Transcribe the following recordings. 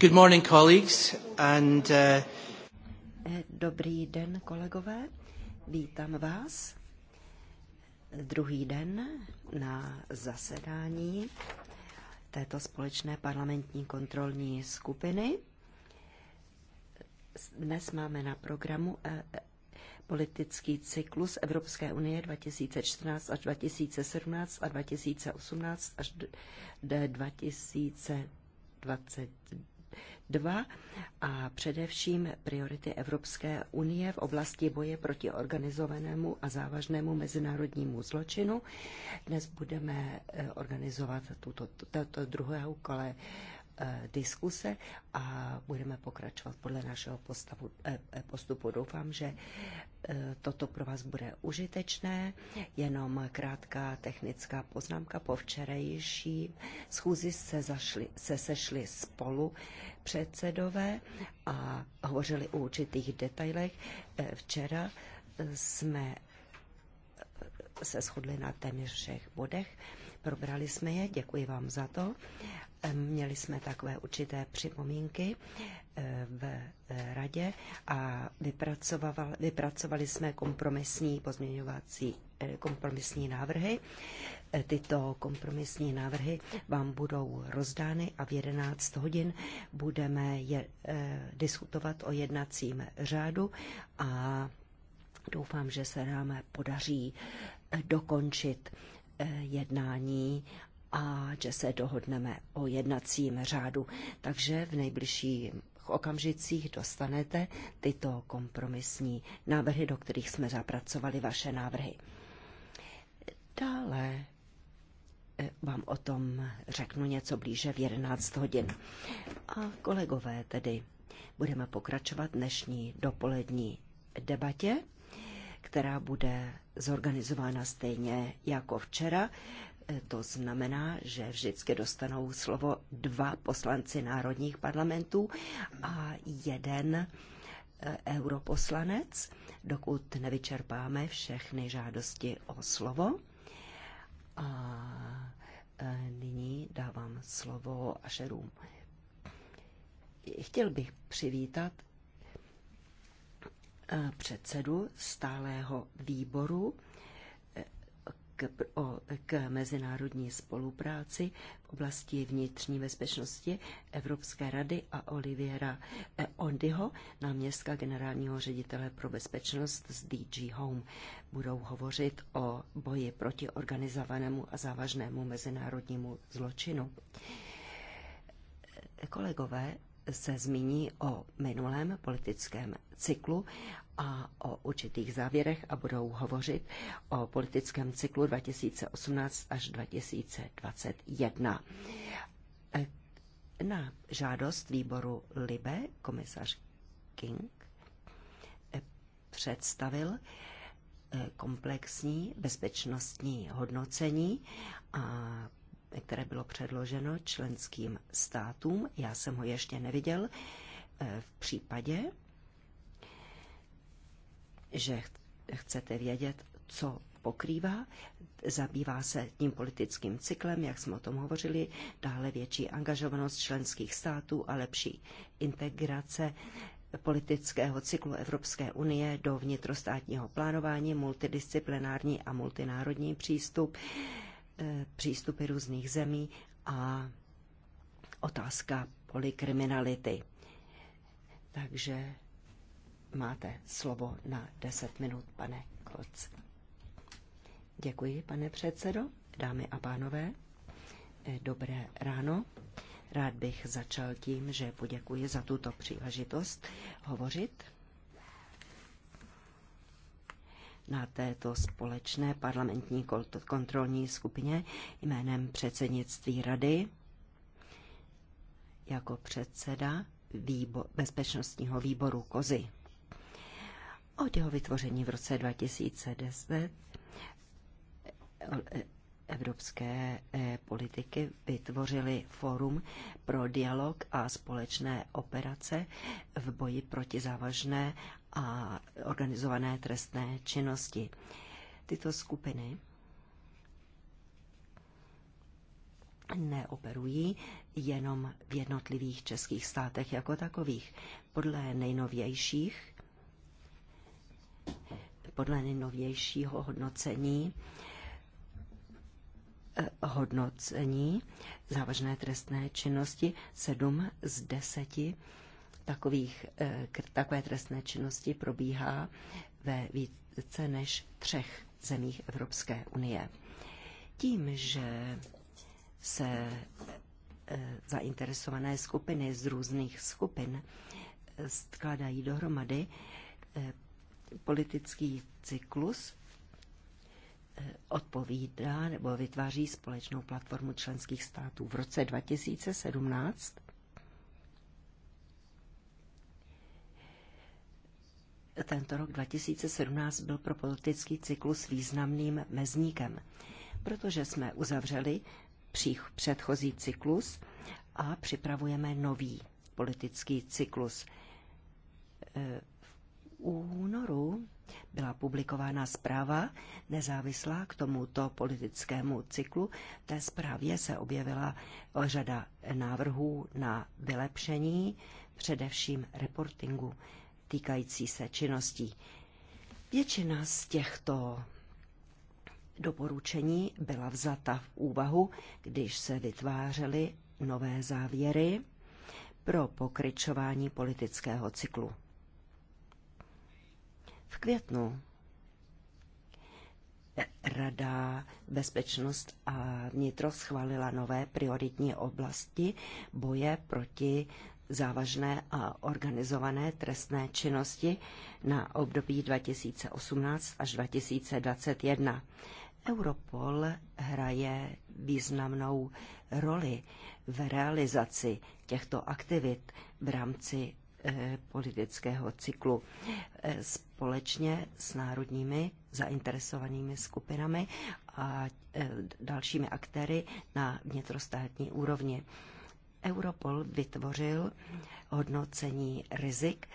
Good morning, colleagues, and, uh... Dobrý den, kolegové. Vítám vás. Druhý den na zasedání této společné parlamentní kontrolní skupiny. Dnes máme na programu eh, politický cyklus Evropské unie 2014 až 2017 a 2018 až 2022 a především priority Evropské unie v oblasti boje proti organizovanému a závažnému mezinárodnímu zločinu. Dnes budeme eh, organizovat tuto, tuto druhého kole Eh, diskuse a budeme pokračovat podle našeho postavu, eh, eh, postupu. Doufám, že toto pro vás bude užitečné. Jenom krátká technická poznámka. Po včerejší schůzi se, zašli, se sešli spolu předsedové a hovořili o určitých detailech. Včera jsme se shodli na téměř všech bodech. Probrali jsme je, děkuji vám za to. Měli jsme takové určité připomínky eh, v eh, radě a vypracovali, jsme kompromisní pozměňovací eh, kompromisní návrhy. Tyto kompromisní návrhy vám budou rozdány a v 11 hodin budeme je, diskutovat o jednacím řádu a doufám, že se nám podaří dokončit jednání a že se dohodneme o jednacím řádu. Takže v nejbližších okamžicích dostanete tyto kompromisní návrhy, do kterých jsme zapracovali vaše návrhy. Dále eh, vám o tom řeknu něco blíže v 11 hodin. A kolegové tedy, budeme pokračovat dnešní dopolední debatě, která bude zorganizována stejně jako včera to znamená, že vždycky dostanou slovo dva poslanci národních parlamentů a jeden eh, europoslanec, dokud nevyčerpáme všechny žádosti o slovo. A eh, nyní dávám slovo Ašerům. Chtěl bych přivítat eh, předsedu stálého výboru k, o, k mezinárodní spolupráci v oblasti vnitřní bezpečnosti Evropské rady a Oliviera eh, Ondyho, náměstka generálního ředitele pro bezpečnost z DG Home. Budou hovořit o boji proti organizovanému a závažnému mezinárodnímu zločinu. Kolegové se zmíní o minulém politickém cyklu a o určitých závěrech a budou hovořit o politickém cyklu 2018 až 2021. Na žádost výboru Libe komisař King představil eh, komplexní bezpečnostní hodnocení, a které bylo předloženo členským státům. Já jsem ho ještě neviděl. Eh, v případě, že chcete vědět, co pokrývá, zabývá se tím politickým cyklem, jak jsme o tom hovořili, dále větší angažovanost členských států a lepší integrace politického cyklu Evropské unie do vnitrostátního plánování, multidisciplinární a multinárodní přístup, eh, přístupy různých zemí a otázka polikriminality. Takže máte slovo na 10 minut, pane Kloc. Děkuji, pane předsedo, dámy a pánové. Eh, dobré ráno. Rád bych začal tím, že poděkuji za tuto příležitost hovořit na této společné parlamentní kontrolní skupině jménem předsednictví Rady jako předseda výbo- bezpečnostního výboru Kozy od jeho vytvoření v roce 2010 evropské eh, politiky vytvořily fórum pro dialog a společné operace v boji proti závažné a organizované trestné činnosti. Tyto skupiny neoperují jenom v jednotlivých českých státech jako takových. Podle nejnovějších podle nejnovějšího hodnocení eh, hodnocení závažné trestné činnosti 7 z 10 takových, eh, takové trestné činnosti probíhá ve více než třech zemích Evropské unie. Tím, že se eh, zainteresované skupiny z různých skupin skládají dohromady, politický cyklus eh, odpovídá nebo vytváří společnou platformu členských států. V roce 2017 tento rok 2017 byl pro politický cyklus významným mezníkem, protože jsme uzavřeli přích předchozí cyklus a připravujeme nový politický cyklus eh, u únoru byla publikována zpráva nezávislá k tomuto politickému cyklu. V té zprávě se objevila řada návrhů na vylepšení, především reportingu týkající se činností. Většina z těchto doporučení byla vzata v úvahu, když se vytvářely nové závěry pro pokryčování politického cyklu. V květnu Rada bezpečnost a vnitro schválila nové prioritní oblasti boje proti závažné a organizované trestné činnosti na období 2018 až 2021. Europol hraje významnou roli v realizaci těchto aktivit v rámci Eh, politického cyklu eh, společně s národními zainteresovanými skupinami a eh, dalšími aktéry na vnitrostátní úrovni. Europol vytvořil hodnocení rizik,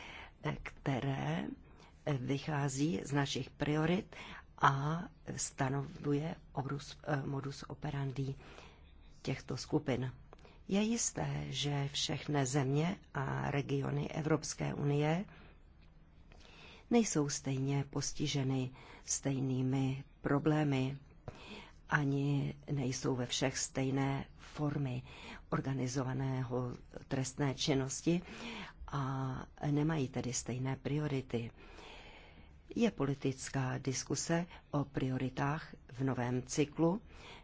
které vychází z našich priorit a stanovuje modus operandi těchto skupin. Je jisté, že všechny země a regiony Evropské unie nejsou stejně postiženy stejnými problémy, ani nejsou ve všech stejné formy organizovaného trestné činnosti a nemají tedy stejné priority. Je politická diskuse o prioritách v novém cyklu,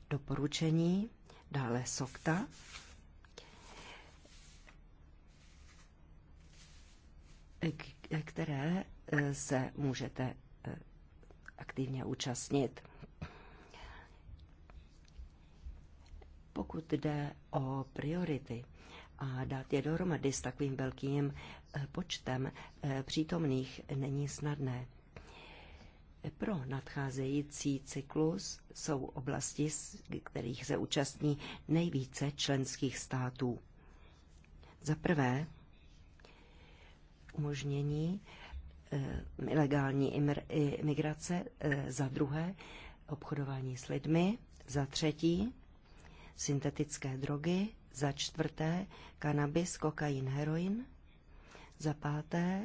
doporučení, dále SOKTA, které eh, se můžete eh, aktivně účastnit. Pokud jde o priority a dát je dohromady s takovým velkým eh, počtem přítomných, není snadné. Pro nadcházející cyklus jsou oblasti, kterých se účastní nejvíce členských států. Za prvé, umožnění eh, ilegální imigrace, eh, za druhé obchodování s lidmi, za třetí syntetické drogy, za čtvrté kanabis, kokain, heroin, za páté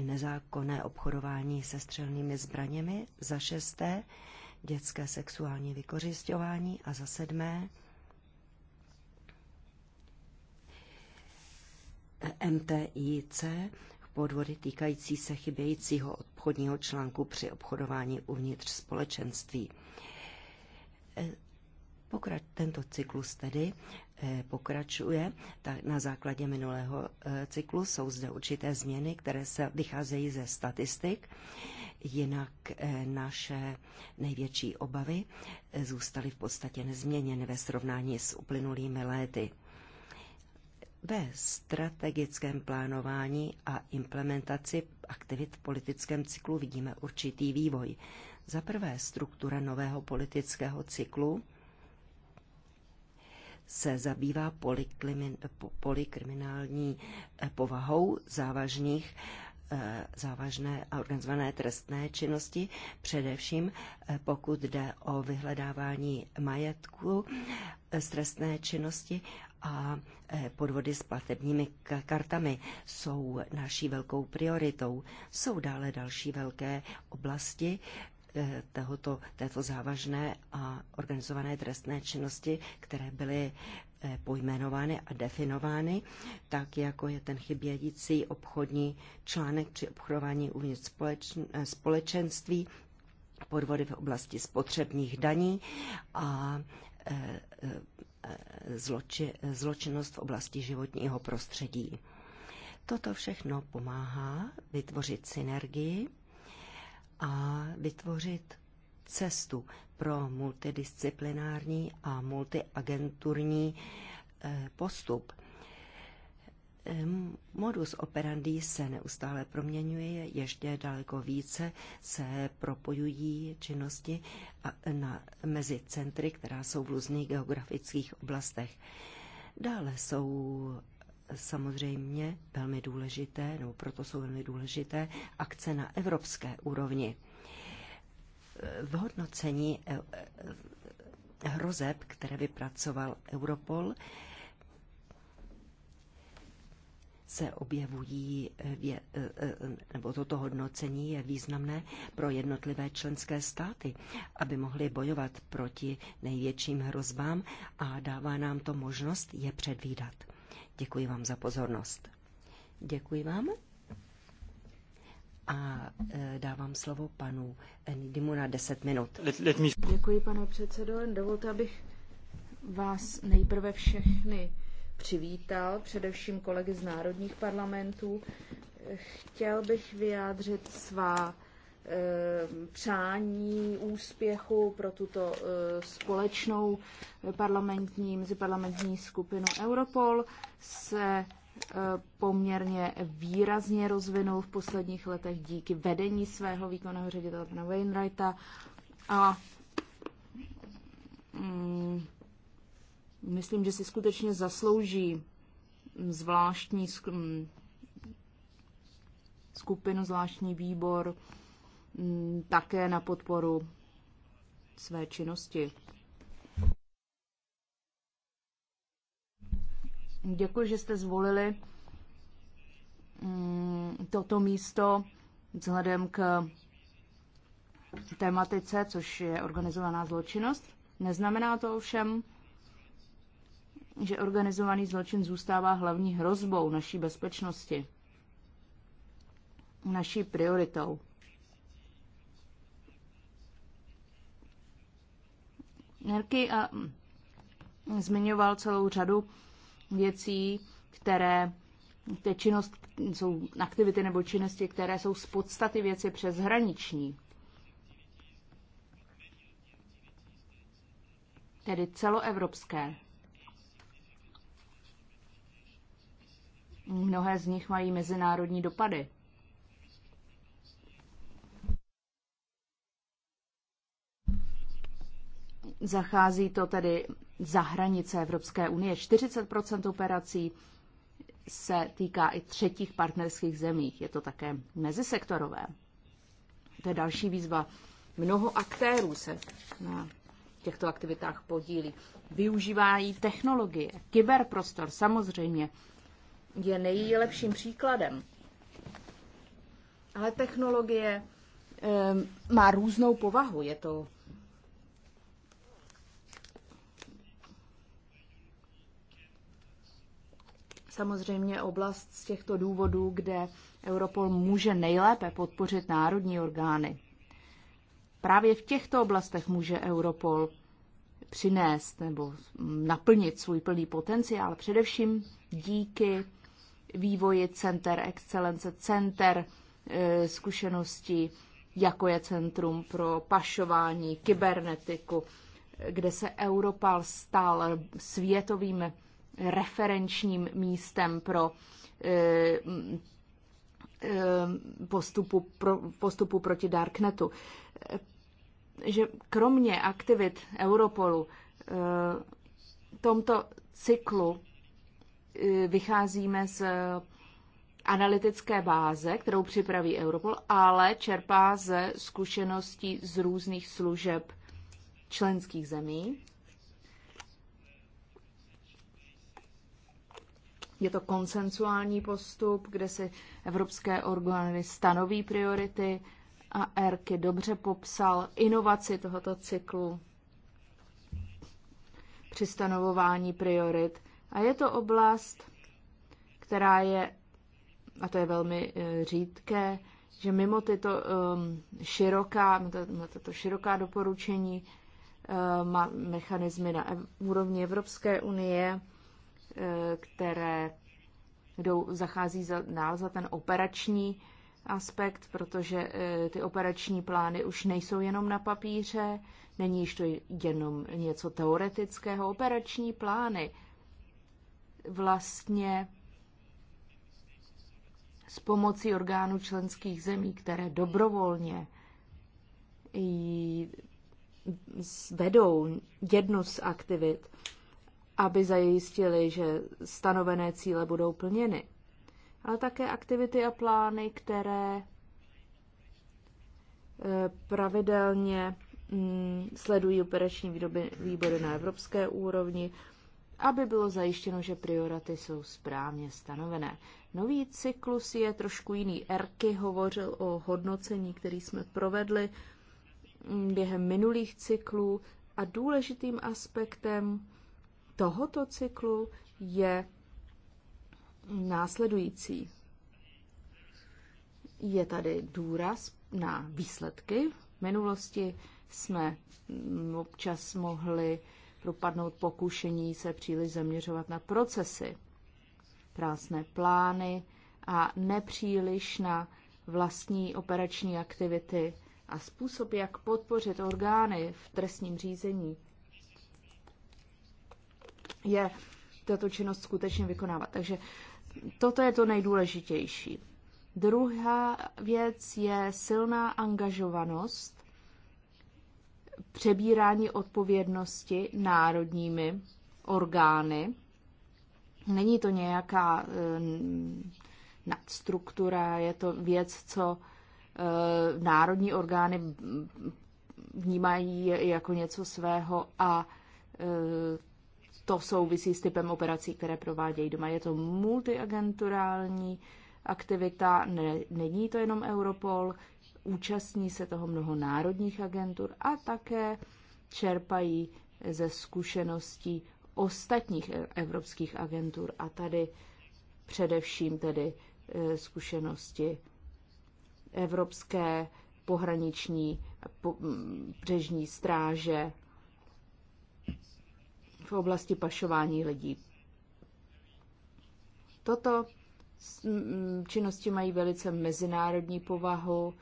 nezákonné obchodování se střelnými zbraněmi, za šesté dětské sexuální vykořišťování a za sedmé E MTIC podvody týkající se chybějícího obchodního článku při obchodování uvnitř společenství. E, Pokra- tento cyklus tedy e, pokračuje. Tak na základě minulého cyklu jsou zde určité změny, které se vycházejí ze statistik. Jinak naše největší obavy zůstaly v podstatě nezměněny ve srovnání s uplynulými léty ve strategickém plánování a implementaci aktivit v politickém cyklu vidíme určitý vývoj. Za prvé, struktura nového politického cyklu se zabývá polikriminální eh, povahou závažných eh, závažné a organizované trestné činnosti, především eh, pokud jde o vyhledávání majetku z trestné činnosti a e, podvody s platebními kartami jsou naší velkou prioritou. Jsou dále další velké oblasti e, tohoto, této závažné a organizované trestné činnosti, které byly e, pojmenovány a definovány, tak jako je ten chybějící obchodní článek při obchodování uvnitř společenství, podvody v oblasti spotřebních daní a zloči, zločinnost v oblasti životního prostředí. Toto všechno pomáhá vytvořit synergii a vytvořit cestu pro multidisciplinární a multiagenturní eh, postup Modus operandi se neustále proměňuje, ještě daleko více se propojují činnosti na, mezi centry, která jsou v různých geografických oblastech. Dále jsou eh, samozřejmě velmi důležité, nebo proto jsou velmi důležité, akce na evropské úrovni. Eh, v hodnocení eh, hrozeb, které vypracoval Europol, se objevují, eh, eh, eh, nebo toto hodnocení je významné pro jednotlivé členské státy, aby mohly bojovat proti největším hrozbám a dává nám to možnost je předvídat. Děkuji vám za pozornost. Děkuji vám. A dávám slovo panu Nidimu na 10 minut. Děkuji, pane předsedo. Dovolte, abych vás nejprve všechny přivítal, především kolegy z národních parlamentů. Chtěl bych vyjádřit svá eh, přání úspěchu pro tuto eh, společnou parlamentní, meziparlamentní skupinu Europol se eh, poměrně výrazně rozvinul v posledních letech díky vedení svého výkonného ředitele pana Wainwrighta a mm, Myslím, že si skutečně zaslouží zvláštní skupinu, zvláštní výbor také na podporu své činnosti. Děkuji, že jste zvolili toto místo vzhledem k tematice, což je organizovaná zločinnost. Neznamená to ovšem, že organizovaný zločin zůstává hlavní hrozbou naší bezpečnosti, naší prioritou. Nerky a hm, zmiňoval celou řadu věcí, které ty činnost, jsou aktivity nebo činnosti, které jsou z podstaty věci přeshraniční. Tedy celoevropské. Mnohé z nich mají mezinárodní dopady. Zachází to tedy za hranice Evropské unie. 40 operací se týká i třetích partnerských zemí. Je to také mezisektorové. To je další výzva. Mnoho aktérů se na těchto aktivitách podílí. Využívají technologie, kyberprostor samozřejmě je nejlepším příkladem. Ale technologie má různou povahu. Je to samozřejmě oblast z těchto důvodů, kde Europol může nejlépe podpořit národní orgány. Právě v těchto oblastech může Europol přinést nebo naplnit svůj plný potenciál, především díky vývoji center excelence, center e, zkušenosti jako je Centrum pro pašování, kybernetiku, kde se Europal stal světovým referenčním místem pro e, e, postupu, pro, postupu proti Darknetu. Že kromě aktivit Europolu v tomto cyklu Eh, vycházíme z analytické báze, kterou připraví Europol, ale čerpá ze zkušeností z různých služeb členských zemí. Je to konsensuální postup, kde si evropské orgány stanoví priority a Erky dobře popsal inovaci tohoto cyklu při stanovování priorit a je to oblast, která je, a to je velmi eh, řídké, že mimo tyto um, široká, tato široká doporučení um, má mechanismy na úrovni Evropské unie, eh, které jdou, zachází za, dál za ten operační aspekt, protože ty operační plány už nejsou jenom na papíře, není již to jenom něco teoretického. Operační plány vlastně s pomocí orgánů členských zemí, které dobrovolně vedou jednu z aktivit, aby zajistili, že stanovené cíle budou plněny. Ale také aktivity a plány, které eh, pravidelně mm, sledují operační výbory na evropské úrovni, aby bylo zajištěno, že priority jsou správně stanovené. Nový cyklus je trošku jiný. Erky hovořil o hodnocení, který jsme provedli během minulých cyklů a důležitým aspektem tohoto cyklu je následující. Je tady důraz na výsledky. V minulosti jsme občas mohli propadnout pokušení se příliš zaměřovat na procesy, krásné plány a nepříliš na vlastní operační aktivity a způsob, jak podpořit orgány v trestním řízení, je tato činnost skutečně vykonávat. Takže toto je to nejdůležitější. Druhá věc je silná angažovanost přebírání odpovědnosti národními orgány. Není to nějaká eh, nadstruktura, je to věc, co eh, národní orgány vnímají jako něco svého a eh, to souvisí s typem operací, které provádějí doma. Je to multiagenturální aktivita, ne, není to jenom Europol, účastní se toho mnoho národních agentur a také čerpají ze zkušeností ostatních evropských agentur a tady především tedy e, zkušenosti Evropské pohraniční břežní stráže v oblasti pašování lidí. Toto činnosti mají velice mezinárodní povahu,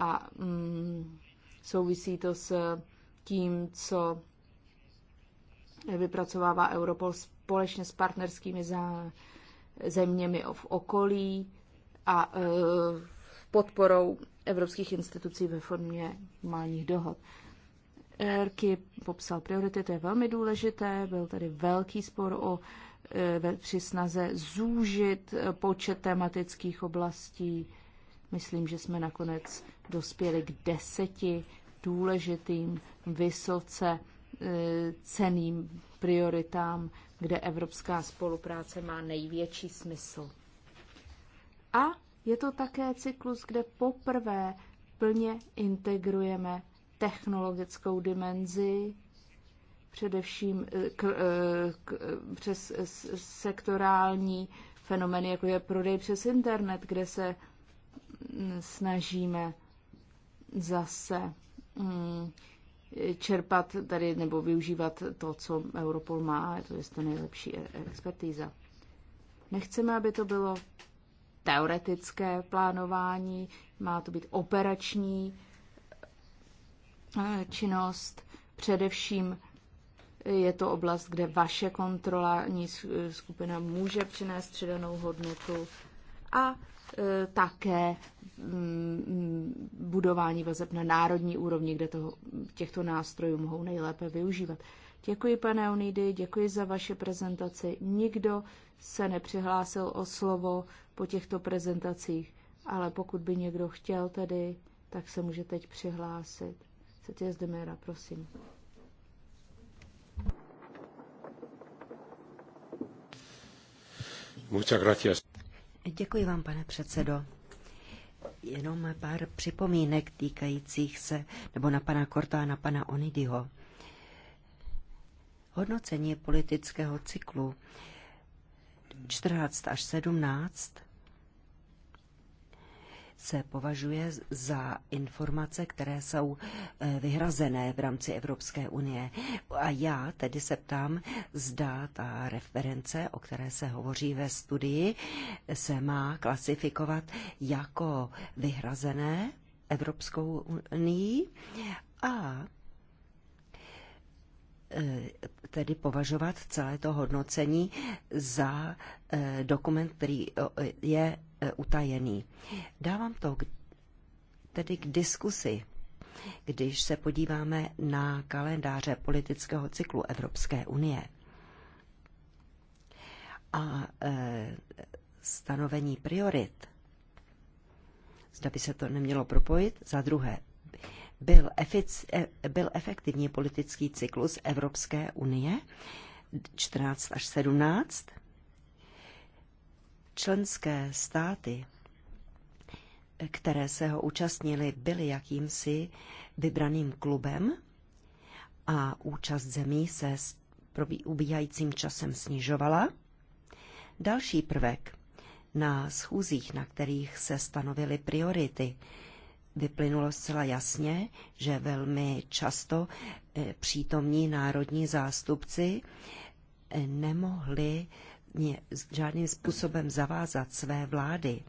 a mm, souvisí to s tím, co vypracovává Europol společně s partnerskými za, zeměmi v okolí a e, podporou evropských institucí ve formě malých dohod. Erky popsal priority, to je velmi důležité, byl tady velký spor o e, při snaze zúžit e, počet tematických oblastí Myslím, že jsme nakonec dospěli k deseti důležitým, vysoce e, ceným prioritám, kde evropská spolupráce má největší smysl. A je to také cyklus, kde poprvé plně integrujeme technologickou dimenzi, především e, k, e, k, přes sektorální fenomény, jako je prodej přes internet, kde se snažíme zase mm, čerpat tady nebo využívat to, co Europol má, to je to nejlepší e- expertíza. Nechceme, aby to bylo teoretické plánování, má to být operační e, činnost. Především je to oblast, kde vaše kontrolní skupina může přinést přidanou hodnotu a E, také mm, budování vazeb na národní úrovni, kde toho, těchto nástrojů mohou nejlépe využívat. Děkuji, pane Onidy, děkuji za vaše prezentaci. Nikdo se nepřihlásil o slovo po těchto prezentacích, ale pokud by někdo chtěl tedy, tak se může teď přihlásit. Chcete zde prosím. Muchas gracias. Děkuji vám, pane předsedo. Jenom pár připomínek týkajících se, nebo na pana Korta a na pana Onidyho. Hodnocení politického cyklu 14 až 17 se považuje za informace, které jsou eh, vyhrazené v rámci Evropské unie. A já tedy se ptám, zda ta reference, o které se hovoří ve studii, se má klasifikovat jako vyhrazené Evropskou unii a eh, tedy považovat celé to hodnocení za eh, dokument, který je E, utajený. Dávám to k, tedy k diskusi, když se podíváme na kalendáře politického cyklu Evropské unie a e, stanovení priorit. Zda by se to nemělo propojit? Za druhé, byl, efic, e, byl efektivní politický cyklus Evropské unie 14 až 17? členské státy, které se ho účastnili, byly jakýmsi vybraným klubem a účast zemí se s ubíhajícím časem snižovala. Další prvek na schůzích, na kterých se stanovily priority, vyplynulo zcela jasně, že velmi často eh, přítomní národní zástupci eh, nemohli žádně, žádným způsobem zavázat své vlády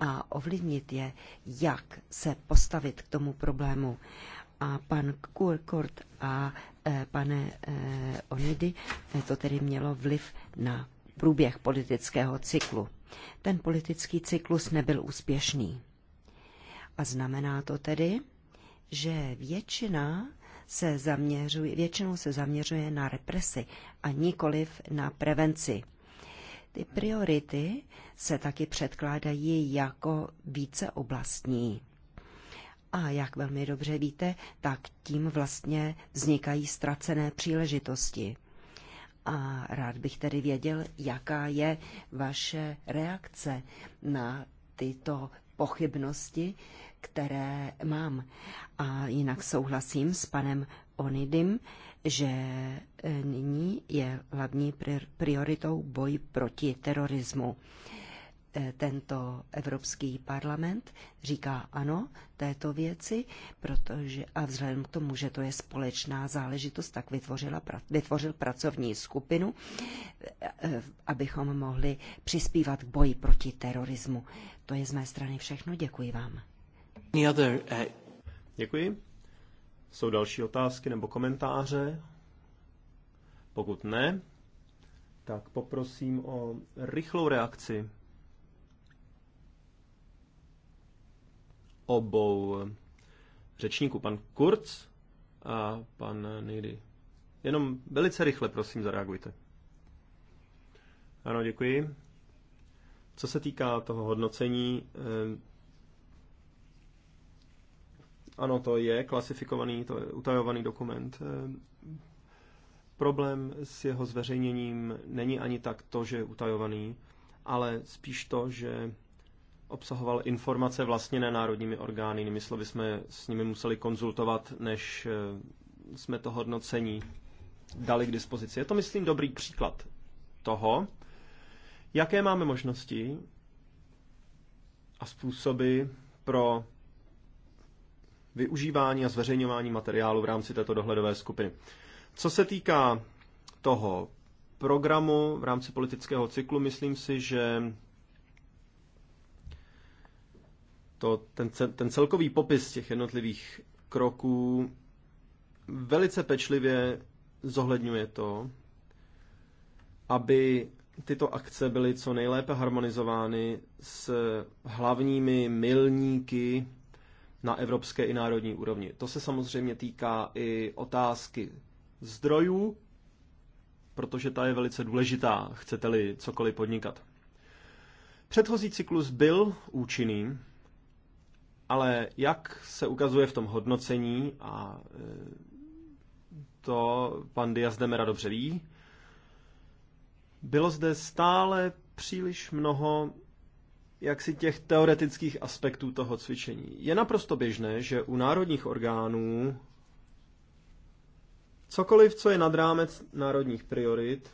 a ovlivnit je, jak se postavit k tomu problému. A pan Kurkort a e, pane e, Onidy e, to tedy mělo vliv na průběh politického cyklu. Ten politický cyklus nebyl úspěšný. A znamená to tedy, že většina se zaměřuje, většinou se zaměřuje na represi a nikoliv na prevenci. Ty priority se taky předkládají jako více oblastní, A jak velmi dobře víte, tak tím vlastně vznikají ztracené příležitosti. A rád bych tedy věděl, jaká je vaše reakce na tyto pochybnosti, které mám. A jinak souhlasím s panem Onidym, že e, nyní je hlavní prioritou boj proti terorismu. E, tento Evropský parlament říká ano této věci, protože a vzhledem k tomu, že to je společná záležitost, tak vytvořila, vytvořil pracovní skupinu, e, abychom mohli přispívat k boji proti terorismu. To je z mé strany všechno. Děkuji vám. Eh? Děkuji. Jsou další otázky nebo komentáře? Pokud ne, tak poprosím o rychlou reakci obou řečníků, pan Kurz a pan Nejdy. Jenom velice rychle, prosím, zareagujte. Ano, děkuji. Co se týká toho hodnocení, eh, ano, to je klasifikovaný, to je utajovaný dokument. Ehm, problém s jeho zveřejněním není ani tak to, že je utajovaný, ale spíš to, že obsahoval informace vlastně národními orgány. Jinými slovy jsme s nimi museli konzultovat, než ehm, jsme to hodnocení dali k dispozici. Je to, myslím, dobrý příklad toho, jaké máme možnosti a způsoby pro využívání a zveřejňování materiálu v rámci této dohledové skupiny. Co se týká toho programu v rámci politického cyklu, myslím si, že to, ten, ten celkový popis těch jednotlivých kroků velice pečlivě zohledňuje to, aby tyto akce byly co nejlépe harmonizovány s hlavními milníky na evropské i národní úrovni. To se samozřejmě týká i otázky zdrojů, protože ta je velice důležitá, chcete-li cokoliv podnikat. Předchozí cyklus byl účinný, ale jak se ukazuje v tom hodnocení, a e, to pan Diaz Demera dobře ví, bylo zde stále příliš mnoho jaksi těch teoretických aspektů toho cvičení. Je naprosto běžné, že u národních orgánů cokoliv, co je nad rámec národních priorit,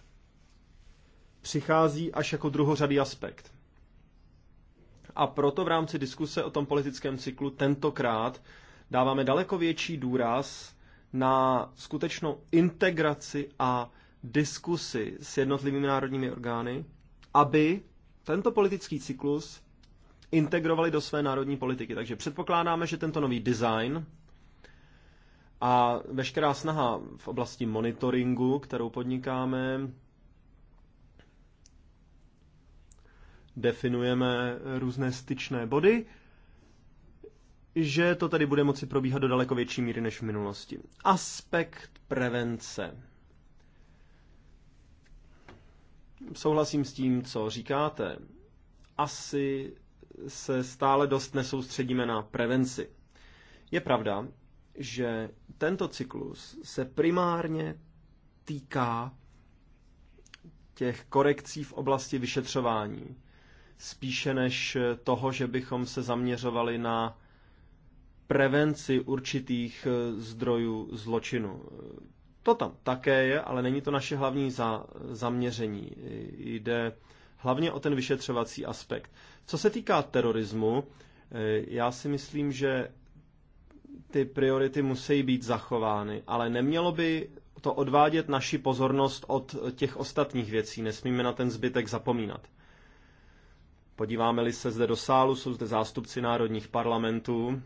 přichází až jako druhořadý aspekt. A proto v rámci diskuse o tom politickém cyklu tentokrát dáváme daleko větší důraz na skutečnou integraci a diskusi s jednotlivými národními orgány, aby tento politický cyklus integrovali do své národní politiky. Takže předpokládáme, že tento nový design a veškerá snaha v oblasti monitoringu, kterou podnikáme, definujeme různé styčné body, že to tady bude moci probíhat do daleko větší míry než v minulosti. Aspekt prevence souhlasím s tím, co říkáte. Asi se stále dost nesoustředíme na prevenci. Je pravda, že tento cyklus se primárně týká těch korekcí v oblasti vyšetřování, spíše než toho, že bychom se zaměřovali na prevenci určitých zdrojů zločinu. To tam také je, ale není to naše hlavní za, zaměření. Jde hlavně o ten vyšetřovací aspekt. Co se týká terorismu, eh, já si myslím, že ty priority musí být zachovány, ale nemělo by to odvádět naši pozornost od těch ostatních věcí. Nesmíme na ten zbytek zapomínat. Podíváme-li se zde do sálu, jsou zde zástupci národních parlamentů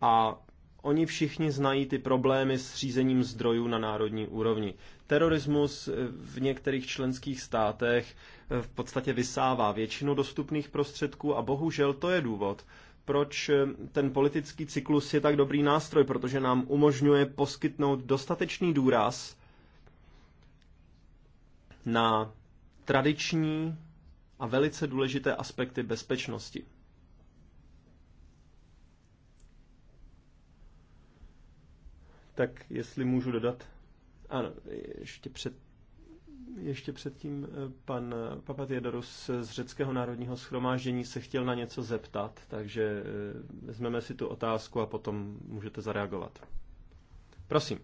a Oni všichni znají ty problémy s řízením zdrojů na národní úrovni. Terorismus eh, v některých členských státech eh, v podstatě vysává většinu dostupných prostředků a bohužel to je důvod, proč eh, ten politický cyklus je tak dobrý nástroj, protože nám umožňuje poskytnout dostatečný důraz na tradiční a velice důležité aspekty bezpečnosti. tak jestli můžu dodat, ano, ještě před ještě předtím eh, pan eh, Papatiedorus z Řeckého národního schromáždění se chtěl na něco zeptat, takže eh, vezmeme si tu otázku a potom můžete zareagovat. Prosím.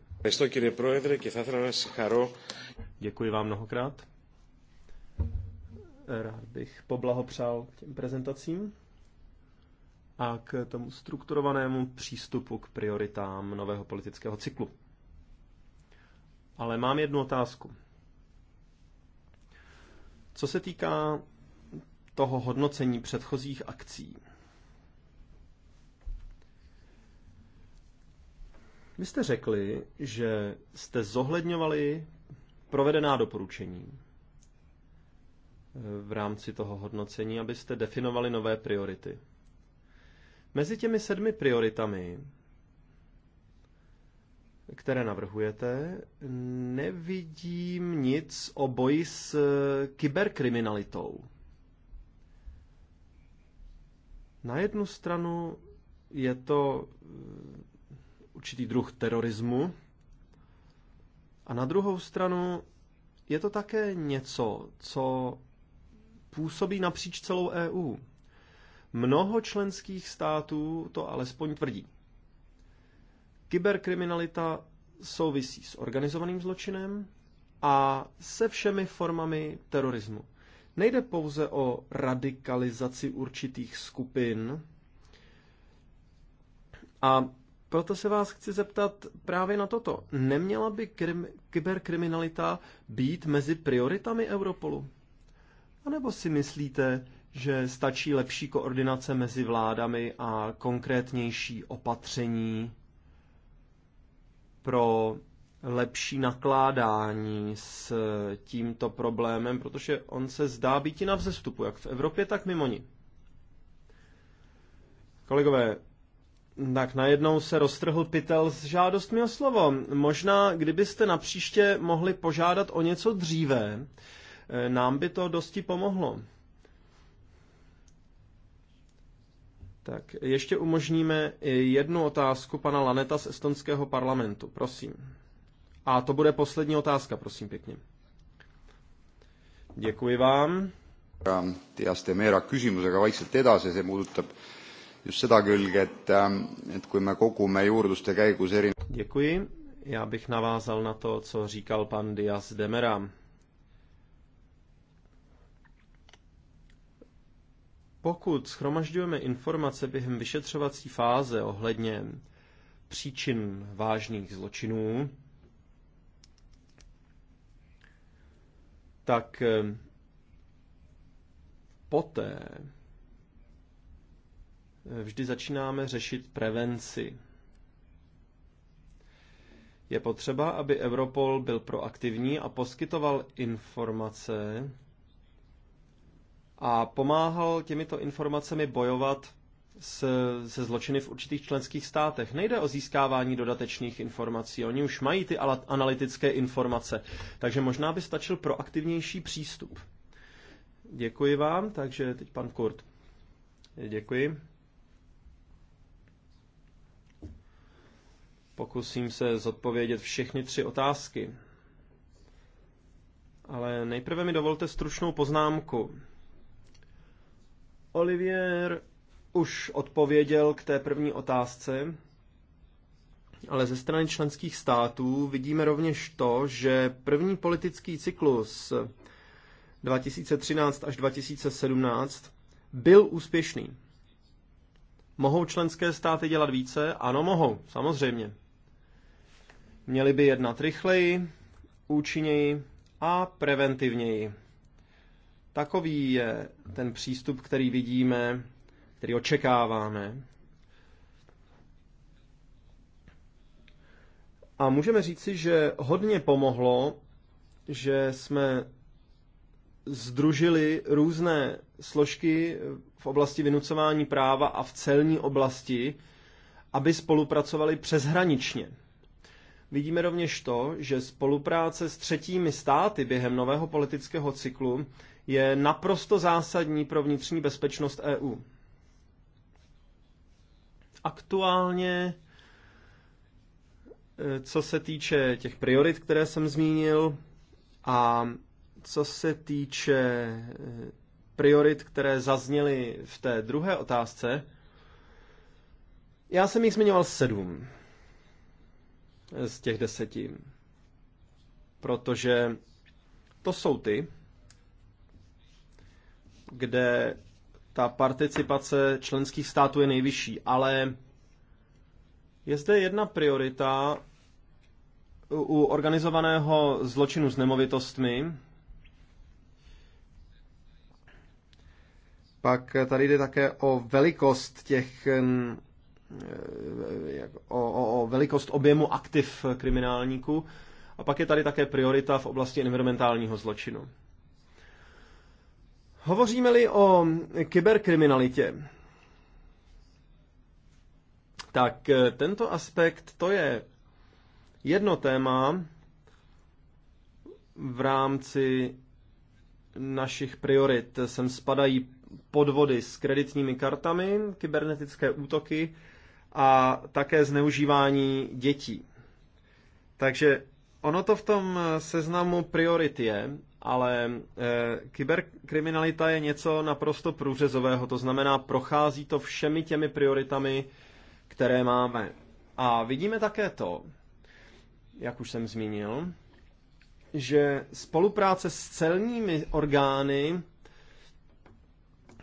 Děkuji vám mnohokrát. Rád bych poblahopřál těm prezentacím a k tomu strukturovanému přístupu k prioritám nového politického cyklu. Ale mám jednu otázku. Co se týká toho hodnocení předchozích akcí, vy jste řekli, že jste zohledňovali provedená doporučení v rámci toho hodnocení, abyste definovali nové priority. Mezi těmi sedmi prioritami, které navrhujete, nevidím nic o boji s kyberkriminalitou. Na jednu stranu je to eh, určitý druh terorismu, a na druhou stranu je to také něco, co působí napříč celou EU. Mnoho členských států to alespoň tvrdí. Kyberkriminalita souvisí s organizovaným zločinem a se všemi formami terorismu. Nejde pouze o radikalizaci určitých skupin. A proto se vás chci zeptat právě na toto. Neměla by krim, kyberkriminalita být mezi prioritami Europolu? A nebo si myslíte, že stačí lepší koordinace mezi vládami a konkrétnější opatření pro lepší nakládání s tímto problémem, protože on se zdá být i na vzestupu, jak v Evropě, tak mimo ní. Kolegové, tak najednou se roztrhl pytel s žádostmi o slovo. Možná, kdybyste na příště mohli požádat o něco dříve, eh, nám by to dosti pomohlo. Tak ještě umožníme jednu otázku pana Laneta z estonského parlamentu, prosím. A to bude poslední otázka, prosím pěkně. Děkuji vám. Ähm, Teaste Meera küsimusega vaikselt edasi, see puudutab just seda külge, et, ähm, et kui me kogume juurdluste käigus eri... Děkuji. Já bych navázal na to, co říkal pan Dias Demera. Pokud schromažďujeme informace během vyšetřovací fáze ohledně příčin vážných zločinů, tak eh, poté eh, vždy začínáme řešit prevenci. Je potřeba, aby Europol byl proaktivní a poskytoval informace a pomáhal těmito informacemi bojovat se, se zločiny v určitých členských státech. Nejde o získávání dodatečných informací, oni už mají ty analytické informace, takže možná by stačil proaktivnější přístup. Děkuji vám, takže teď pan Kurt. Děkuji. Pokusím se zodpovědět všechny tři otázky. Ale nejprve mi dovolte stručnou poznámku. Olivier už odpověděl k té první otázce, ale ze strany členských států vidíme rovněž to, že první politický cyklus 2013 až 2017 byl úspěšný. Mohou členské státy dělat více? Ano, mohou, samozřejmě. Měli by jednat rychleji, účinněji a preventivněji. Takový je ten přístup, který vidíme, který očekáváme. A můžeme říci, že hodně pomohlo, že jsme združili různé složky v oblasti vynucování práva a v celní oblasti, aby spolupracovali přeshraničně. Vidíme rovněž to, že spolupráce s třetími státy během nového politického cyklu je naprosto zásadní pro vnitřní bezpečnost EU. Aktuálně, eh, co se týče těch priorit, které jsem zmínil, a co se týče eh, priorit, které zazněly v té druhé otázce, já jsem jich zmiňoval sedm z těch deseti, protože to jsou ty, kde ta participace členských států je nejvyšší, ale je zde jedna priorita u organizovaného zločinu s nemovitostmi. Pak tady jde také o velikost těch o, o, o velikost objemu aktiv kriminálníků. A pak je tady také priorita v oblasti environmentálního zločinu. Hovoříme-li o kyberkriminalitě, tak eh, tento aspekt to je jedno téma v rámci našich priorit. Sem spadají podvody s kreditními kartami, kybernetické útoky a také zneužívání dětí. Takže ono to v tom eh, seznamu priorit je, ale e, kyberkriminalita je něco naprosto průřezového, to znamená, prochází to všemi těmi prioritami, které máme. A vidíme také to, jak už jsem zmínil, že spolupráce s celními orgány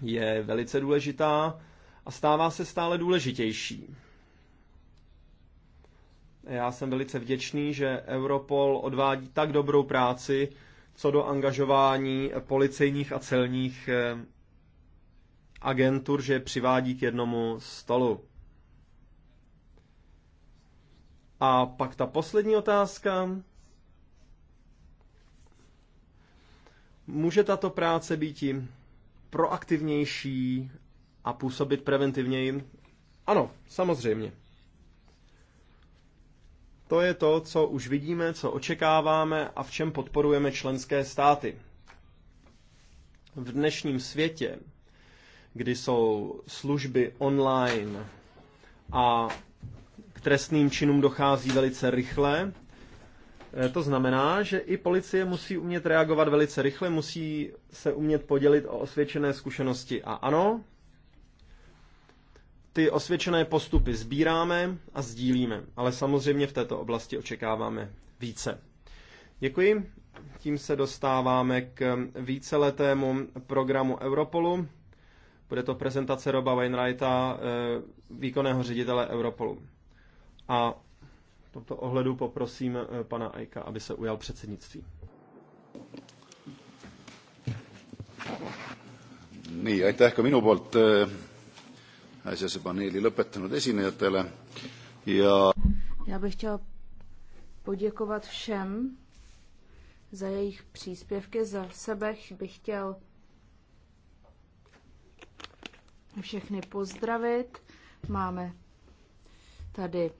je velice důležitá a stává se stále důležitější. Já jsem velice vděčný, že Europol odvádí tak dobrou práci, co do angažování policejních a celních eh, agentur, že přivádí k jednomu stolu. A pak ta poslední otázka. Může tato práce být proaktivnější a působit preventivněji? Ano, samozřejmě. To je to, co už vidíme, co očekáváme a v čem podporujeme členské státy. V dnešním světě, kdy jsou služby online a k trestným činům dochází velice rychle, eh, to znamená, že i policie musí umět reagovat velice rychle, musí se umět podělit o osvědčené zkušenosti. A ano, ty osvědčené postupy sbíráme a sdílíme, ale samozřejmě v této oblasti očekáváme více. Děkuji. Tím se dostáváme k víceletému programu Europolu. Bude to prezentace Roba Wainwrighta, eh, výkonného ředitele Europolu. A v tomto ohledu poprosím eh, pana Ajka, aby se ujal předsednictví. Nii, aitäh ka minu poolt eh, äsjase paneeli lõpetanud esinejatele ja Já bych chtěla poděkovat všem za jejich příspěvky. Za sebe bych chtěl všechny pozdravit. Máme tady,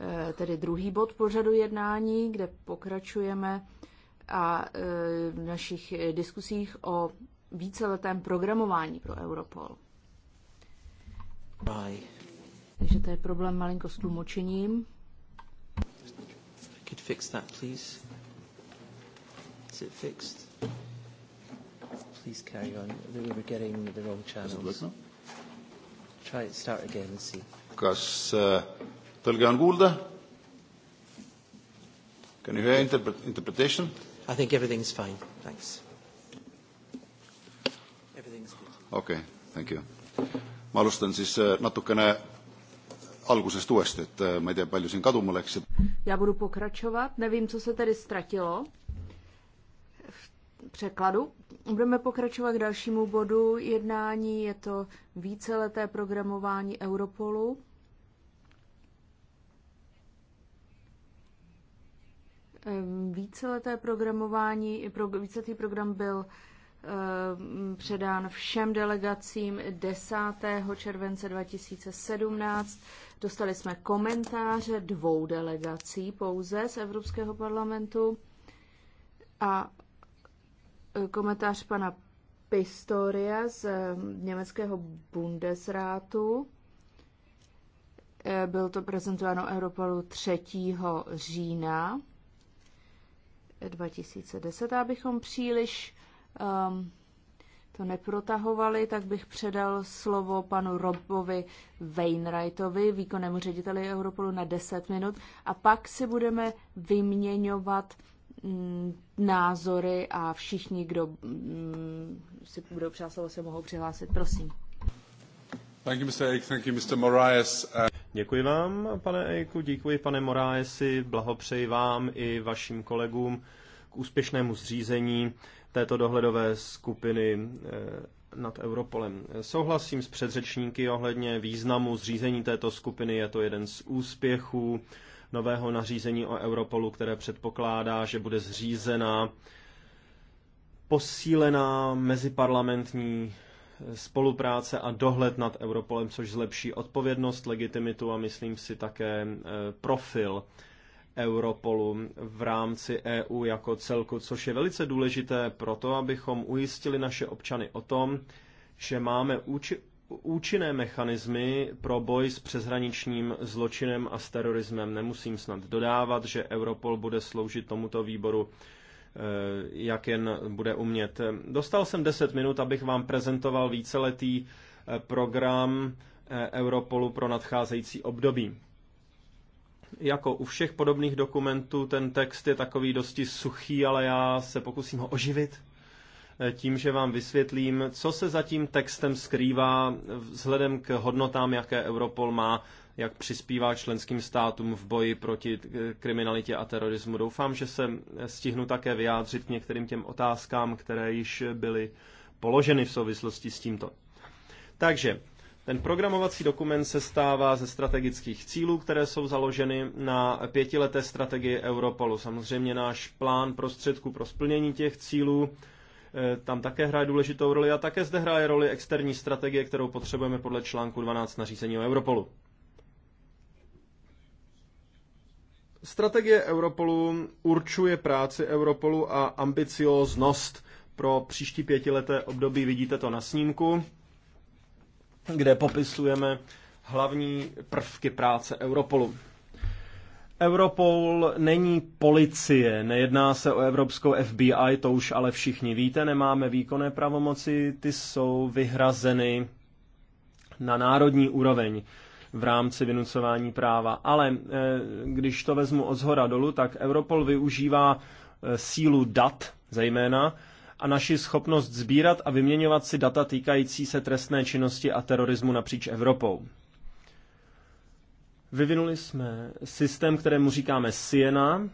eh, tady druhý bod pořadu jednání, kde pokračujeme a eh, v našich diskusích o víceletém programování pro Europol. Bye. Takže to je problém malinko s tlumočením. Could fix that, please. Is it fixed? Please carry on. We were getting the wrong channels. Try it, start again and see. Kas eh, tõlge on kuulda? Can you hear interpret interpretation? I think everything's fine. Thanks. Everything's good. Okay, thank you ma alustan siis eh, natukene algusest uuesti, et eh, ma ei tea, palju siin kaduma läks. Já budu pokračovat, nevím, co se tady ztratilo překladu. Budeme pokračovat k dalšímu bodu jednání, je to víceleté programování Europolu. Ehm, víceleté programování, víceletý program byl Ehm, předán všem delegacím 10. července 2017. Dostali jsme komentáře dvou delegací pouze z Evropského parlamentu a e, komentář pana Pistoria z e, německého Bundesrátu. E, byl to prezentováno Europolu 3. října 2010, abychom příliš um, to neprotahovali, tak bych předal slovo panu Robovi Wainwrightovi, výkonnému řediteli Europolu, na 10 minut a pak si budeme vyměňovat mm, názory a všichni, kdo mm, si budou přát slovo, se mohou přihlásit. Prosím. Thank you, Mr. Ake. Thank you, Mr. Moraes. Děkuji vám, pane Eiku, děkuji, pane Moraesi, blahopřeji vám i vašim kolegům k úspěšnému zřízení této dohledové skupiny eh, nad Europolem. Souhlasím s předřečníky ohledně významu zřízení této skupiny. Je to jeden z úspěchů nového nařízení o Europolu, které předpokládá, že bude zřízena posílená meziparlamentní eh, spolupráce a dohled nad Europolem, což zlepší odpovědnost, legitimitu a myslím si také eh, profil Europolu v rámci EU jako celku, což je velice důležité pro to, abychom ujistili naše občany o tom, že máme úči- účinné mechanismy pro boj s přeshraničním zločinem a s terorismem. Nemusím snad dodávat, že Europol bude sloužit tomuto výboru e, jak jen bude umět. Dostal jsem 10 minut, abych vám prezentoval víceletý e, program e, Europolu pro nadcházející období jako u všech podobných dokumentů, ten text je takový dosti suchý, ale já se pokusím ho oživit eh, tím, že vám vysvětlím, co se za tím textem skrývá vzhledem k hodnotám, jaké Europol má, jak přispívá členským státům v boji proti eh, kriminalitě a terorismu. Doufám, že se eh, stihnu také vyjádřit k některým těm otázkám, které již byly položeny v souvislosti s tímto. Takže ten programovací dokument se stává ze strategických cílů, které jsou založeny na pětileté strategii Europolu. Samozřejmě náš plán prostředků pro splnění těch cílů eh, tam také hraje důležitou roli a také zde hraje roli externí strategie, kterou potřebujeme podle článku 12 nařízení o Europolu. Strategie Europolu určuje práci Europolu a ambicióznost pro příští pětileté období. Vidíte to na snímku kde popisujeme hlavní prvky práce Europolu. Europol není policie, nejedná se o evropskou FBI, to už ale všichni víte, nemáme výkonné pravomoci, ty jsou vyhrazeny na národní úroveň v rámci vynucování práva. Ale eh, když to vezmu od zhora dolů, tak Europol využívá eh, sílu dat, zejména a naši schopnost sbírat a vyměňovat si data týkající se trestné činnosti a terorismu napříč Evropou. Vyvinuli jsme systém, kterému říkáme Siena.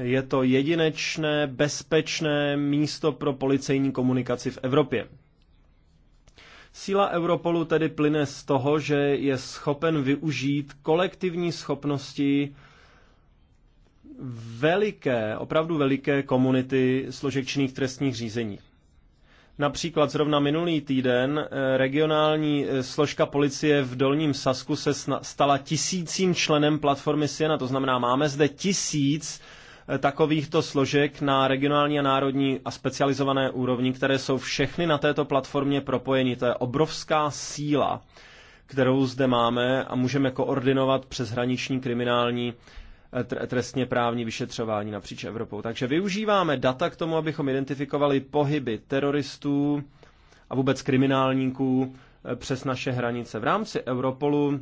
Je to jedinečné, bezpečné místo pro policejní komunikaci v Evropě. Síla Europolu tedy plyne z toho, že je schopen využít kolektivní schopnosti veliké, opravdu veliké komunity složek trestních řízení. Například zrovna minulý týden eh, regionální eh, složka policie v Dolním Sasku se stala tisícím členem platformy Siena. To znamená, máme zde tisíc eh, takovýchto složek na regionální a národní a specializované úrovni, které jsou všechny na této platformě propojeny. To je obrovská síla, kterou zde máme a můžeme koordinovat hraniční kriminální Eh, trestně právní vyšetřování napříč Evropou. Takže využíváme data k tomu, abychom identifikovali pohyby teroristů a vůbec kriminálníků eh, přes naše hranice. V rámci Europolu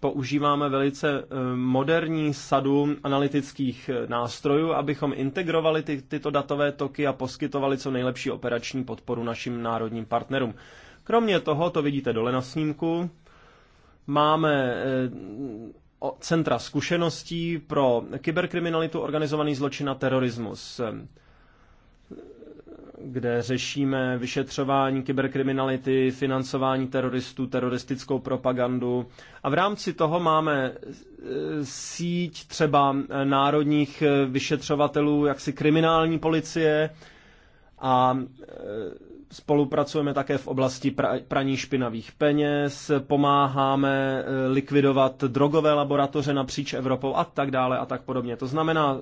používáme velice eh, moderní sadu analytických nástrojů, abychom integrovali ty, tyto datové toky a poskytovali co nejlepší operační podporu našim národním partnerům. Kromě toho, to vidíte dole na snímku, máme centra zkušeností pro kyberkriminalitu, organizovaný zločin a terorismus, kde řešíme vyšetřování kyberkriminality, financování teroristů, teroristickou propagandu. A v rámci toho máme e, síť třeba e, národních e, vyšetřovatelů, jaksi kriminální policie a Spolupracujeme také v oblasti praní špinavých peněz, pomáháme eh, likvidovat drogové laboratoře napříč Evropou a tak dále a tak podobně. To znamená,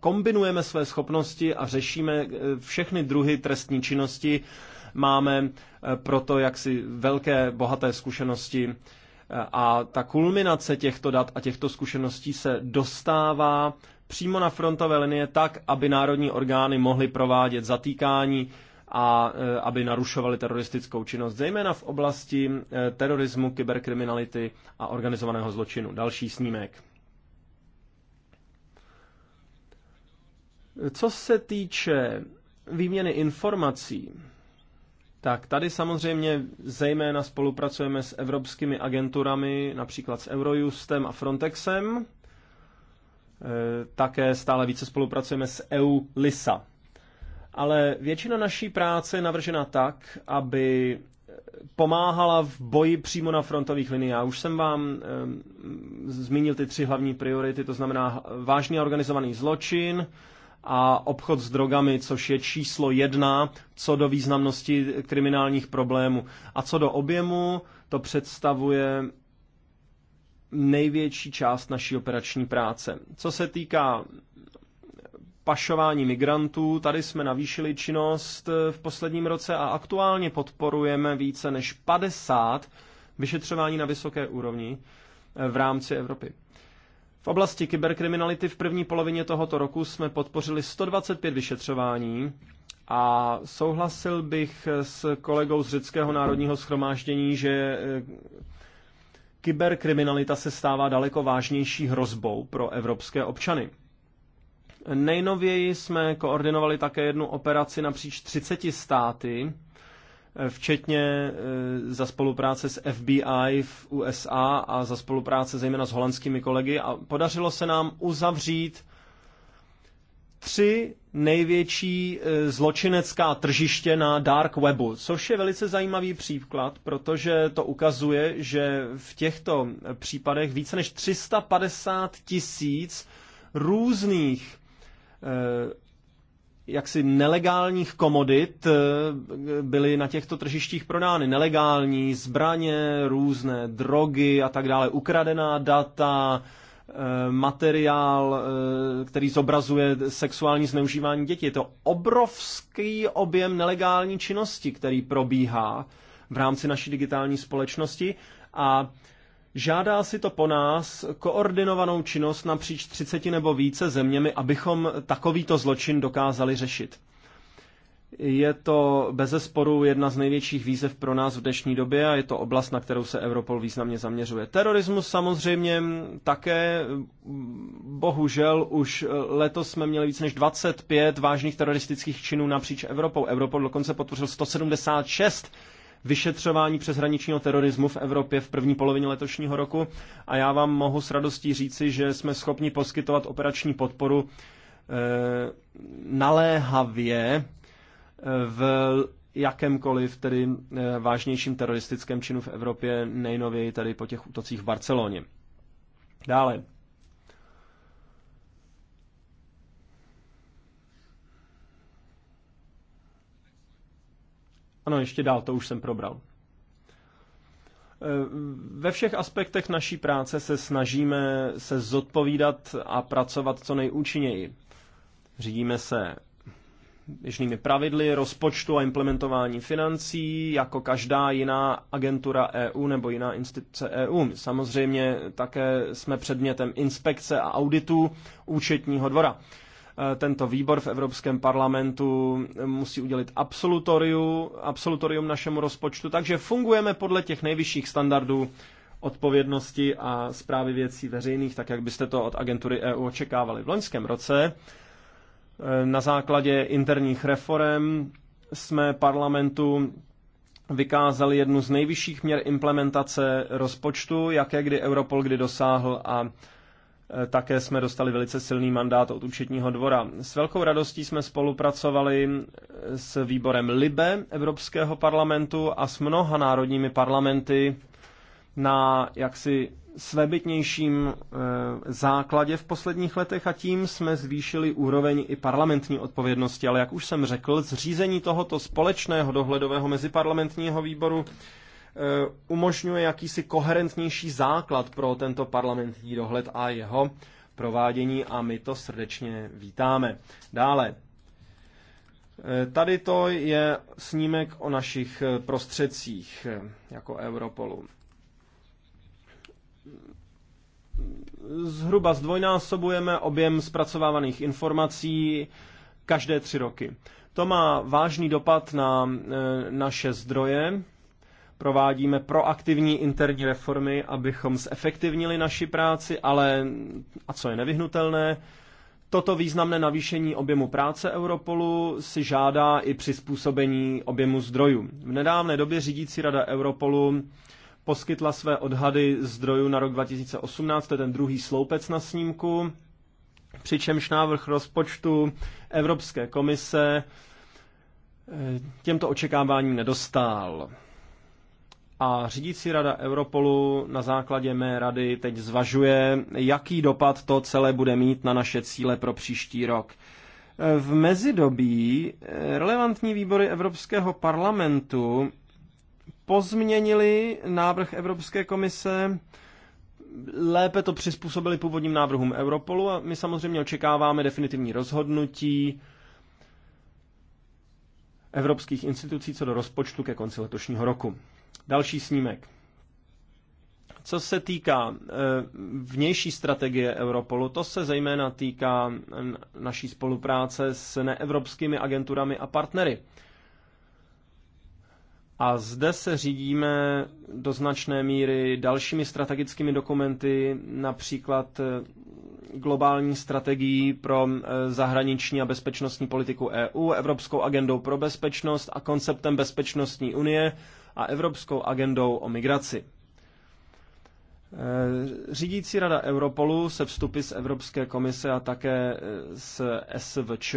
kombinujeme své schopnosti a řešíme eh, všechny druhy trestní činnosti. Máme eh, proto jaksi velké, bohaté zkušenosti a ta kulminace těchto dat a těchto zkušeností se dostává přímo na frontové linie tak, aby národní orgány mohly provádět zatýkání a e, aby narušovali teroristickou činnost, zejména v oblasti e, terorismu, kyberkriminality a organizovaného zločinu. Další snímek. Co se týče výměny informací, tak tady samozřejmě zejména spolupracujeme s evropskými agenturami, například s Eurojustem a Frontexem. E, také stále více spolupracujeme s EU LISA, ale většina naší práce je navržena tak, aby pomáhala v boji přímo na frontových liniích. Já už jsem vám e, zmínil ty tři hlavní priority, to znamená vážný organizovaný zločin a obchod s drogami, což je číslo jedna co do významnosti kriminálních problémů. A co do objemu, to představuje největší část naší operační práce. Co se týká pašování migrantů. Tady jsme navýšili činnost eh, v posledním roce a aktuálně podporujeme více než 50 vyšetřování na vysoké úrovni eh, v rámci Evropy. V oblasti kyberkriminality v první polovině tohoto roku jsme podpořili 125 vyšetřování a souhlasil bych eh, s kolegou z Řeckého národního schromáždění, že kyberkriminalita se stává daleko vážnější hrozbou pro evropské občany. Nejnověji jsme koordinovali také jednu operaci napříč 30 státy, eh, včetně eh, za spolupráce s FBI v USA a za spolupráce zejména s holandskými kolegy a podařilo se nám uzavřít tři největší eh, zločinecká tržiště na dark webu, což je velice zajímavý příklad, protože to ukazuje, že v těchto případech více než 350 tisíc různých Eh, jaksi nelegálních komodit eh, byly na těchto tržištích prodány. Nelegální zbraně, různé drogy a tak dále, ukradená data, eh, materiál, který zobrazuje sexuální zneužívání dětí. Je to obrovský objem nelegální činnosti, který probíhá v rámci naší digitální společnosti a Žádá si to po nás koordinovanou činnost napříč 30 nebo více zeměmi, abychom takovýto zločin dokázali řešit. Je to bezesporu jedna z největších výzev pro nás v dnešní době a je to oblast, na kterou se Europol významně zaměřuje. Terorismus samozřejmě také, bohužel už letos jsme měli více než 25 vážných teroristických činů napříč Evropou. Europol dokonce potvořil 176 vyšetřování přeshraničního terorismu v Evropě v první polovině letošního roku a já vám mohu s radostí říci, že jsme schopni poskytovat operační podporu e, naléhavě eh, v jakémkoliv tedy eh, vážnějším teroristickém činu v Evropě, nejnověji tady po těch útocích v Barceloně. Dále, Ano, ještě dál, to už jsem probral. E, ve všech aspektech naší práce se snažíme se zodpovídat a pracovat co nejúčinněji. Řídíme se běžnými pravidly rozpočtu a implementování financí, jako každá jiná agentura EU nebo jiná instituce EU. Samozřejmě také jsme předmětem inspekce a auditu účetního dvora. Eh, tento výbor v Evropském parlamentu eh, musí udělit absolutorium, absolutorium našemu rozpočtu, takže fungujeme podle těch nejvyšších standardů odpovědnosti a zprávy věcí veřejných, tak jak byste to od agentury EU očekávali. V loňském roce eh, na základě interních reform jsme parlamentu vykázali jednu z nejvyšších měr implementace rozpočtu, jaké kdy Europol kdy dosáhl a Eh, také jsme dostali velice silný mandát od účetního dvora. S velkou radostí jsme spolupracovali eh, s výborem LIBE Evropského parlamentu a s mnoha národními parlamenty na jaksi svébytnějším eh, základě v posledních letech a tím jsme zvýšili úroveň i parlamentní odpovědnosti. Ale jak už jsem řekl, zřízení tohoto společného dohledového meziparlamentního výboru Eh, umožňuje jakýsi koherentnější základ pro tento parlamentní dohled a jeho provádění a my to srdečně vítáme. Dále, eh, Tady to je snímek o našich eh, prostředcích jako Europolu. Zhruba zdvojnásobujeme objem zpracovávaných informací každé tři roky. To má vážný dopad na naše zdroje Provádíme proaktivní interní reformy, abychom zefektivnili naši práci, ale a co je nevyhnutelné, Toto významné navýšení objemu práce Europolu si žádá i přizpůsobení objemu zdrojů. V nedávné době řídící rada Europolu poskytla své odhady zdrojů na rok 2018, to je ten druhý sloupec na snímku, přičemž návrh rozpočtu Evropské komise eh, těmto očekáváním nedostal. A řídící rada Europolu na základě mé rady teď zvažuje, jaký dopad to celé bude mít na naše cíle pro příští rok. V mezidobí eh, relevantní výbory Evropského parlamentu pozměnili návrh Evropské komise, lépe to přizpůsobili původním návrhům Europolu a my samozřejmě očekáváme definitivní rozhodnutí evropských institucí co do rozpočtu ke konci letošního roku. Další snímek. Co se týká eh, vnější strategie Europolu, to se zejména týká naší spolupráce s neevropskými agenturami a partnery. A zde se řídíme do značné míry dalšími strategickými dokumenty, například eh, globální strategií pro eh, zahraniční a bezpečnostní politiku EU, Evropskou agendou pro bezpečnost a konceptem bezpečnostní unie, a Evropskou agendou o migraci. E, řídící rada Europolu se vstupy z Evropské komise a také e, z SVČ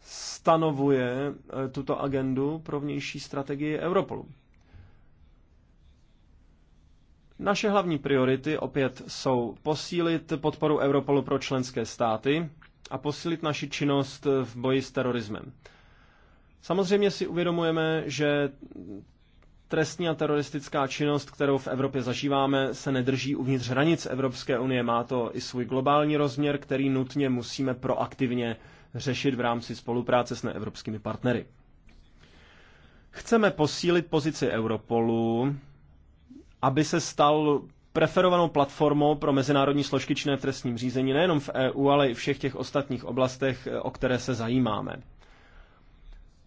stanovuje e, tuto agendu pro vnější strategii Europolu. Naše hlavní priority opět jsou posílit podporu Europolu pro členské státy a posílit naši činnost v boji s terorismem. Samozřejmě si uvědomujeme, že trestní a teroristická činnost, kterou v Evropě zažíváme, se nedrží uvnitř hranic Evropské unie. Má to i svůj globální rozměr, který nutně musíme proaktivně řešit v rámci spolupráce s neevropskými partnery. Chceme posílit pozici Europolu, aby se stal preferovanou platformou pro mezinárodní složky činné v trestním řízení nejenom v EU, ale i všech těch ostatních oblastech, o které se zajímáme.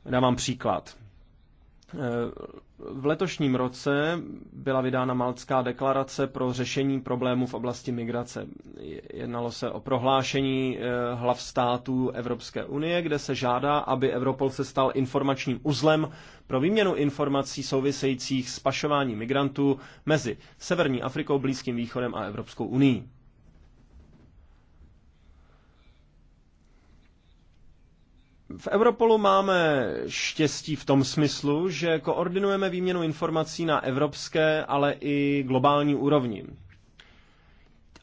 Dávám příklad. Eh, v letošním roce byla vydána Maltská deklarace pro řešení problémů v oblasti migrace. Jednalo se o prohlášení eh, hlav států Evropské unie, kde se žádá, aby Europol se stal informačním uzlem pro výměnu informací souvisejících s pašováním migrantů mezi Severní Afrikou, Blízkým východem a Evropskou unii. V Europolu máme štěstí v tom smyslu, že koordinujeme výměnu informací na evropské, ale i globální úrovni.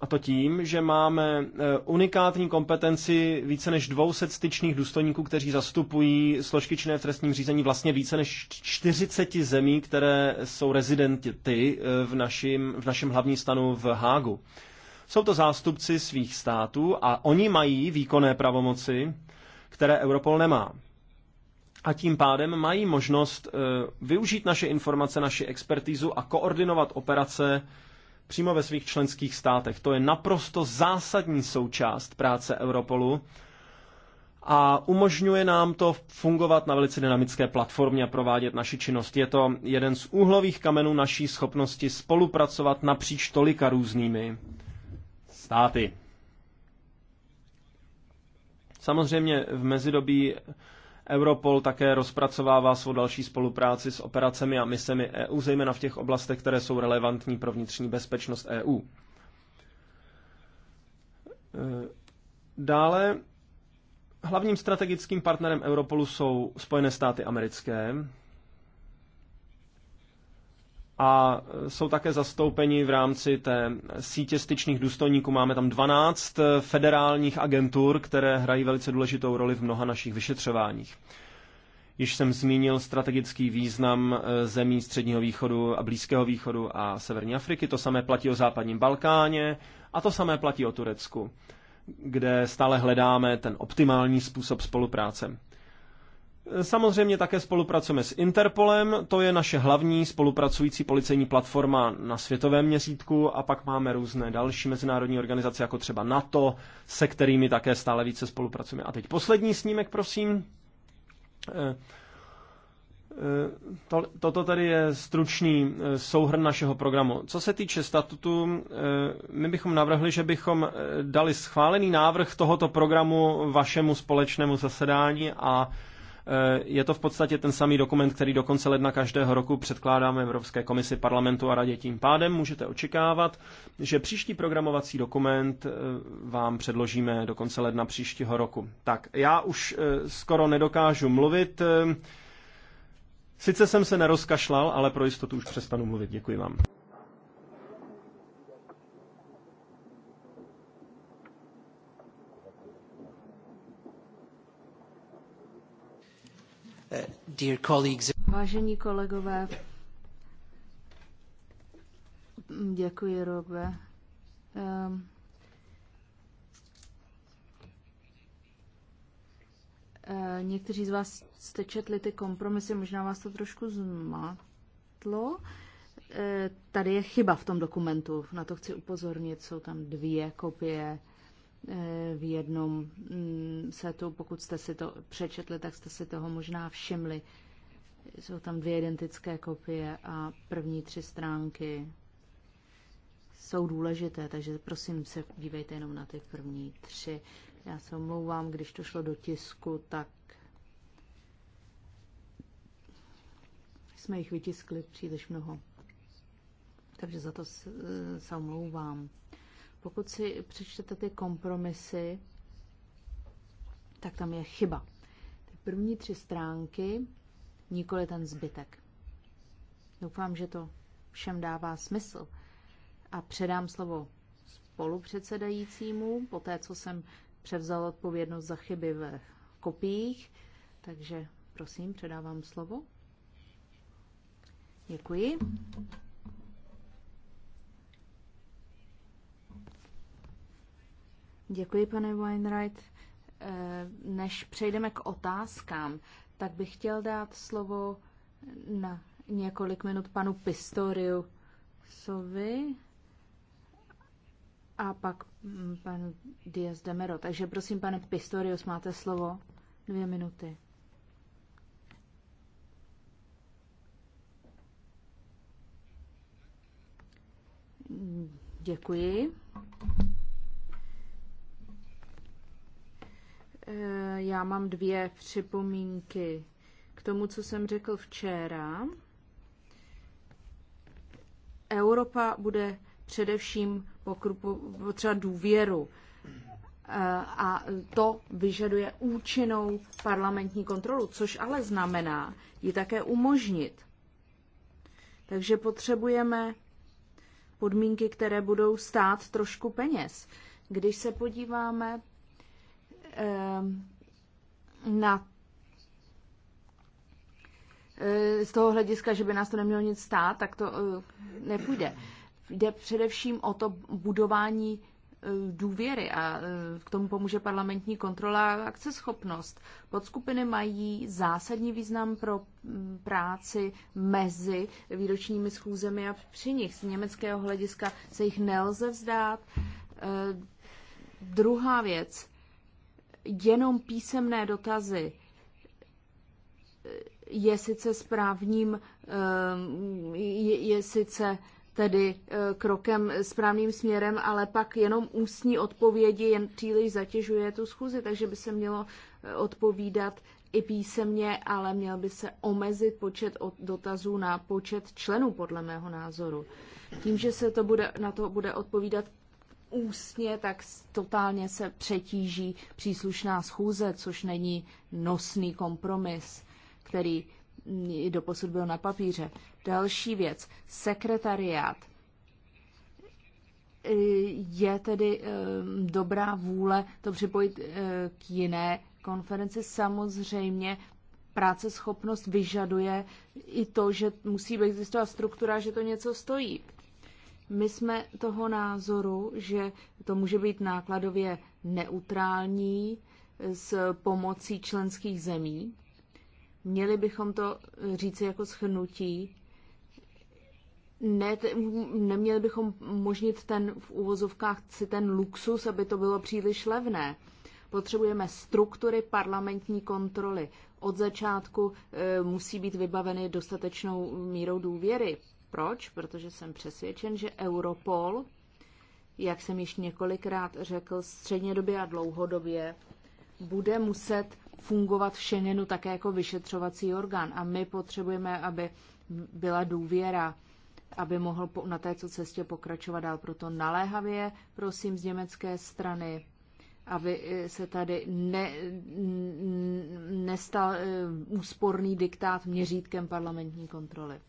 A to tím, že máme eh, unikátní kompetenci více než 200 styčných důstojníků, kteří zastupují složky činné v trestním řízení vlastně více než 40 zemí, které jsou rezidenty eh, v našem, v našem hlavním stanu v Hágu. Jsou to zástupci svých států a oni mají výkonné pravomoci které Europol nemá. A tím pádem mají možnost eh, využít naše informace, naši expertízu a koordinovat operace přímo ve svých členských státech. To je naprosto zásadní součást práce Europolu a umožňuje nám to fungovat na velice dynamické platformě a provádět naši činnost. Je to jeden z úhlových kamenů naší schopnosti spolupracovat napříč tolika různými státy. Samozřejmě v mezidobí Europol také rozpracovává svou další spolupráci s operacemi a misemi EU, zejména v těch oblastech, které jsou relevantní pro vnitřní bezpečnost EU. E, dále hlavním strategickým partnerem Europolu jsou Spojené státy americké, a jsou také zastoupeni v rámci té sítě styčných důstojníků. Máme tam 12 federálních agentur, které hrají velice důležitou roli v mnoha našich vyšetřováních. Již jsem zmínil strategický význam eh, zemí Středního východu a Blízkého východu a Severní Afriky, to samé platí o západním Balkáně a to samé platí o Turecku, kde stále hledáme ten optimální způsob spolupráce. Samozřejmě také spolupracujeme s Interpolem, to je naše hlavní spolupracující policejní platforma na světovém měřítku a pak máme různé další mezinárodní organizace, jako třeba NATO, se kterými také stále více spolupracujeme. A teď poslední snímek, prosím. Eh, eh, toto tady je stručný eh, souhrn našeho programu. Co se týče statutu, my bychom navrhli, že bychom dali schválený návrh tohoto programu vašemu společnému zasedání a Eh, je to v podstatě ten samý dokument, který do konce ledna každého roku předkládáme Evropské komisi, parlamentu a radě. Tím pádem můžete očekávat, že příští programovací dokument eh, vám předložíme do konce ledna příštího roku. Tak, já už eh, skoro nedokážu mluvit. Sice jsem se nerozkašlal, ale pro jistotu už přestanu mluvit. Děkuji vám. Vážení kolegové, děkuji, Robe. Um, někteří z vás jste četli ty kompromisy, možná vás to trošku zmatlo. Eh, tady je chyba v tom dokumentu, na to chci upozornit, jsou tam dvě kopie Eh, v jednom mm, setu. Pokud jste si to přečetli, tak jste si toho možná všimli. Jsou tam dvě identické kopie a první tři stránky jsou důležité, takže prosím se dívejte jenom na ty první tři. Já se omlouvám, když to šlo do tisku, tak jsme jich vytiskli příliš mnoho. Takže za to eh, se omlouvám. Pokud si přečtete ty kompromisy, tak tam je chyba. Ty první tři stránky, nikoli ten zbytek. Doufám, že to všem dává smysl. A předám slovo spolupředsedajícímu, po té, co jsem převzal odpovědnost za chyby v kopiích. Takže prosím, předávám slovo. Děkuji. Děkuji, pane Weinreit. Eh, než přejdeme k otázkám, tak bych chtěl dát slovo na několik minut panu Pistoriu Sovi a pak mm, panu Diaz Demero. Takže prosím, pane Pistorius, máte slovo. Dvě minuty. Děkuji. Eh, já mám dvě připomínky k tomu, co jsem řekl včera. Evropa bude především potřebovat důvěru eh, a to vyžaduje účinnou parlamentní kontrolu, což ale znamená ji také umožnit. Takže potřebujeme podmínky, které budou stát trošku peněz. Když se podíváme Ehm, na eh, z toho hlediska, že by nás to nemělo nic stát, tak to eh, nepůjde. Jde především o to budování eh, důvěry a k tomu pomůže parlamentní kontrola a akceschopnost. Podskupiny mají zásadní význam pro mm, práci mezi výročními schůzemi a při nich. Z německého hlediska se jich nelze vzdát. Druhá věc, jenom písemné dotazy je sice správným, ehm, je, sice tedy eh, krokem správným směrem, ale pak jenom ústní odpovědi jen příliš zatěžuje tu schůzi, takže by se mělo eh, odpovídat i písemně, ale měl by se omezit počet dotazů na počet členů, podle mého názoru. Tím, že se to bude, na to bude odpovídat ústně, tak totálně se přetíží příslušná schůze, což není nosný kompromis, který doposud byl na papíře. Další věc, sekretariát. Je tedy ehm, dobrá vůle to připojit eh, k jiné konferenci. Samozřejmě práceschopnost vyžaduje i to, že musí existovat struktura, že to něco stojí. My jsme toho názoru, že to může být nákladově neutrální s pomocí členských zemí. Měli bychom to říci jako schnutí. Ne, neměli bychom možnit ten v úvozovkách si ten luxus, aby to bylo příliš levné. Potřebujeme struktury parlamentní kontroly. Od začátku e, musí být vybaveny dostatečnou mírou důvěry proč? Protože jsem přesvědčen, že Europol, jak jsem již několikrát řekl, střednědobě a dlouhodobě bude muset fungovat v Schengenu také jako vyšetřovací orgán. A my potřebujeme, aby byla důvěra, aby mohl na této cestě pokračovat dál. Proto naléhavě prosím z německé strany, aby eh, se tady ne, nestal eh, úsporný diktát měřítkem parlamentní kontroly.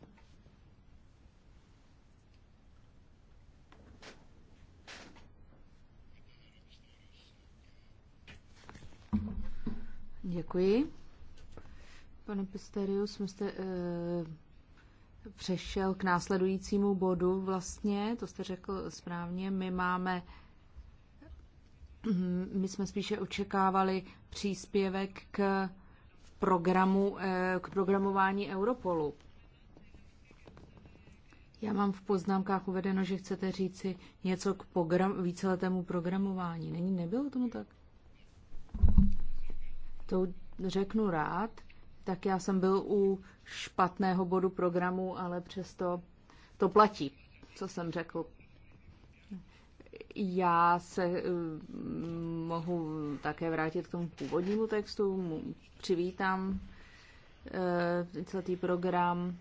Děkuji. Pane Pisterius, my jste e, přešel k následujícímu bodu vlastně, to jste řekl správně. My máme, my jsme spíše očekávali příspěvek k programu, e, k programování Europolu. Já mám v poznámkách uvedeno, že chcete říci něco k program, víceletému programování. Není, nebylo tomu tak? to řeknu rád, tak já jsem byl u špatného bodu programu, ale přesto to platí, co jsem řekl. Já se eh, mohu také vrátit k tomu původnímu textu, přivítám eh, celý program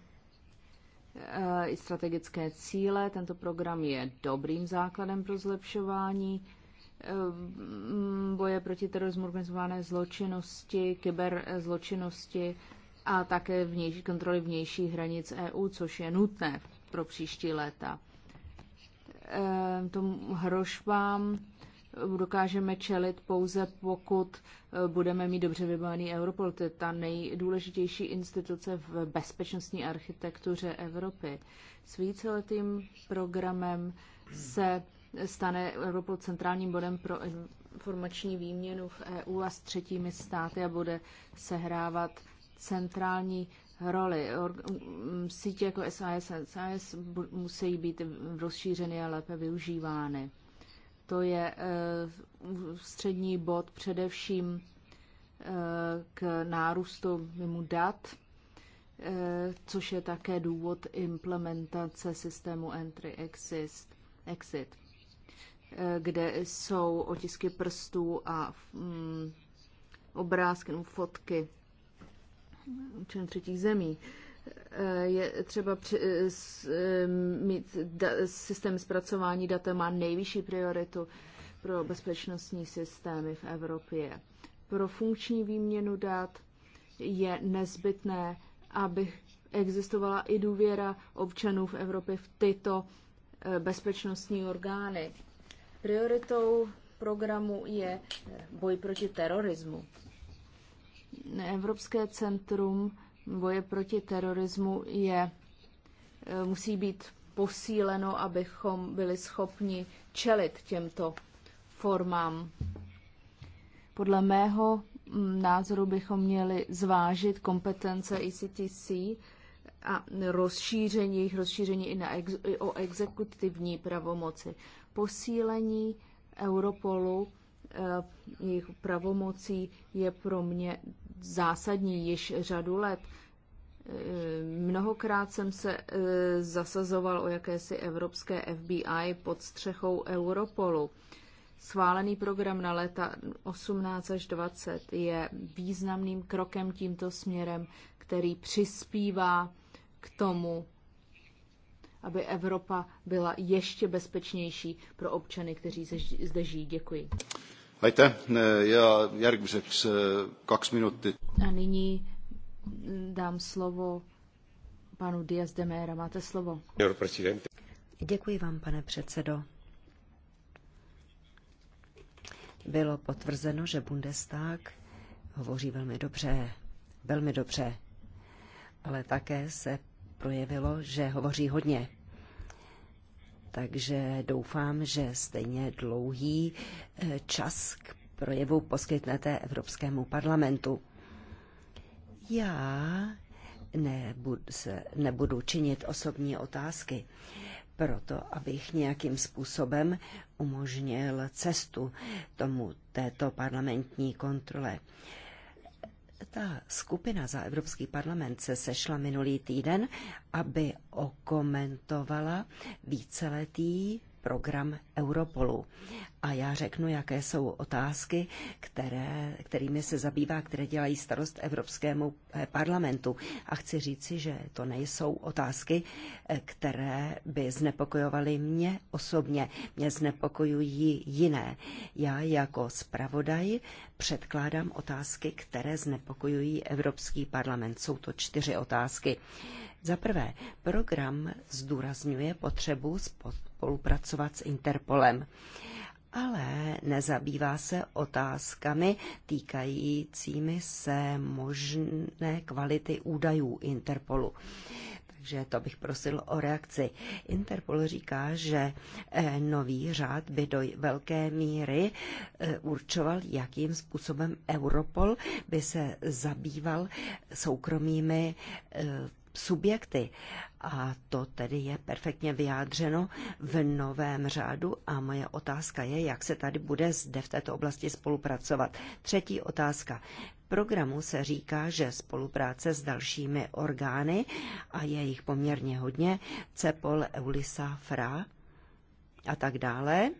eh, i strategické cíle. Tento program je dobrým základem pro zlepšování Eh, boje proti terorismu, organizované zločinnosti, kyberzločinnosti a také vnější, kontroly vnějších hranic EU, což je nutné pro příští léta. Eh, Tomu hrošvám dokážeme čelit pouze, pokud eh, budeme mít dobře vybavený Europol, to je ta nejdůležitější instituce v bezpečnostní architektuře Evropy. S víceletým programem se stane Europol centrálním bodem pro informační výměnu v EU a s třetími státy a bude sehrávat centrální roli. Sítě jako SAS a SAS musí být rozšířeny a lépe využívány. To je e, střední bod především e, k nárůstu mimo dat, e, což je také důvod implementace systému Entry Exist, Exit kde jsou otisky prstů a mm, obrázky nebo fotky občanů třetích zemí. Je třeba při, s, mít da, systém zpracování data má nejvyšší prioritu pro bezpečnostní systémy v Evropě. Pro funkční výměnu dat je nezbytné, aby existovala i důvěra občanů v Evropě v tyto e, bezpečnostní orgány Prioritou programu je eh, boj proti terorismu. Evropské centrum boje proti terorismu je, eh, musí být posíleno, abychom byli schopni čelit těmto formám. Podle mého mm, názoru bychom měli zvážit kompetence ICTC a rozšíření, jejich rozšíření i, na, i o exekutivní pravomoci. Posílení Europolu eh, jejich pravomocí je pro mě zásadní již řadu let. Eh, mnohokrát jsem se eh, zasazoval o jakési evropské FBI pod střechou Europolu. Schválený program na leta 18 až 20 je významným krokem tímto směrem, který přispívá k tomu, aby Evropa byla ještě bezpečnější pro občany, kteří zde žijí. Děkuji. Aitäh ja järgmiseks eh, kaks minutit. A nyní mm, dám slovo panu Diaz de Mera. Máte slovo. Děkuji vám, pane předsedo. Bylo potvrzeno, že Bundestag hovoří velmi dobře, velmi dobře, ale také se projevilo, že hovoří hodně. Takže doufám, že stejně dlouhý eh, čas k projevu poskytnete Evropskému parlamentu. Já nebudu, se, nebudu činit osobní otázky, proto abych nějakým způsobem umožnil cestu tomu této parlamentní kontrole. Ta skupina za Evropský parlament se sešla minulý týden, aby okomentovala víceletý program Europolu. A já řeknu, jaké jsou otázky, které, kterými se zabývá, které dělají starost Evropskému eh, parlamentu. A chci říci, že to nejsou otázky, eh, které by znepokojovaly mě osobně. Mě znepokojují jiné. Já jako zpravodaj předkládám otázky, které znepokojují Evropský parlament. Jsou to čtyři otázky. Za prvé, program zdůrazňuje potřebu spolupracovat s Interpolem. Ale nezabývá se otázkami týkajícími se možné kvality údajů Interpolu. Takže to bych prosil o reakci. Interpol říká, že eh, nový řád by do velké míry eh, určoval, jakým způsobem Europol by se zabýval soukromými eh, subjekty. A to tedy je perfektně vyjádřeno v novém řádu a moje otázka je, jak se tady bude zde v této oblasti spolupracovat. Třetí otázka. programu se říká, že spolupráce s dalšími orgány, a je jich poměrně hodně, CEPOL, EULISA, FRA a tak dále,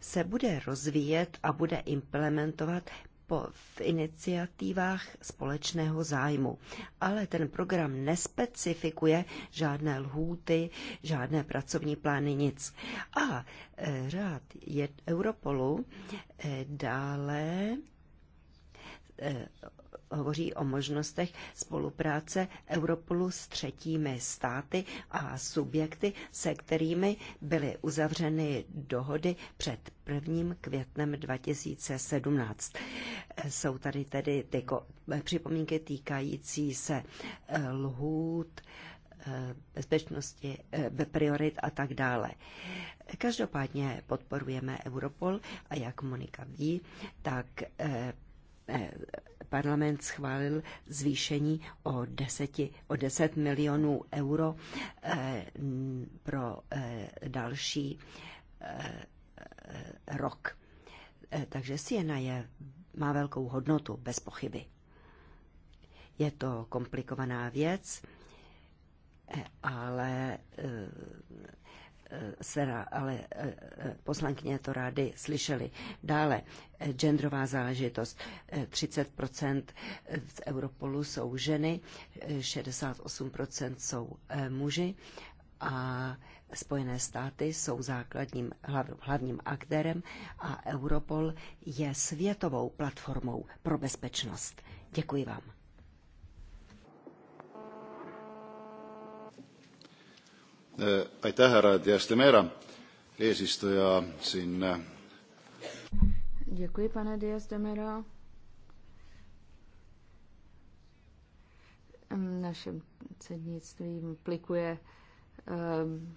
se bude rozvíjet a bude implementovat po, v iniciativách společného zájmu. Ale ten program nespecifikuje žádné lhůty, žádné pracovní plány, nic. A e, rád je Europolu e, dále e, hovoří o možnostech spolupráce Europolu s třetími státy a subjekty, se kterými byly uzavřeny dohody před 1. květnem 2017. Jsou tady tedy ty připomínky týkající se eh, lhůt, eh, bezpečnosti, eh, priorit a tak dále. Každopádně podporujeme Europol a jak Monika ví, tak parlament schválil zvýšení o, deseti, o 10 milionů euro eh, pro eh, další eh, rok. Takže Siena je, má velkou hodnotu, bez pochyby. Je to komplikovaná věc, ale Eh, sera, ale eh, eh, poslankyně to rády slyšeli. Dále, genderová záležitost. 30 z Europolu jsou ženy, 68 jsou muži a Spojené státy jsou základním hlavním aktérem a Europol je světovou platformou pro bezpečnost. Děkuji vám. Eh, aitäh, härra Dias de Mera, eesistuja siin. Eh. Děkuji, pane Dias de Mera. Naše předsednictví implikuje um, ehm,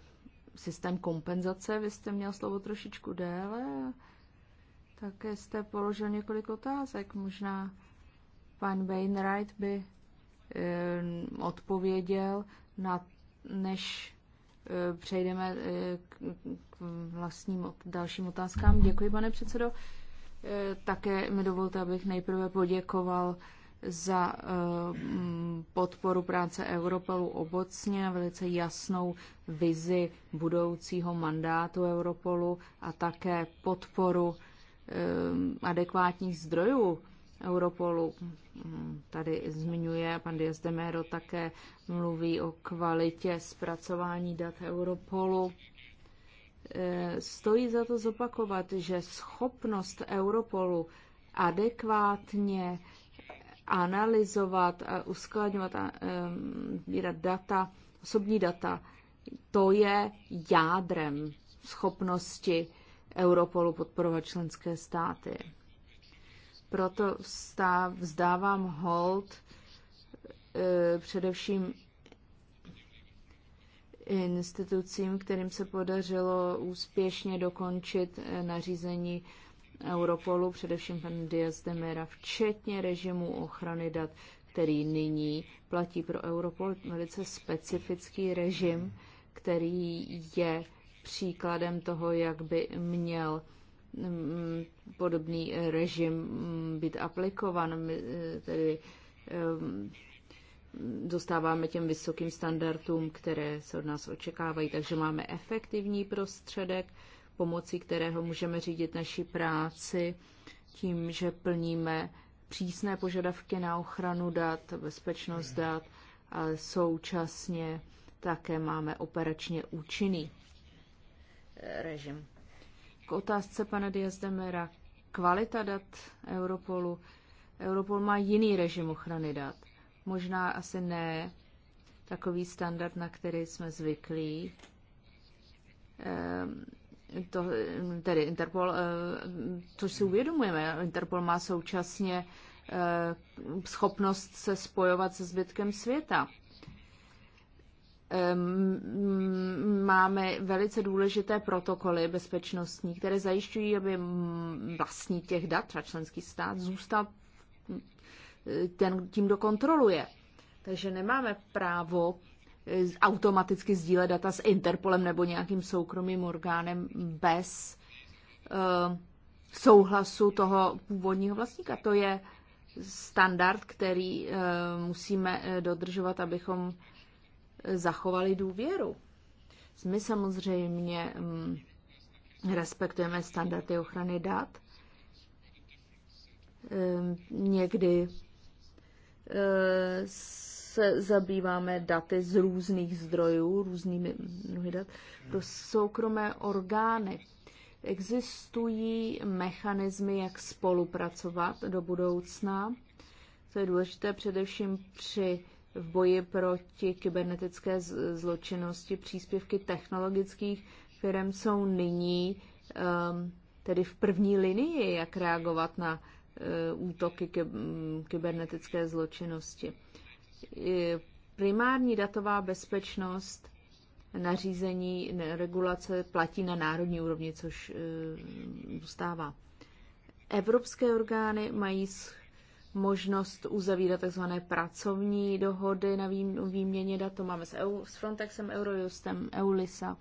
systém kompenzace. Vy jste měl slovo trošičku déle. Také jste položil několik otázek. Možná pan Wainwright by ehm, odpověděl, na, než Eh, přejdeme eh, k vlastním dalším otázkám. Děkuji, pane předsedo. Eh, také mi dovolte, abych nejprve poděkoval za podporu práce Europolu obecně, velice jasnou vizi budoucího mandátu Europolu a také podporu adekvátních zdrojů Europolu. Mm, tady zmiňuje pan Dias de Mero také mluví o kvalitě zpracování dat Europolu. E, stojí za to zopakovat, že schopnost Europolu adekvátně analyzovat, uskladňovat a sbírat data, osobní data, to je jádrem schopnosti Europolu podporovat členské státy. Proto vstáv, vzdávám hold e, především institucím, kterým se podařilo úspěšně dokončit e, nařízení Europolu, především pan Diaz de Mera, včetně režimu ochrany dat, který nyní platí pro Europol velice specifický režim, který je příkladem toho, jak by měl Mm, podobný režim mm, být aplikovan, eh, tedy eh, dostáváme těm vysokým standardům, které se od nás očekávají, takže máme efektivní prostředek, pomocí kterého můžeme řídit naši práci tím, že plníme přísné požadavky na ochranu dat, bezpečnost dat, ale současně také máme operačně účinný režim otázce pana Mera. Kvalita dat Europolu. Europol má jiný režim ochrany dat. Možná asi ne takový standard, na který jsme zvyklí. Ehm to, tedy Interpol, eh, což si uvědomujeme, Interpol má současně eh, schopnost se spojovat se zbytkem světa máme velice důležité protokoly bezpečnostní, které zajišťují, aby vlastní těch dat, třeba členský stát, zůstal ten, tím, kdo kontroluje. Takže nemáme právo e, automaticky sdílet data s Interpolem nebo nějakým soukromým orgánem bez uh, souhlasu toho původního vlastníka. To je standard, který uh, musíme e, dodržovat, abychom zachovali důvěru. My samozřejmě mm, respektujeme standardy ochrany dat. Ehm, někdy eh, se zabýváme daty z různých zdrojů, různými druhy dat. Pro soukromé orgány existují mechanismy, jak spolupracovat do budoucna. To je důležité především při v boji proti kybernetické zločinnosti. Příspěvky technologických firm jsou nyní um, tedy v první linii, jak reagovat na uh, útoky ky, mm, kybernetické zločinnosti. Primární datová bezpečnost nařízení regulace platí na národní úrovni, což uh, zůstává. Evropské orgány mají možnost uzavírat tzv. pracovní dohody na výměně dat. To máme s, EU, s Frontexem, Eurojustem, EULISA.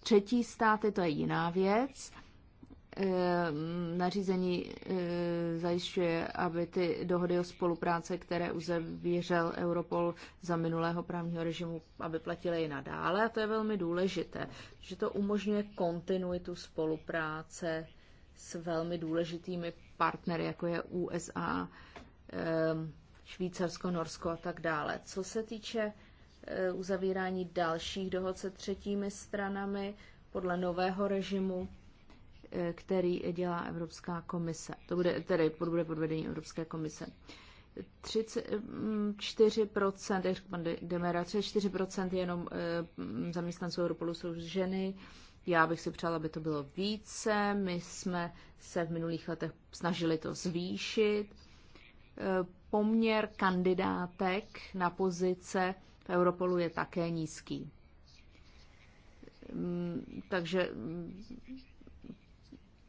Třetí státy, to je jiná věc. Eh, nařízení eh, zajišťuje, aby ty dohody o spolupráce, které uzavířel Europol za minulého právního režimu, aby platily i nadále. A to je velmi důležité, že to umožňuje kontinuitu spolupráce s velmi důležitými partnery, jako je USA, Švýcarsko, Norsko a tak dále. Co se týče eh, uzavírání dalších dohod se třetími stranami podle nového režimu, eh, který dělá Evropská komise. To bude tedy bude podvedení Evropské komise. 34%, mm, jak pan Demera, 34% jenom eh, zaměstnanců Europolu jsou ženy, já bych si přála, aby to bylo více. My jsme se v minulých letech snažili to zvýšit. E, poměr kandidátek na pozice v Europolu je také nízký. Mm, takže mm,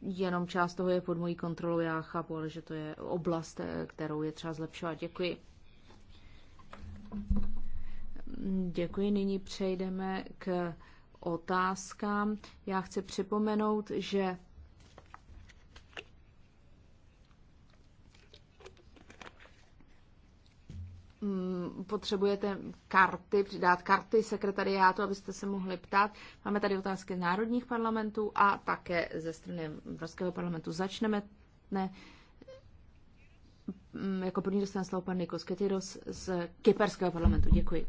jenom část toho je pod mojí kontrolou, já chápu, ale že to je oblast, e, kterou je třeba zlepšovat. Děkuji. Děkuji. Nyní přejdeme k otázkám. Já chci připomenout, že mm, potřebujete karty, přidat karty sekretariátu, abyste se mohli ptát. Máme tady otázky z národních parlamentů a také ze strany Evropského parlamentu. Začneme ne, mm, jako první dostane slovo pan Nikos Ketiros z Kyperského parlamentu. Děkuji.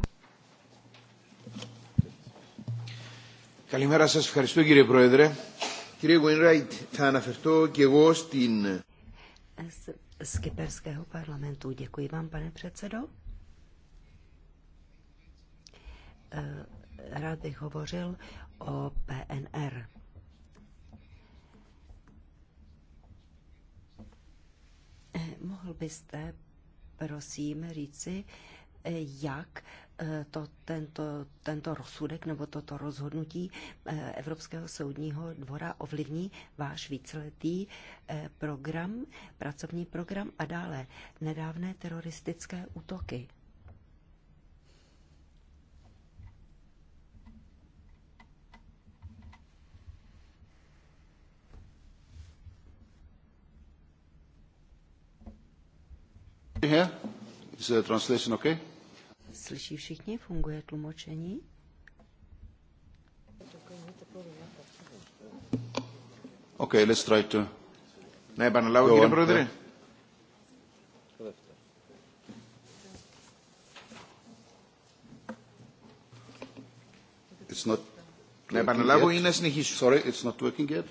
Καλημέρα σας. Ευχαριστώ κύριε Πρόεδρε. Κύριε Γουίνραϊτ, θα αναφερθώ και εγώ στην... Z kyperského parlamentu. Děkuji vám, pane předsedo. Eh, rád bych hovořil o PNR. Eh, mohl byste, prosím, říci, eh, jak Eh, to, tento, tento rozsudek nebo toto rozhodnutí eh, Evropského soudního dvora ovlivní váš víceletý eh, program, pracovní program a dále nedávné teroristické útoky? Here? Is the translation okay? Slyší všichni? Funguje tlumočení? OK, let's try to... Ne, pane επαναλάβω κύριε Πρόεδρε. It's not... Ne, επαναλάβω είναι συνεχίσου. Sorry, it's not working yet.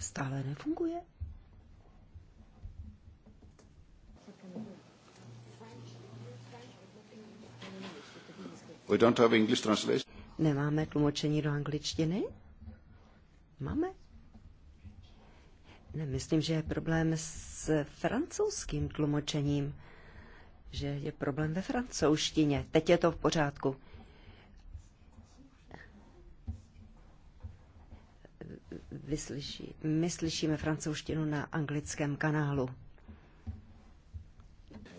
Stále nefunguje. We don't have English translation. Nemáme tlumočení do angličtiny? Máme? Ne, myslím, že je problém s francouzským tlumočením, že je problém ve francouzštině. Teď je to v pořádku. Vyslyší, my slyšíme francouzštinu na anglickém kanálu.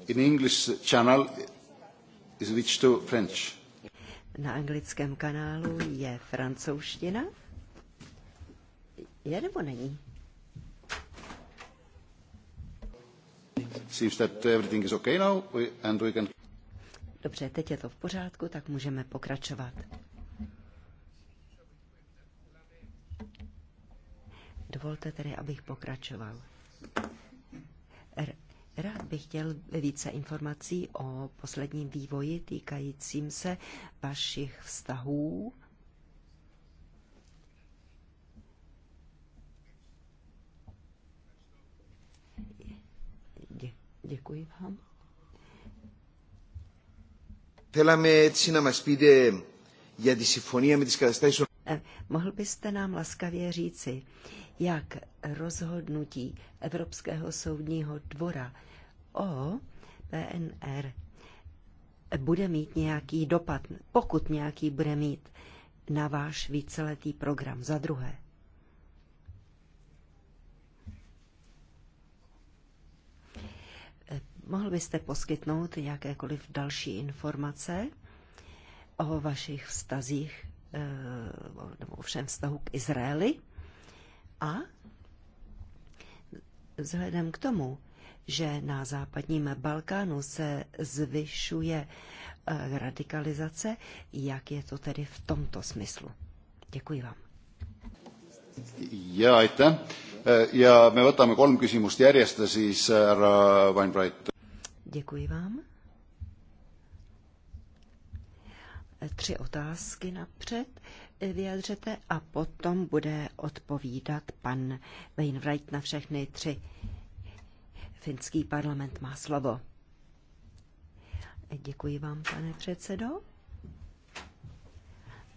In English channel is which to French na anglickém kanálu je francouzština? Je nebo není? Seems that everything is okay now and we can... Dobře, teď je to v pořádku, tak můžeme pokračovat. Dovolte tedy, abych pokračoval. Rád bych chtěl více informací o posledním vývoji týkajícím se vašich vztahů Děkuji vám. Θέλαμε έτσι Mohl byste nám laskavě říci, jak rozhodnutí Evropského soudního dvora o PNR bude mít nějaký dopad, pokud nějaký bude mít na váš víceletý program za druhé. Mohl byste poskytnout jakékoliv další informace o vašich vztazích eh, nebo o všem vztahu k Izraeli? A vzhledem k tomu, že na západním Balkánu se zvyšuje eh, radikalizace. Jak je to tedy v tomto smyslu? Děkuji vám. Ja aitäh eh, ja me võtame kolm küsimust järjest siis eh, ära Weinbreit. Děkuji vám. Tři otázky napřed vyjadřete a potom bude odpovídat pan Weinbreit na všechny tři. Uh, Finský parlament má slovo. Děkuji vám, pane předsedo.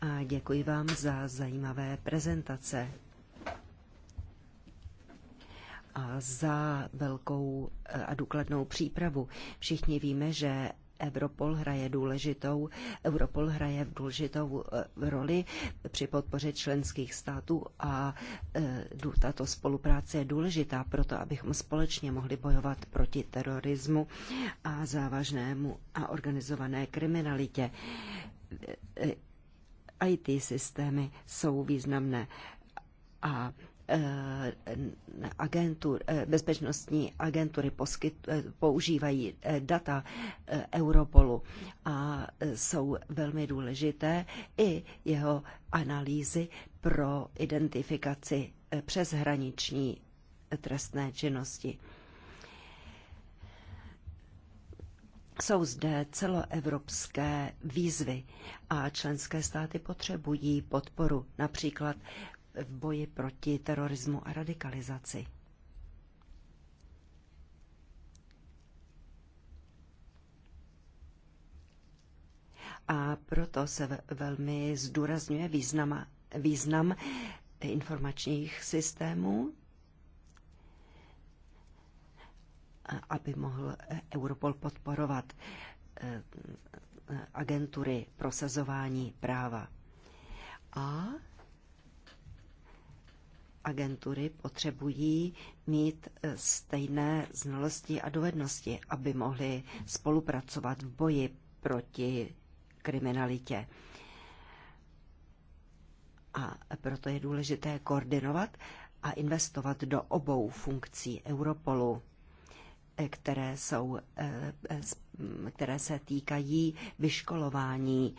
A děkuji vám za zajímavé prezentace a za velkou a důkladnou přípravu. Všichni víme, že Europol hraje důležitou, Europol hraje důležitou eh, roli při podpoře členských států a eh, tato spolupráce je důležitá proto, abychom společně mohli bojovat proti terorismu a závažnému a organizované kriminalitě. Eh, IT systémy jsou významné a Eh, agentur, eh, bezpečnostní agentury poskyt, eh, používají data Europolu a jsou velmi důležité i jeho analýzy pro identifikaci přeshraniční trestné činnosti. Jsou zde celoevropské výzvy a členské státy potřebují podporu, například v boji proti terorismu a radikalizaci. A proto se velmi zdůrazňuje význam, význam informačních systémů, aby mohl Europol podporovat eh, agentury prosazování práva. A agentury potřebují mít eh, stejné znalosti a dovednosti, aby mohly spolupracovat v boji proti kriminalitě. A proto je důležité koordinovat a investovat do obou funkcí Europolu, eh, které, jsou, eh, které se týkají vyškolování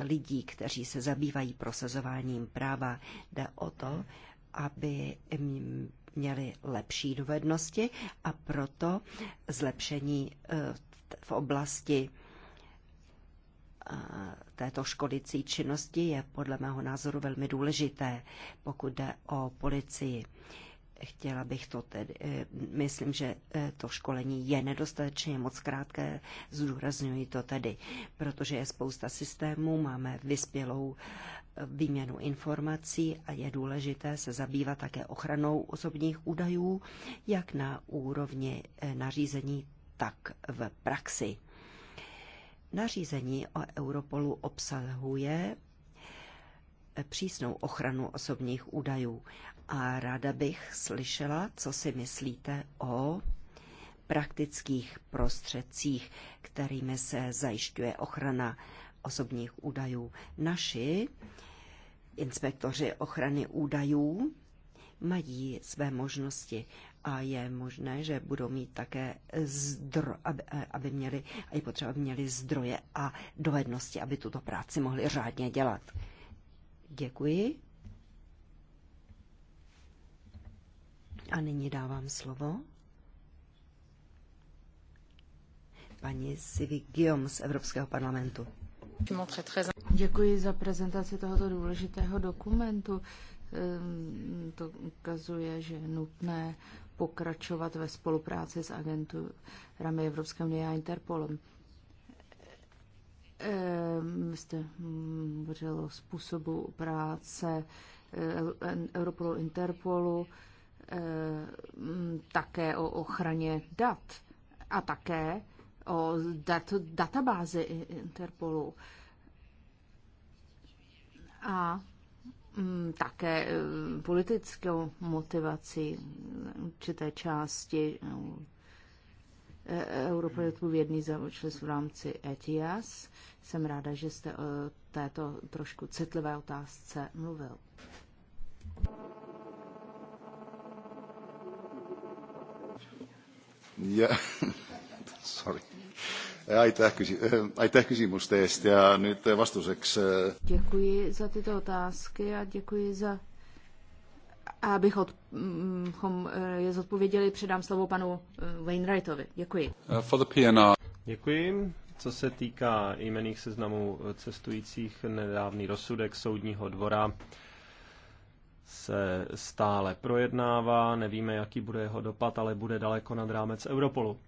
lidí, kteří se zabývají prosazováním práva. Jde o to, aby měli lepší dovednosti a proto zlepšení eh, v oblasti eh, této škodicí činnosti je podle mého názoru velmi důležité, pokud jde o policii. Chtěla bych to tedy, eh, myslím, že eh, to školení je nedostatečně moc krátké, zdůrazňuji to tedy, protože je spousta systémů, máme vyspělou eh, výměnu informací a je důležité se zabývat také ochranou osobních údajů, jak na úrovni nařízení, tak v praxi. Nařízení o Europolu obsahuje přísnou ochranu osobních údajů a ráda bych slyšela, co si myslíte o praktických prostředcích, kterými se zajišťuje ochrana osobních údajů. Naši inspektoři ochrany údajů mají své možnosti a je možné, že budou mít také zdro, aby, aby měli, a je potřeba, aby měli zdroje a dovednosti, aby tuto práci mohli řádně dělat. Děkuji. A nyní dávám slovo paní Sivi Guillaume z Evropského parlamentu. Děkuji za prezentaci tohoto důležitého dokumentu. Ehm, to ukazuje, že je nutné pokračovat ve spolupráci s agenturami Evropské unie a Interpolem. Vy ehm, jste hovořil o způsobu práce eh, Europolu Interpolu. Eh, mm, také o ochraně dat a také o dat, databázi Interpolu. A mm, také eh, politickou motivaci určité části eh, odpovědný za účast v rámci ETIAS. Jsem ráda, že jste o této trošku citlivé otázce mluvil. Ja, sorry. Aitäh, küsi- aitäh küsimuste eest ja nüüd vastuseks. Äh, děkuji za tyto otázky a děkuji za abych od, mm, chom, eh, je zodpověděli, předám slovo panu eh, Wainwrightovi. Děkuji. Uh, for the PNR. Děkuji. Co se týká jmených seznamů eh, cestujících, nedávný rozsudek soudního dvora se stále projednává, nevíme, jaký bude jeho dopad, ale bude daleko nad rámec Europolu.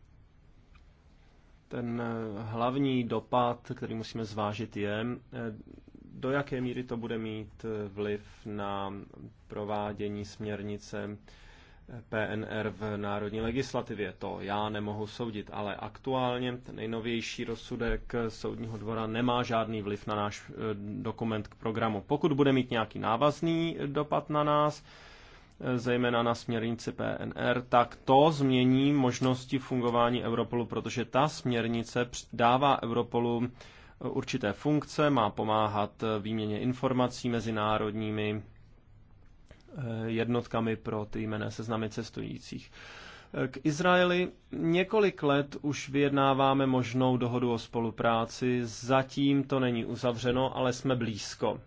Ten eh, hlavní dopad, který musíme zvážit, je, eh, do jaké míry to bude mít eh, vliv na provádění směrnice PNR v národní legislativě. To já nemohu soudit, ale aktuálně ten nejnovější rozsudek Soudního dvora nemá žádný vliv na náš eh, dokument k programu. Pokud bude mít nějaký návazný eh, dopad na nás, eh, zejména na směrnici PNR, tak to změní možnosti fungování Europolu, protože ta směrnice dává Europolu určité funkce, má pomáhat výměně informací mezi národními Eh, jednotkami pro ty jmené seznamy cestujících. Eh, k Izraeli několik let už vyjednáváme možnou dohodu o spolupráci. Zatím to není uzavřeno, ale jsme blízko.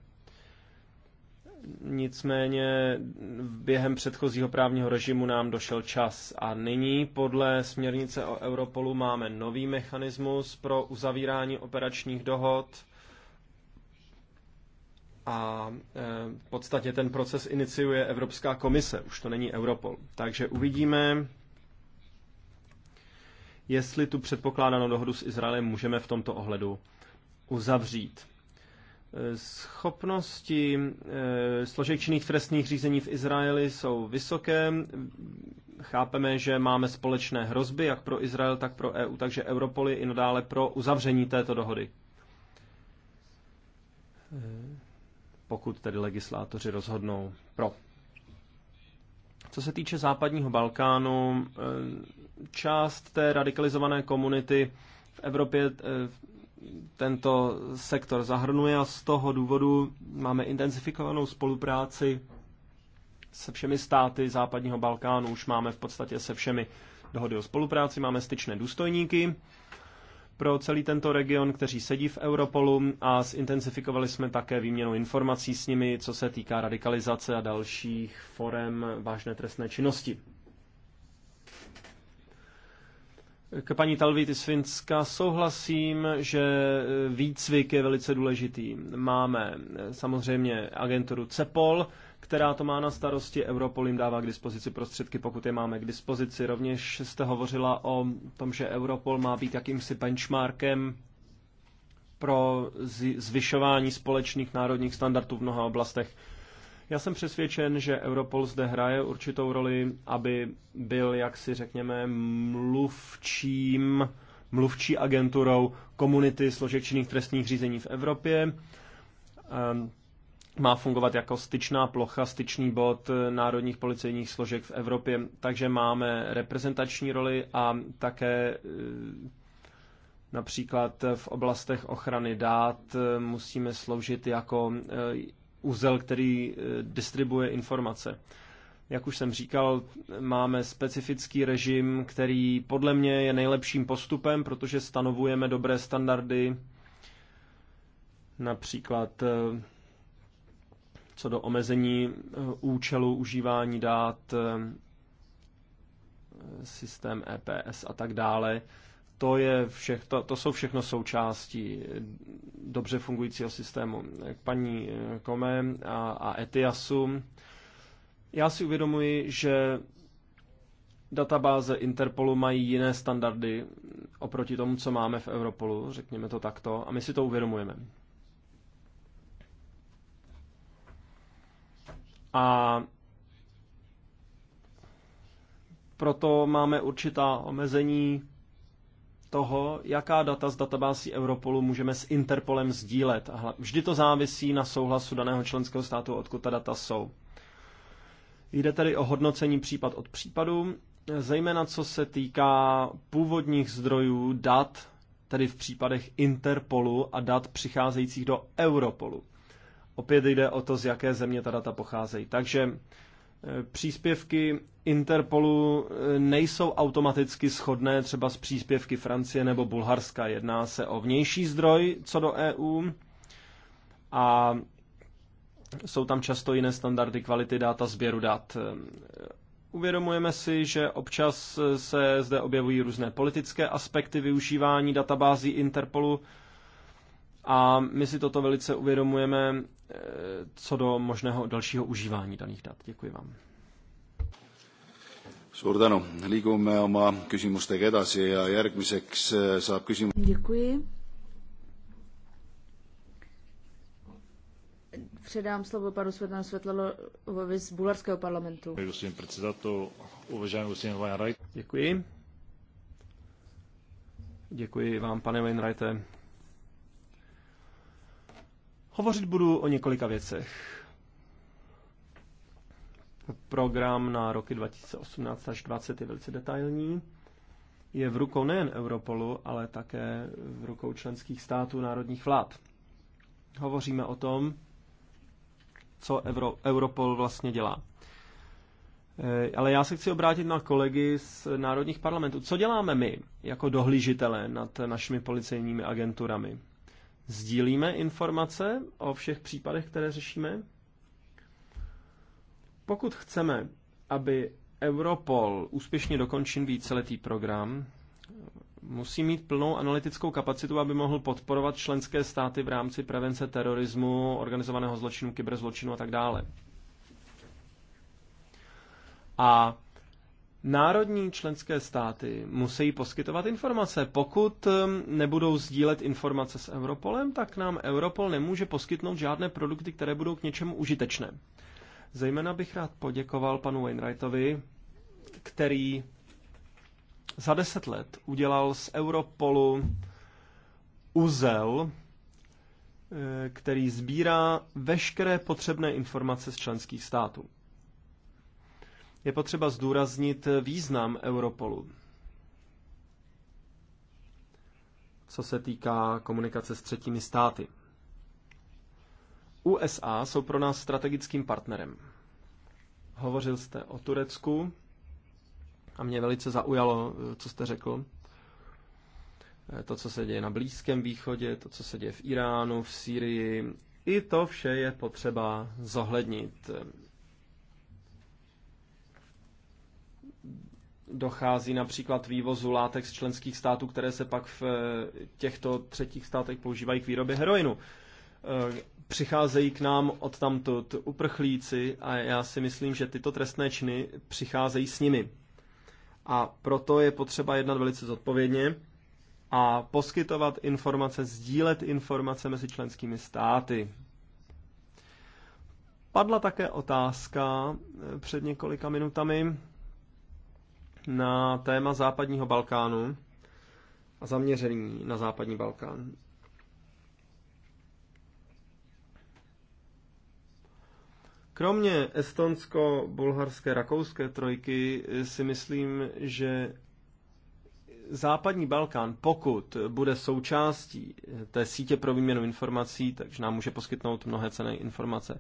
Nicméně během předchozího právního režimu nám došel čas a nyní podle směrnice o Europolu máme nový mechanismus pro uzavírání operačních dohod a e, v podstatě ten proces iniciuje Evropská komise, už to není Europol. Takže uvidíme, jestli tu předpokládanou dohodu s Izraelem můžeme v tomto ohledu uzavřít. E, schopnosti e, složek činných trestních řízení v Izraeli jsou vysoké. Chápeme, že máme společné hrozby, jak pro Izrael, tak pro EU, takže Europoli i nadále pro uzavření této dohody pokud tedy legislátoři rozhodnou pro. Co se týče západního Balkánu, eh, část té radikalizované komunity v Evropě eh, tento sektor zahrnuje a z toho důvodu máme intenzifikovanou spolupráci se všemi státy západního Balkánu. Už máme v podstatě se všemi dohody o spolupráci, máme styčné důstojníky pro celý tento region, kteří sedí v Europolu a zintensifikovali jsme také výměnu informací s nimi, co se týká radikalizace a dalších forem vážné trestné činnosti. K paní Talvíty z Finska souhlasím, že výcvik je velice důležitý. Máme samozřejmě agenturu CEPOL, která to má na starosti. Europol jim dává k dispozici prostředky, pokud je máme k dispozici. Rovněž jste hovořila o tom, že Europol má být jakýmsi benchmarkem pro zvyšování společných národních standardů v mnoha oblastech. Já jsem přesvědčen, že Europol zde hraje určitou roli, aby byl, jak si řekněme, mluvčím, mluvčí agenturou komunity složečných trestních řízení v Evropě. Ehm, má fungovat jako styčná plocha, styčný bod národních policejních složek v Evropě. Takže máme reprezentační roli a také eh, například v oblastech ochrany dát eh, musíme sloužit jako úzel, eh, který distribuje informace. Jak už jsem říkal, máme specifický režim, který podle mě je nejlepším postupem, protože stanovujeme dobré standardy, například co do omezení eh, účelu užívání dát, eh, systém EPS a tak dále. To, je všech, to, to jsou všechno součástí dobře fungujícího systému. K paní eh, Kome a, a Etiasu. Já si uvědomuji, že databáze Interpolu mají jiné standardy oproti tomu, co máme v Europolu, řekněme to takto, a my si to uvědomujeme. A proto máme určitá omezení toho, jaká data z databází Europolu můžeme s Interpolem sdílet. A vždy to závisí na souhlasu daného členského státu, odkud ta data jsou. Jde tedy o hodnocení případ od případu, zejména co se týká původních zdrojů dat, tedy v případech Interpolu a dat přicházejících do Europolu. Opět jde o to, z jaké země ta data pocházejí. Takže eh, příspěvky Interpolu eh, nejsou automaticky shodné třeba s příspěvky Francie nebo Bulharska. Jedná se o vnější zdroj co do EU a jsou tam často jiné standardy kvality data, sběru dat. Eh, uvědomujeme si, že občas se zde objevují různé politické aspekty využívání databází Interpolu, a my si toto velice uvědomujeme eh, co do možného dalšího užívání daných dat. Děkuji vám. Suur tänu. Liigume oma küsimustega edasi ja järgmiseks eh, saab küsimus... Děkuji. Předám slovo panu Světlanu Světlovovi z bulharského parlamentu. Děkuji. Děkuji vám, pane Wainwrighte, Hovořit budu o několika věcech. Program na roky 2018 až 2020 je velice detailní. Je v rukou nejen Europolu, ale také v rukou členských států národních vlád. Hovoříme o tom, co Euro, Europol vlastně dělá. Eh, ale já se chci obrátit na kolegy z národních parlamentů. Co děláme my jako dohlížitele nad našimi policejními agenturami? Sdílíme informace o všech případech, které řešíme? Pokud chceme, aby Europol úspěšně dokončil víceletý program, musí mít plnou analytickou kapacitu, aby mohl podporovat členské státy v rámci prevence terorismu, organizovaného zločinu, kyberzločinu a tak dále. A Národní členské státy musí poskytovat informace. Pokud um, nebudou sdílet informace s Europolem, tak nám Europol nemůže poskytnout žádné produkty, které budou k něčemu užitečné. Zejména bych rád poděkoval panu Wainwrightovi, který za deset let udělal z Europolu uzel, eh, který sbírá veškeré potřebné informace z členských států je potřeba zdůraznit význam Europolu. Co se týká komunikace s třetími státy. USA jsou pro nás strategickým partnerem. Hovořil jste o Turecku a mě velice zaujalo, co jste řekl. To, co se děje na Blízkém východě, to, co se děje v Iránu, v Sýrii, i to vše je potřeba zohlednit. dochází například vývozu látek z členských států, které se pak v eh, těchto třetích státech používají k výrobě heroinu. Eh, přicházejí k nám od tamtud uprchlíci a já si myslím, že tyto trestné činy přicházejí s nimi. A proto je potřeba jednat velice zodpovědně a poskytovat informace, sdílet informace mezi členskými státy. Padla také otázka eh, před několika minutami na téma západního Balkánu a zaměření na západní Balkán. Kromě estonsko-bulharské rakouské trojky si myslím, že západní Balkán, pokud bude součástí té sítě pro výměnu informací, takže nám může poskytnout mnohé cené informace.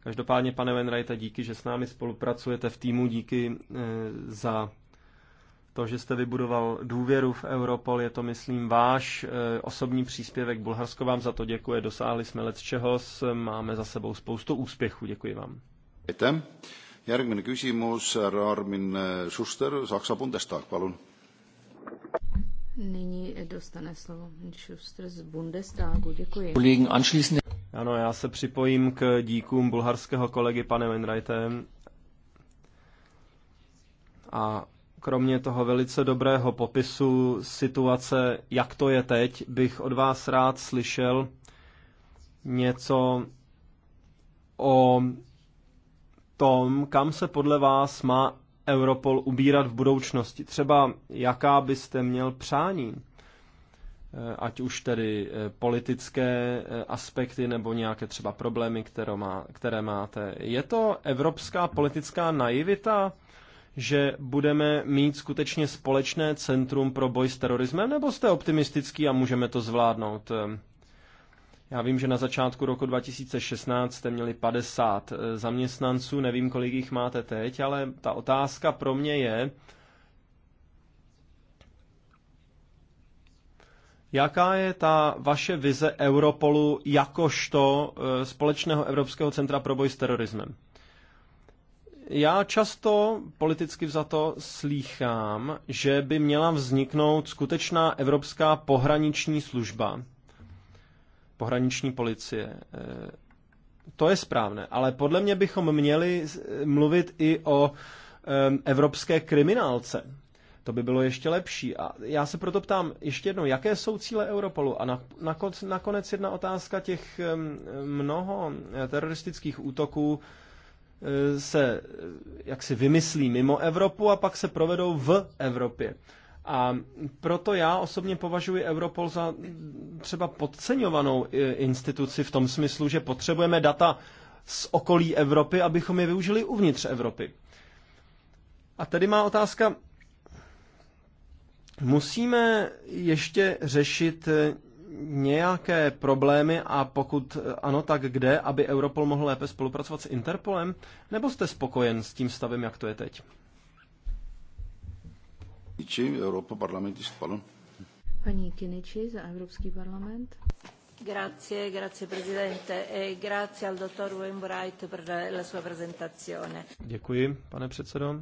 Každopádně, pane Wenrajte, díky, že s námi spolupracujete v týmu, díky eh, za to, že jste vybudoval důvěru v Europol, je to, myslím, váš eh, osobní příspěvek. Bulharsko vám za to děkuje, dosáhli jsme let čeho, máme za sebou spoustu úspěchů. Děkuji vám. Aitäh. Järgmine küsimus, härra Armin eh, Schuster, Saksa Bundestag, palun. Nyní dostane slovo Schuster z Bundestagu. Děkuji. Ano, já se připojím k díkům bulharského kolegy pane Wainwrighte. A kromě toho velice dobrého popisu situace, jak to je teď, bych od vás rád slyšel něco o tom, kam se podle vás má Europol ubírat v budoucnosti. Třeba jaká byste měl přání, eh, ať už tedy eh, politické eh, aspekty nebo nějaké třeba problémy, které, má, které máte. Je to evropská politická naivita? že budeme mít skutečně společné centrum pro boj s terorismem, nebo jste optimistický a můžeme to zvládnout? Já vím, že na začátku roku 2016 jste měli 50 eh, zaměstnanců, nevím, kolik jich máte teď, ale ta otázka pro mě je, Jaká je ta vaše vize Europolu jakožto eh, společného Evropského centra pro boj s terorismem? Já často politicky to slýchám, že by měla vzniknout skutečná evropská pohraniční služba, pohraniční policie. Eh, to je správné, ale podle mě bychom měli eh, mluvit i o evropské kriminálce. To by bylo ještě lepší. A já se proto ptám ještě jednou, jaké jsou cíle Europolu? A na, nakonec jedna otázka těch mnoho eh, teroristických útoků Eh, se eh, jaksi vymyslí mimo Evropu a pak se provedou v Evropě. A proto já osobně považuji Europol za třeba podceňovanou eh, instituci v tom smyslu, že potřebujeme data z okolí Evropy, abychom je využili uvnitř Evropy. A tedy má otázka, musíme ještě řešit nějaké problémy a pokud eh, ano, tak kde, aby Europol mohl lépe spolupracovat s Interpolem? Nebo jste spokojen s tím stavem, jak to je teď? Kiniči, Europa parlament Paní Kiniči za Evropský parlament. Grazie, grazie Presidente e grazie al dottor Wainwright per la sua presentazione. Děkuji, pane předsedo.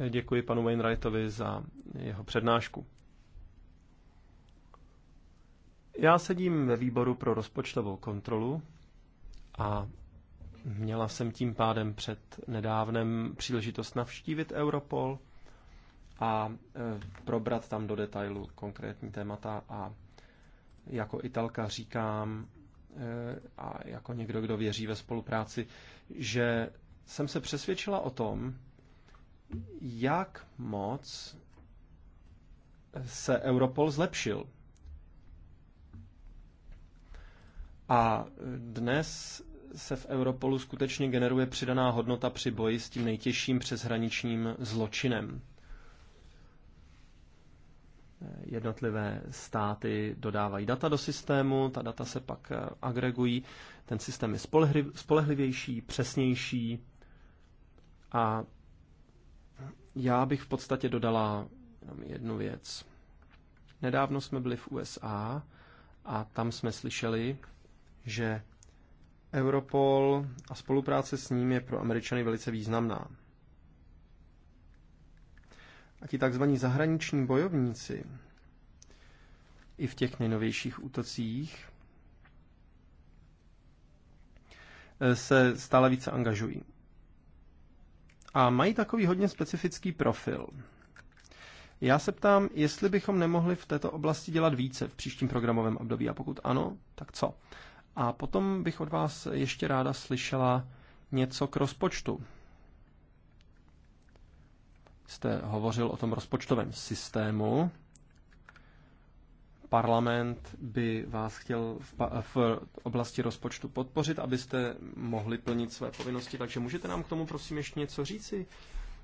E děkuji panu Wainwrightovi za jeho přednášku. Já sedím ve výboru pro rozpočtovou kontrolu a měla jsem tím pádem před nedávnem příležitost navštívit Europol a e, probrat tam do detailu konkrétní témata a jako Italka říkám e, a jako někdo, kdo věří ve spolupráci, že jsem se přesvědčila o tom, jak moc se Europol zlepšil A dnes se v Europolu skutečně generuje přidaná hodnota při boji s tím nejtěžším přeshraničním zločinem. Jednotlivé státy dodávají data do systému, ta data se pak agregují, ten systém je spolehlivější, přesnější a já bych v podstatě dodala jednu věc. Nedávno jsme byli v USA a tam jsme slyšeli, že Europol a spolupráce s ním je pro Američany velice významná. A ti tzv. zahraniční bojovníci i v těch nejnovějších útocích se stále více angažují. A mají takový hodně specifický profil. Já se ptám, jestli bychom nemohli v této oblasti dělat více v příštím programovém období a pokud ano, tak co? A potom bych od vás ještě ráda slyšela něco k rozpočtu. Jste hovořil o tom rozpočtovém systému. Parlament by vás chtěl v, v oblasti rozpočtu podpořit, abyste mohli plnit své povinnosti, takže můžete nám k tomu prosím ještě něco říci?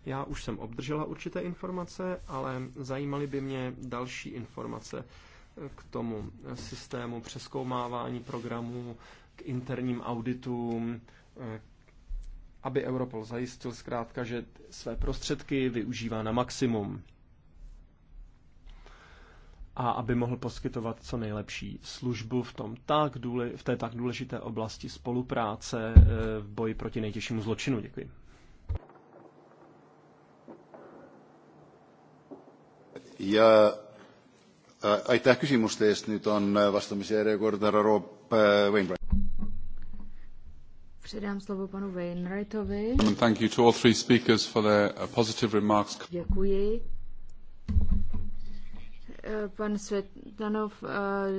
Já už jsem obdržela určité informace, ale zajímaly by mě další informace k tomu systému přeskoumávání programů, k interním auditům, eh, aby Europol zajistil zkrátka, že své prostředky využívá na maximum a aby mohl poskytovat co nejlepší službu v, tom tak důle, v té tak důležité oblasti spolupráce eh, v boji proti nejtěžšímu zločinu. Děkuji. Já aitäh küsimuste eest, nüüd on vastamise järjekord härra Roop Wainwright. Předám slovo panu Wainwrightovi. Thank you to all three speakers for their uh, positive remarks. Děkuji. Pan Světanov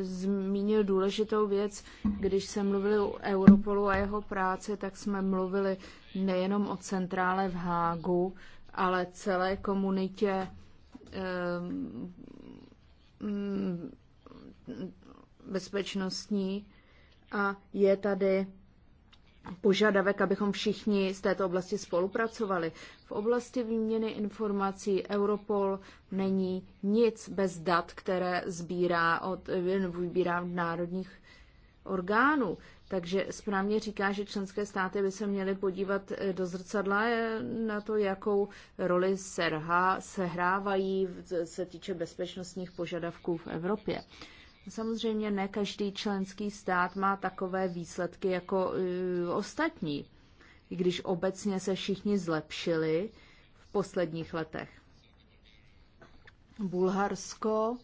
zmínil důležitou věc. Když se mluvili o Europolu a jeho práci, tak jsme mluvili nejenom o centrále v Hágu, ale celé komunitě Mm, bezpečnostní a je tady požadavek, abychom všichni z této oblasti spolupracovali. V oblasti výměny informací Europol není nic bez dat, které sbírá od, vybírá od národních orgánů. Takže správně říká, že členské státy by se měly podívat eh, do zrcadla eh, na to, jakou roli serha, sehrávají se týče bezpečnostních požadavků v Evropě. Samozřejmě ne každý členský stát má takové výsledky jako eh, ostatní, i když obecně se všichni zlepšili v posledních letech. Bulharsko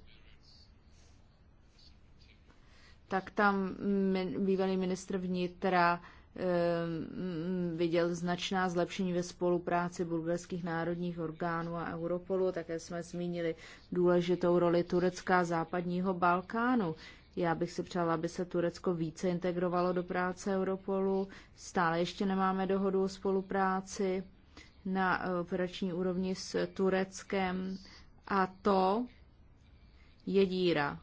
tak tam bývalý ministr vnitra eh, viděl značná zlepšení ve spolupráci bulgarských národních orgánů a Europolu. Také jsme zmínili důležitou roli Turecka a západního Balkánu. Já bych si přála, aby se Turecko více integrovalo do práce Europolu. Stále ještě nemáme dohodu o spolupráci na operační úrovni s Tureckem. A to je díra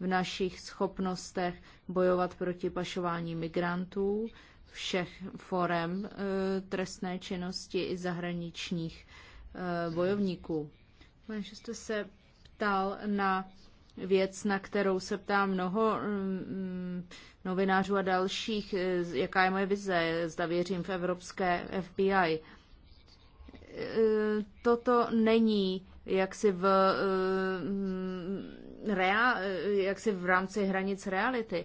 v našich schopnostech bojovat proti pašování migrantů, všech forem eh, trestné činnosti i zahraničních eh, bojovníků. Pane, že jste se ptal na věc, na kterou se ptá mnoho mm, novinářů a dalších, eh, jaká je moje vize, zda věřím v evropské FBI. Toto není jaksi v rea, jaksi v rámci hranic reality.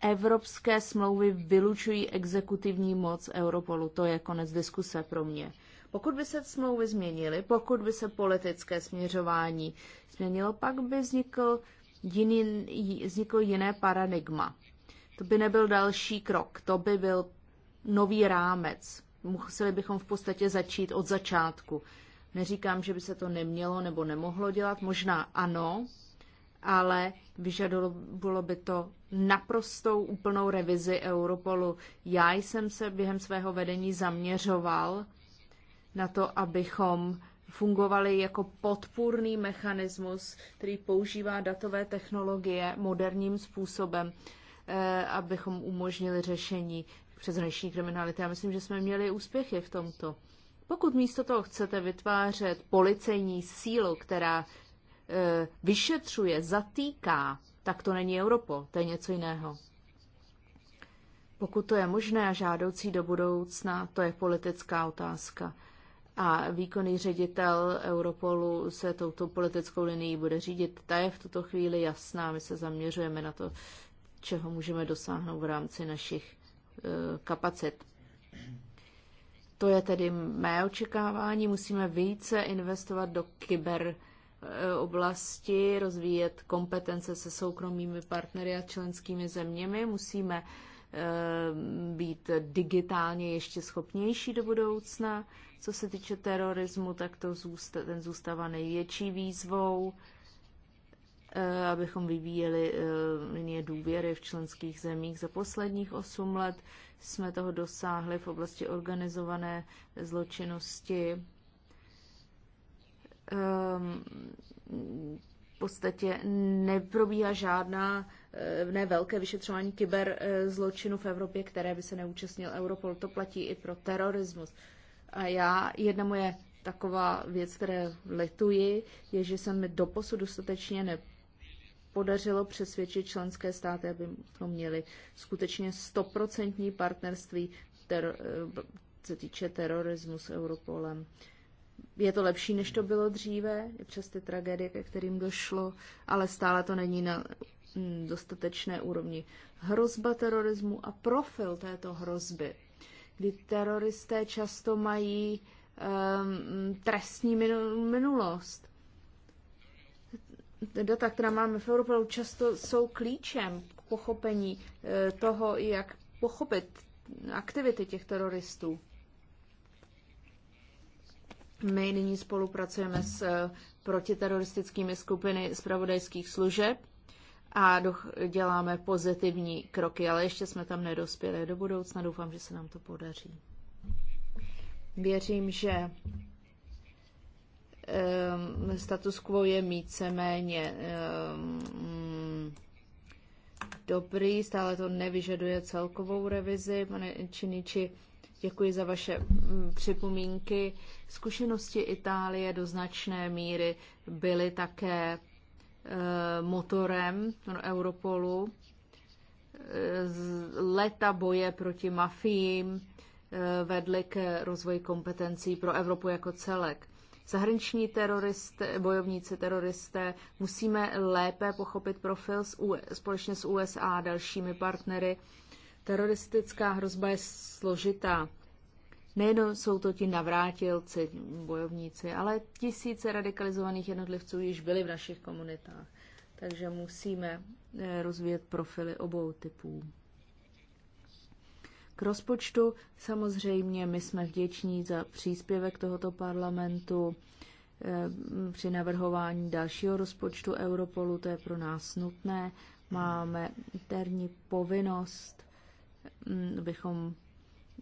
Evropské smlouvy vylučují exekutivní moc Europolu. To je konec diskuse pro mě. Pokud by se smlouvy změnily, pokud by se politické směřování změnilo, pak by vznikl, jiný, vznikl jiné paradigma. To by nebyl další krok, to by byl nový rámec. Museli bychom v podstatě začít od začátku. Neříkám, že by se to nemělo nebo nemohlo dělat, možná ano, ale vyžadovalo by to naprostou úplnou revizi Europolu. Já jsem se během svého vedení zaměřoval na to, abychom fungovali jako podpůrný mechanismus, který používá datové technologie moderním způsobem, eh, abychom umožnili řešení přeshraniční kriminality. Já myslím, že jsme měli úspěchy v tomto. Pokud místo toho chcete vytvářet policejní sílu, která E, vyšetřuje, zatýká, tak to není Europol, to je něco jiného. Pokud to je možné a žádoucí do budoucna, to je politická otázka. A výkonný ředitel Europolu se touto politickou linií bude řídit. Ta je v tuto chvíli jasná. My se zaměřujeme na to, čeho můžeme dosáhnout v rámci našich e, kapacit. To je tedy mé očekávání. Musíme více investovat do kyber Eh, oblasti, rozvíjet kompetence se soukromými partnery a členskými zeměmi. Musíme eh, být digitálně ještě schopnější do budoucna. Co se týče terorismu, tak to zůsta, ten zůstává největší výzvou, eh, abychom vyvíjeli linie důvěry v členských zemích. Za posledních 8 let jsme toho dosáhli v oblasti organizované zločinnosti um, v podstatě neprobíhá žádná eh, ne velké vyšetřování kyber eh, zločinu v Evropě, které by se neúčastnil Europol. To platí i pro terorismus. A já, jedna moje taková věc, které lituji, je, že se mi doposud dostatečně nepodařilo přesvědčit členské státy, aby to měli skutečně stoprocentní partnerství, ter, eh, se týče terorismu s Europolem. Uh, je to lepší, než to bylo dříve, i přes ty tragédie, ke kterým došlo, ale stále to není na mm, dostatečné úrovni. Hrozba terorismu a profil této hrozby, kdy teroristé často mají um, trestní minulost. Data, která máme v Europolu, často jsou klíčem k pochopení eh, toho, jak pochopit aktivity těch teroristů my nyní spolupracujeme s eh, protiteroristickými skupiny zpravodajských služeb a děláme pozitivní kroky, ale ještě jsme tam nedospěli. Do budoucna doufám, že se nám to podaří. Věřím, že ehm, status quo je víceméně um, dobrý, stále to nevyžaduje celkovou revizi. Pane Činiči, Děkuji za vaše mm, připomínky. Zkušenosti Itálie do značné míry byly také e, motorem no, Europolu. E, Leta boje proti mafiím e, vedly k rozvoji kompetencí pro Evropu jako celek. Zahraniční teroristé, bojovníci teroristé musíme lépe pochopit profil společně s USA a dalšími partnery Teroristická hrozba je složitá. Nejen jsou to ti navrátilci, bojovníci, ale tisíce radikalizovaných jednotlivců již byly v našich komunitách. Takže musíme eh, rozvíjet profily obou typů. K rozpočtu samozřejmě my jsme vděční za příspěvek tohoto parlamentu eh, při navrhování dalšího rozpočtu Europolu, to je pro nás nutné. Máme interní povinnost abychom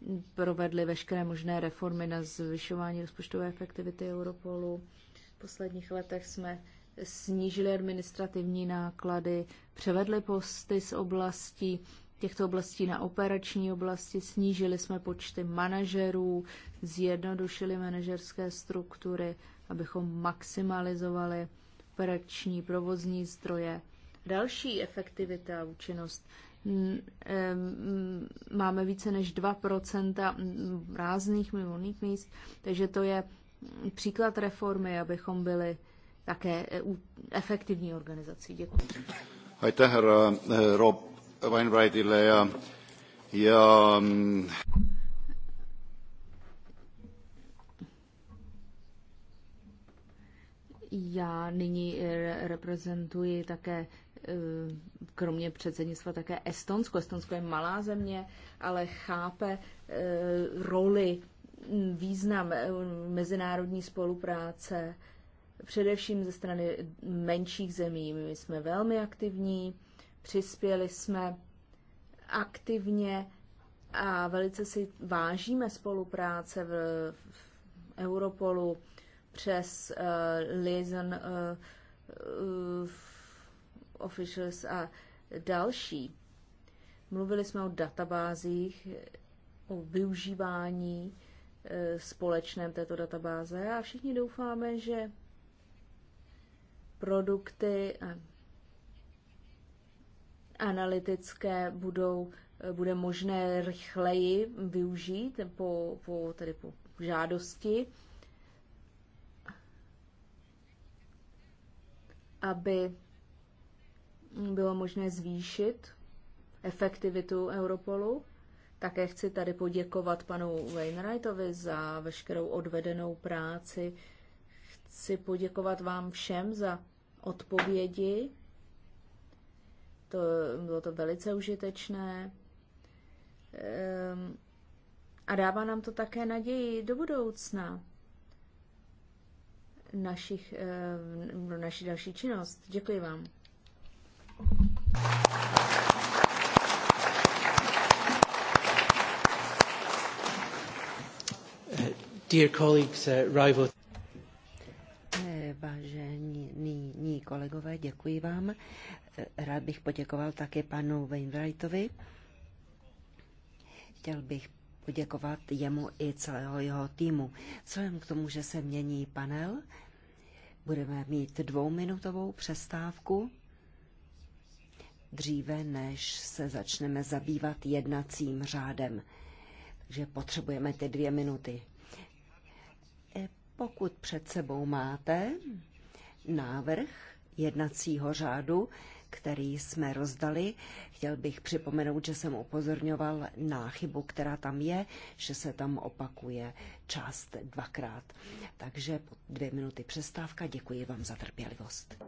mm, provedli veškeré možné reformy na zvyšování rozpočtové efektivity Europolu. V posledních letech jsme snížili administrativní náklady, převedli posty z oblastí těchto oblastí na operační oblasti, snížili jsme počty manažerů, zjednodušili manažerské struktury, abychom maximalizovali operační provozní zdroje. Další efektivita a účinnost máme více než 2% rázných volných míst, takže to je příklad reformy, abychom byli také efektivní organizací. Děkuji. Aitäh härra eh, Rob Weinbrightile ja, ja mm, Já nyní eh, reprezentuji také Eh, kromě předsednictva také Estonsko. Estonsko je malá země, ale chápe eh, roli, význam eh, mezinárodní spolupráce, především ze strany menších zemí. My jsme velmi aktivní, přispěli jsme aktivně a velice si vážíme spolupráce v, v Europolu přes uh, Liaison uh, uh, officials a další. Mluvili jsme o databázích, o využívání e, společném této databáze a všichni doufáme, že produkty analytické budou, e, bude možné rychleji využít po, po, tedy po žádosti, aby bylo možné zvýšit efektivitu Europolu. Také chci tady poděkovat panu Wainwrightovi za veškerou odvedenou práci. Chci poděkovat vám všem za odpovědi. To, bylo to velice užitečné. Ehm, a dává nám to také naději do budoucna našich, e, naši další činnost. Děkuji vám. Eh, dear colleagues, uh, rival... Eh, vážení kolegové, děkuji vám. Rád bych poděkoval také panu Wainwrightovi. Chtěl bych poděkovat jemu i celého jeho týmu. Vzhledem k tomu, že se mění panel, budeme mít dvouminutovou přestávku dříve, než se začneme zabývat jednacím řádem. Takže potřebujeme ty dvě minuty. E, pokud před sebou máte návrh jednacího řádu, který jsme rozdali. Chtěl bych připomenout, že jsem upozorňoval na chybu, která tam je, že se tam opakuje část dvakrát. Takže po dvě minuty přestávka. Děkuji vám za trpělivost.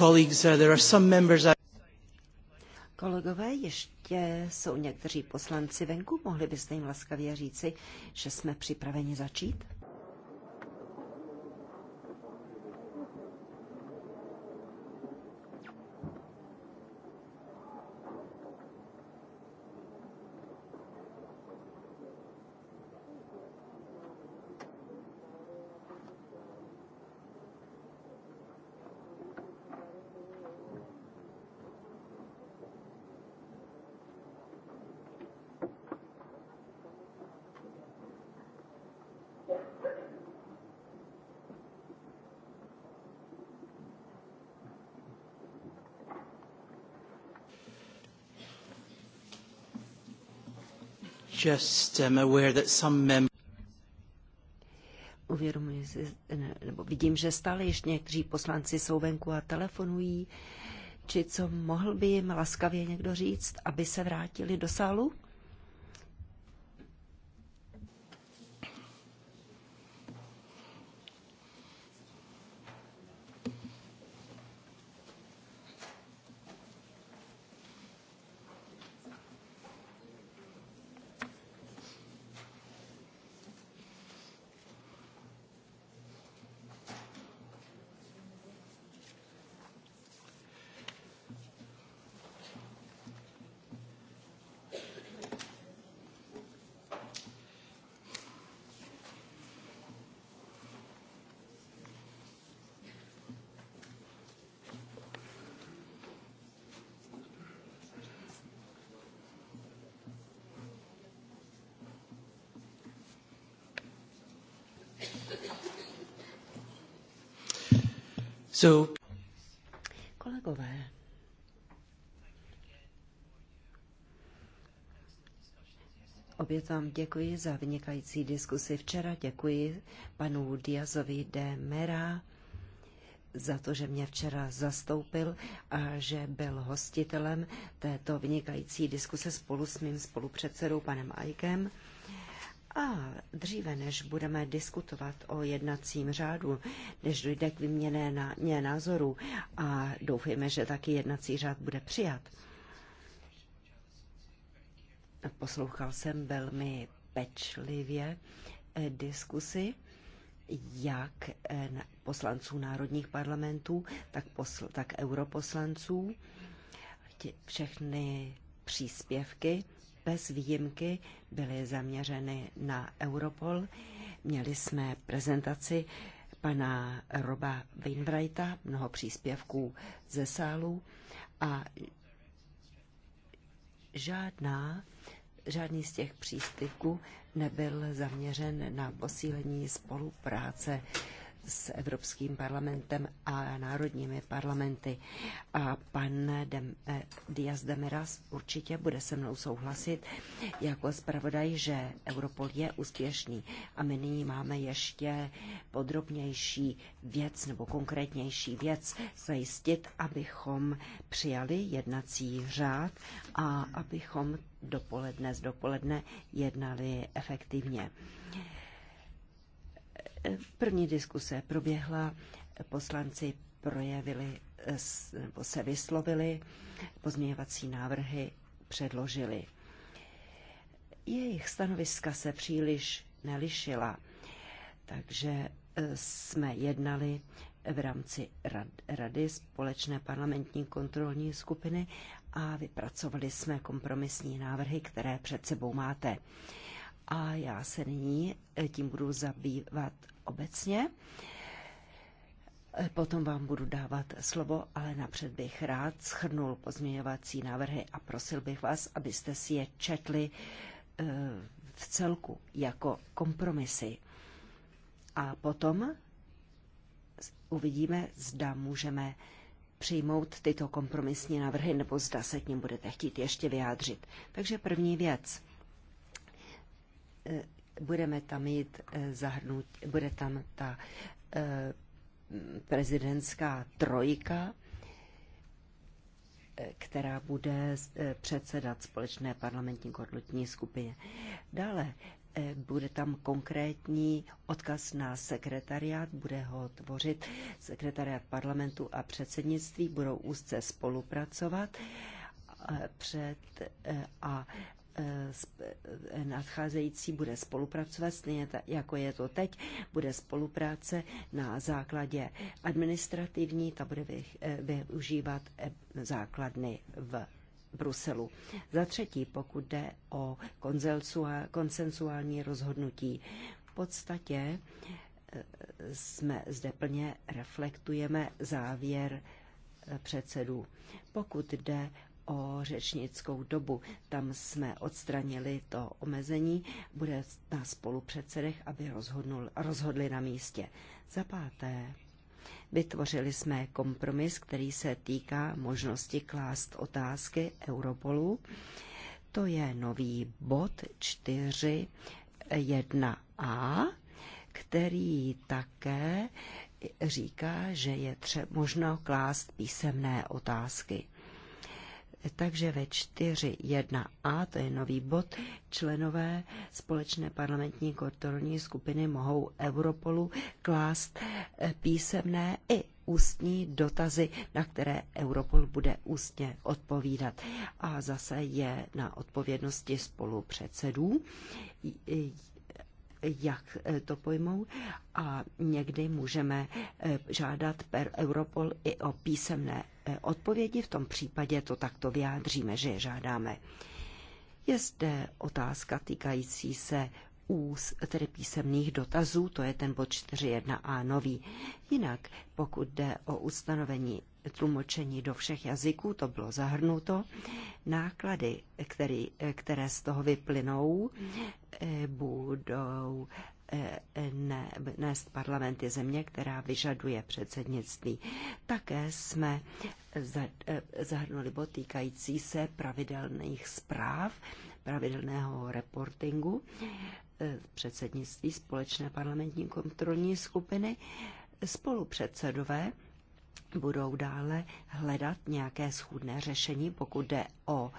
colleagues, uh, there are some members Kolegové, ještě jsou někteří poslanci venku, mohli byste jim laskavě říci, že jsme připraveni začít? just um, aware that some mem- Uvědomuji si, nebo vidím, že stále ještě někteří poslanci jsou venku a telefonují. Či co mohl by jim laskavě někdo říct, aby se vrátili do sálu? So... Kolegové, obětám děkuji za vynikající diskusi včera, děkuji panu Diazovi de Mera za to, že mě včera zastoupil a že byl hostitelem této vynikající diskuse spolu s mým spolupředsedou panem Aikem. A dříve, než budeme diskutovat o jednacím řádu, než dojde k výměně na, názorů a doufejme, že taky jednací řád bude přijat. Poslouchal jsem velmi pečlivě eh, diskusy jak eh, poslanců národních parlamentů, tak, posl- tak europoslanců. Všechny příspěvky bez výjimky byly zaměřeny na Europol. Měli jsme prezentaci pana Roba Weinbrighta, mnoho příspěvků ze sálu a žádná, žádný z těch příspěvků nebyl zaměřen na posílení spolupráce s Evropským parlamentem a národními parlamenty. A pan Dem, eh, Diaz de Meras určitě bude se mnou souhlasit jako zpravodaj, že Europol je úspěšný. A my nyní máme ještě podrobnější věc nebo konkrétnější věc zajistit, abychom přijali jednací řád a abychom dopoledne z dopoledne jednali efektivně. V první diskuse proběhla, poslanci projevili nebo se vyslovili, pozměňovací návrhy předložili. Jejich stanoviska se příliš nelišila, takže e, jsme jednali v rámci Rady společné parlamentní kontrolní skupiny a vypracovali jsme kompromisní návrhy, které před sebou máte a já se nyní eh, tím budu zabývat obecně. Eh, potom vám budu dávat slovo, ale napřed bych rád schrnul pozměňovací návrhy a prosil bych vás, abyste si je četli eh, v celku jako kompromisy. A potom uvidíme, zda můžeme přijmout tyto kompromisní návrhy, nebo zda se k ním budete chtít ještě vyjádřit. Takže první věc. Eh, budeme tam mít eh, zahrnout, bude tam ta eh, prezidentská trojka, která bude předsedat společné parlamentní koordinační skupině. Dále bude tam konkrétní odkaz na sekretariát, bude ho tvořit sekretariát parlamentu a předsednictví, budou úzce spolupracovat před a Eh, eh, nadcházející bude spolupracovat, stejně jako je to teď, bude spolupráce na základě administrativní, ta bude eh, využívat základny v Bruselu. Za třetí, pokud jde o konsensuální rozhodnutí, v podstatě jsme zde plně reflektujeme závěr předsedů. Pokud jde o řečnickou dobu. Tam jsme odstranili to omezení, bude na spolupředsedech, aby rozhodnul, rozhodli na místě. Za páté, vytvořili jsme kompromis, který se týká možnosti klást otázky Europolu. To je nový bod 4.1a, který také říká, že je tře- možno klást písemné otázky. Takže ve 4.1a, to je nový bod, členové společné parlamentní kontrolní skupiny mohou Europolu klást eh, písemné i ústní dotazy, na které Europol bude ústně odpovídat. A zase je na odpovědnosti spolupředsedů, jak eh, to pojmou a někdy můžeme eh, žádat per Europol i o písemné odpovědi. V tom případě to takto vyjádříme, že je žádáme. Je zde otázka týkající se ús, tedy písemných dotazů, to je ten bod 4.1a nový. Jinak, pokud jde o ustanovení tlumočení do všech jazyků, to bylo zahrnuto, náklady, který, které z toho vyplynou, eh, budou Eh, ne, nést parlament je země, která vyžaduje předsednictví. Také jsme eh, zahrnuli bod týkající se pravidelných zpráv, pravidelného reportingu eh, předsednictví společné parlamentní kontrolní skupiny. Spolupředsedové budou dále hledat nějaké schůdné řešení, pokud jde o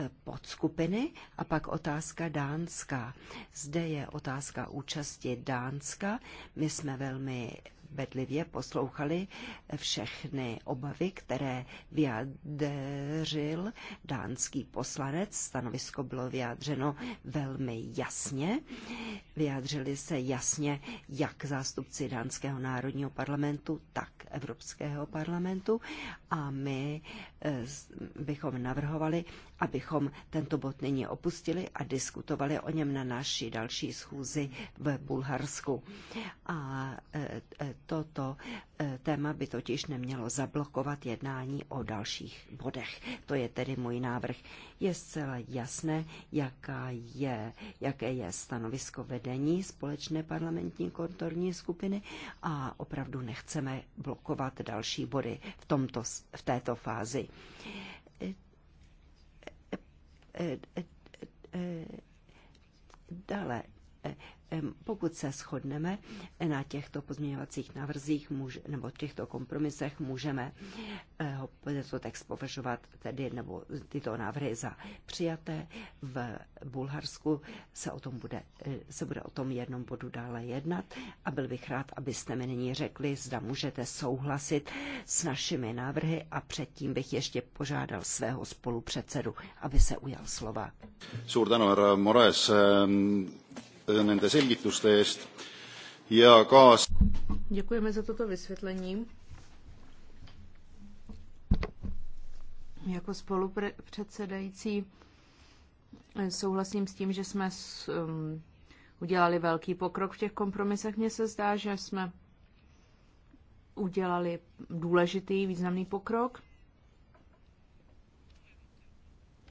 e, podskupiny. A pak otázka Dánska. Zde je otázka účasti Dánska. My jsme velmi bedlivě poslouchali všechny obavy, které vyjádřil dánský poslanec. Stanovisko bylo vyjádřeno velmi jasně. Vyjádřili se jasně jak zástupci dánského národního parlamentu, tak Evropského parlamentu a my eh, bychom navrhovali, abychom tento bod nyní opustili a diskutovali o něm na naší další schůzi v Bulharsku. A eh, eh, Toto eh, téma by totiž nemělo zablokovat jednání o dalších bodech. To je tedy můj návrh. Je zcela jasné, jaká je, jaké je stanovisko vedení společné parlamentní kontorní skupiny a opravdu nechceme blokovat další body v, tomto, v této fázi eh, eh, dále pokud se shodneme na těchto pozměňovacích návrzích nebo těchto kompromisech, můžeme eh, ho, tento text považovat tedy nebo tyto návrhy za přijaté. V Bulharsku se, o tom bude, eh, se bude o tom jednom bodu dále jednat a byl bych rád, abyste mi nyní řekli, zda můžete souhlasit s našimi návrhy a předtím bych ještě požádal svého spolupředsedu, aby se ujal slova. Suur Moraes nende selgituste eest ja kaas-. za toto vysvětlení. Jako spolupředsedající eh, souhlasím s tím, že jsme um, udělali velký pokrok v těch kompromisech. Mně se zdá, že jsme udělali důležitý, významný pokrok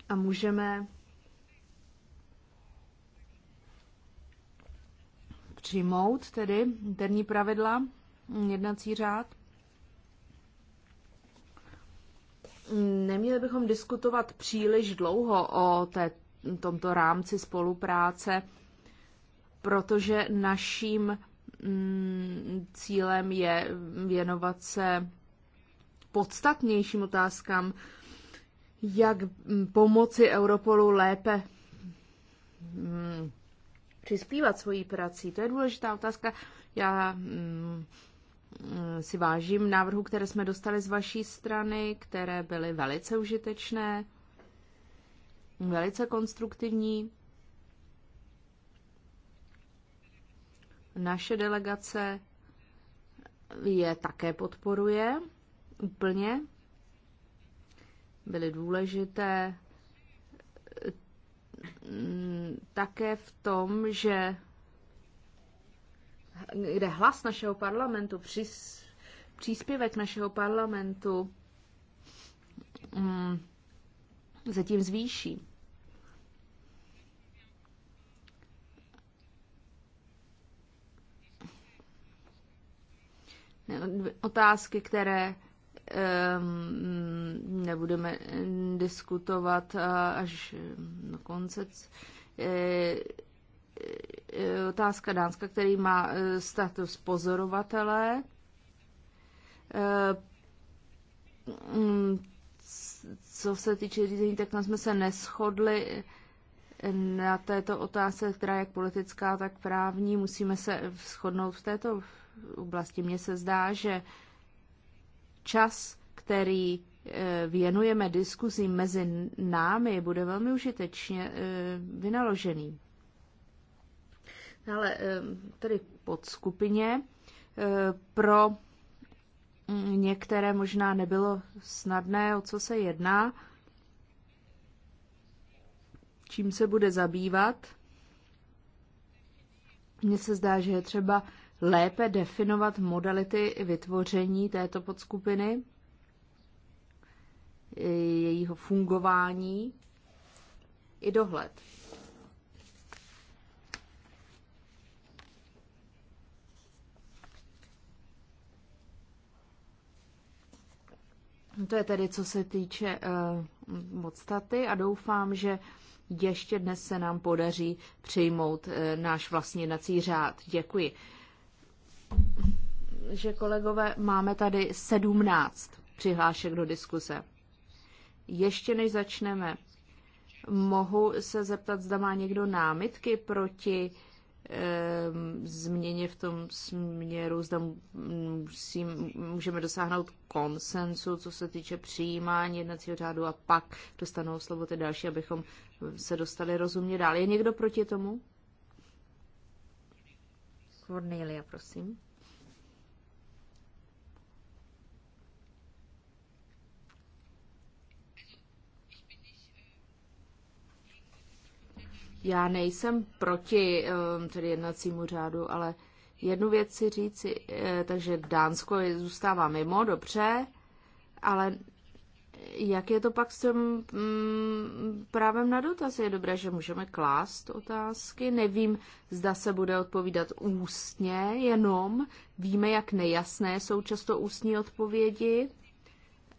a můžeme přijmout, tedy interní pravidla, mm, jednací řád. Neměli bychom diskutovat příliš dlouho o té, tomto rámci spolupráce, protože naším mm, cílem je věnovat se podstatnějším otázkám, jak mm, pomoci Europolu lépe přispívat svojí prací? To je důležitá otázka. Já mm, mm si vážím návrhu, které jsme dostali z vaší strany, které byly velice užitečné, velice konstruktivní. Naše delegace je také podporuje úplně. Byly důležité Mm, také v tom, že kde hlas našeho parlamentu, přis, příspěvek našeho parlamentu um, mm, zatím zvýší. Otázky, které Ehm, nebudeme diskutovat až na konce. Eh, eh, otázka Dánska, který má eh, status pozorovatele. Mm, co se týče řízení, tak tam jsme se neschodli na této otázce, která je jak politická, tak právní. Musíme se shodnout v této oblasti. Mně se zdá, že čas, který eh, věnujeme diskuzím mezi námi, bude velmi užitečně eh, vynaložený. Ale eh, tedy pod skupině pro mm, některé možná nebylo snadné, o co se jedná, čím se bude zabývat. Mně se zdá, že je třeba lépe definovat modality vytvoření této podskupiny, jejího fungování i dohled. To je tedy, co se týče uh, podstaty a doufám, že ještě dnes se nám podaří přijmout uh, náš vlastně nací řád. Děkuji že kolegové, máme tady 17 přihlášek do diskuse. Ještě než začneme, mohu se zeptat, zda má někdo námitky proti ehm, změně v tom směru, zda musím, můžeme dosáhnout konsensu, co se týče přijímání jednacího řádu a pak dostanou slovo ty další, abychom se dostali rozumně dál. Je někdo proti tomu? Cornelia, prosím. Já nejsem proti eh, tedy jednacímu řádu, ale jednu věc si říci, eh, takže Dánsko zůstává mimo, dobře, ale jak je to pak s tím mm, právem na dotaz? Je dobré, že můžeme klást otázky. Nevím, zda se bude odpovídat ústně, jenom víme, jak nejasné jsou často ústní odpovědi.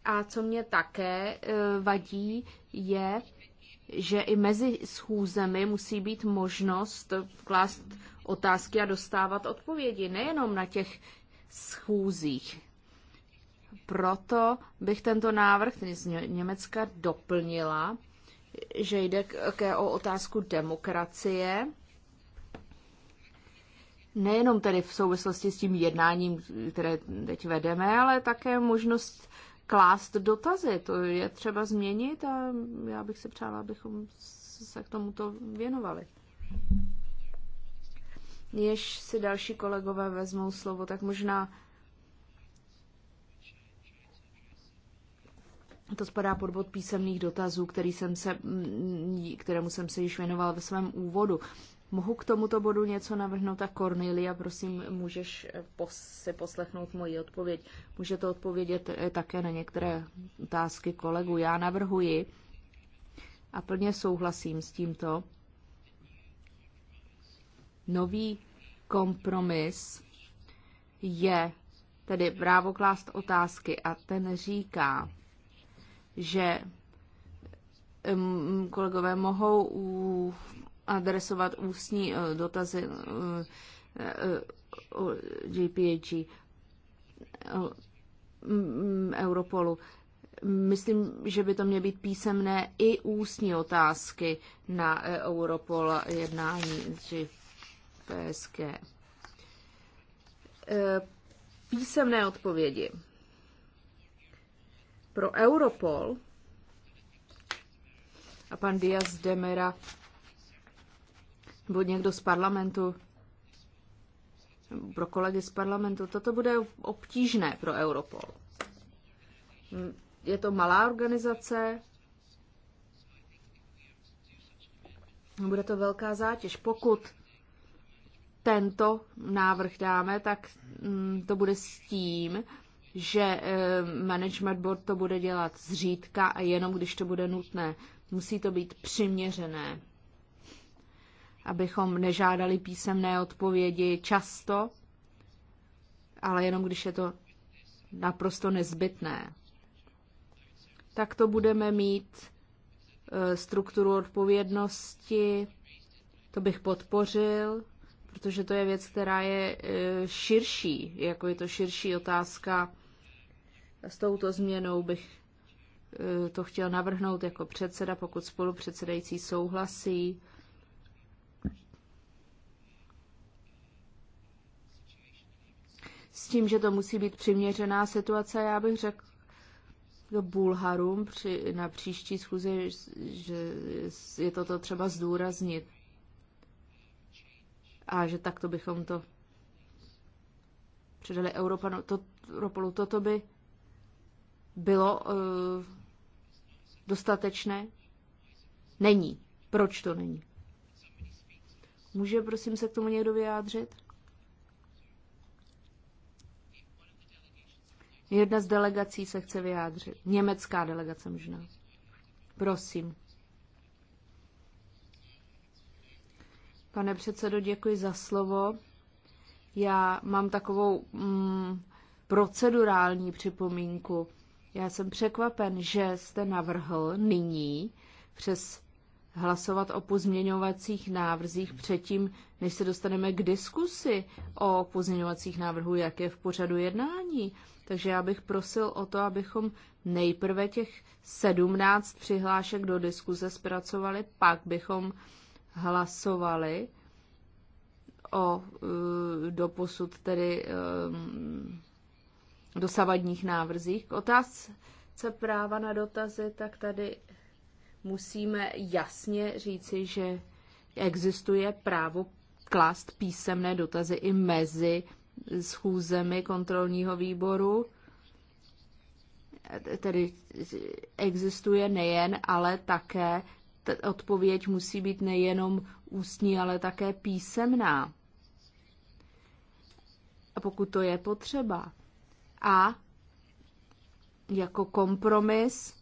A co mě také eh, vadí, je, že i mezi schůzemi musí být možnost klást otázky a dostávat odpovědi, nejenom na těch schůzích. Proto bych tento návrh z Německa doplnila, že jde ke o otázku demokracie, nejenom tedy v souvislosti s tím jednáním, které teď vedeme, ale také možnost klást dotazy. To je třeba změnit a já bych se přála, abychom se k tomuto věnovali. Jež si další kolegové vezmou slovo, tak možná To spadá pod bod písemných dotazů, který jsem se, mm, kterému jsem se již věnoval ve svém úvodu. Mohu k tomuto bodu něco navrhnout a Cornelia, prosím, můžeš eh, si poslechnout moji odpověď. Můžete odpovědět eh, také na některé otázky kolegu. Já navrhuji a plně souhlasím s tímto nový kompromis je tedy právo klást otázky a ten říká, že kolegové mohou adresovat ústní e, dotazy e, e, JPG Europolu. Myslím, že by to měly být písemné i ústní otázky na Europol jednání PSK. Písemné odpovědi pro Europol a pan Diaz Demera nebo někdo z parlamentu, pro kolegy z parlamentu, toto bude obtížné pro Europol. Je to malá organizace, bude to velká zátěž. Pokud tento návrh dáme, tak mm, to bude s tím, že eh, management board to bude dělat zřídka a jenom když to bude nutné. Musí to být přiměřené, abychom nežádali písemné odpovědi často, ale jenom když je to naprosto nezbytné. Tak to budeme mít eh, strukturu odpovědnosti, to bych podpořil, protože to je věc, která je eh, širší, jako je to širší otázka s touto změnou bych e, to chtěl navrhnout jako předseda, pokud spolupředsedající souhlasí. S tím, že to musí být přiměřená situace, já bych řekl Bulharům při, na příští schůzi, že je toto třeba zdůraznit. A že takto bychom to předali Europanu, to, Europolu. Toto by bylo uh, dostatečné? Není. Proč to není? Může prosím se k tomu někdo vyjádřit? Jedna z delegací se chce vyjádřit. Německá delegace možná. Prosím. Pane předsedo, děkuji za slovo. Já mám takovou mm, procedurální připomínku. Já jsem překvapen, že jste navrhl nyní přes hlasovat o pozměňovacích návrzích předtím, než se dostaneme k diskusi o pozměňovacích návrhů, jak je v pořadu jednání. Takže já bych prosil o to, abychom nejprve těch 17 přihlášek do diskuze zpracovali, pak bychom hlasovali o e, doposud tedy e, dosavadních návrzích. K otázce práva na dotazy, tak tady musíme jasně říci, že existuje právo klást písemné dotazy i mezi schůzemi kontrolního výboru. Tedy existuje nejen, ale také odpověď musí být nejenom ústní, ale také písemná. A pokud to je potřeba. A jako kompromis,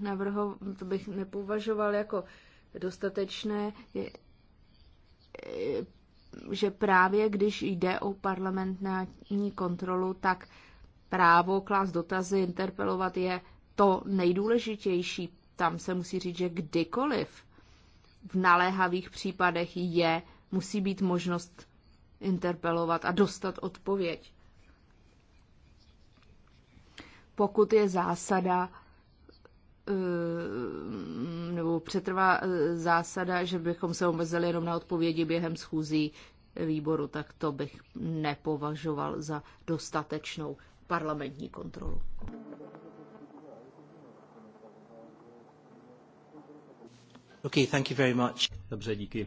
navrho, to bych nepovažoval jako dostatečné, je, že právě když jde o parlamentní kontrolu, tak právo klást dotazy, interpelovat je to nejdůležitější. Tam se musí říct, že kdykoliv v naléhavých případech je, musí být možnost interpelovat a dostat odpověď pokud je zásada eh, nebo přetrvá eh, zásada, že bychom se omezili jenom na odpovědi během schůzí výboru, tak to bych nepovažoval za dostatečnou parlamentní kontrolu. Okay, thank you very much. Dobře, díky.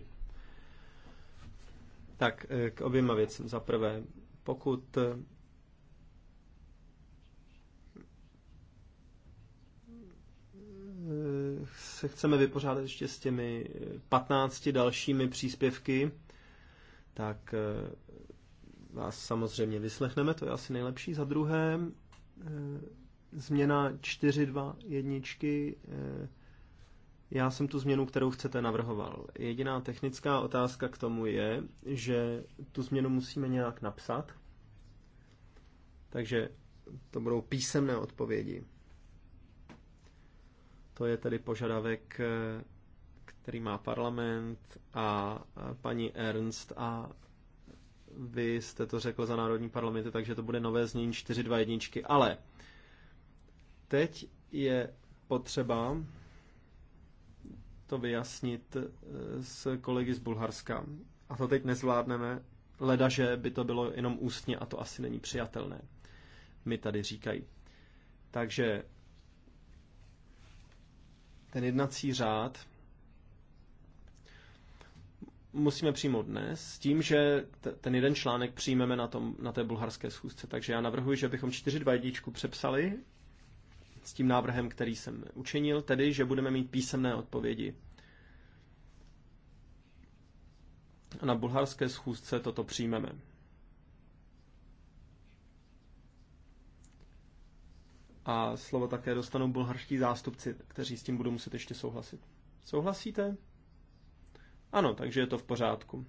Tak eh, k oběma věcem. Za prvé, pokud se chceme vypořádat ještě s těmi 15 eh, dalšími příspěvky, tak eh, vás samozřejmě vyslechneme, to je asi nejlepší. Za druhé, eh, změna 4.2 jedničky, já jsem tu změnu, kterou chcete, navrhoval. Jediná technická otázka k tomu je, že tu změnu musíme nějak napsat, takže to budou písemné odpovědi. To je tedy požadavek, který má parlament a paní Ernst a vy jste to řekl za Národní parlamenty, takže to bude nové znění 4.2.1. Ale teď je potřeba to vyjasnit eh, s kolegy z Bulharska. A to teď nezvládneme, ledaže by to bylo jenom ústně a to asi není přijatelné. Mi tady říkají. Takže ten jednací řád musíme přijmout dnes s tím, že ten jeden článek přijmeme na, tom, na té bulharské schůzce. Takže já navrhuji, že bychom čtyři jedničku přepsali s tím návrhem, který jsem učinil, tedy, že budeme mít písemné odpovědi. A na bulharské schůzce toto přijmeme. a slovo také dostanou bulharští zástupci, kteří s tím budou muset ještě souhlasit. Souhlasíte? Ano, takže je to v pořádku.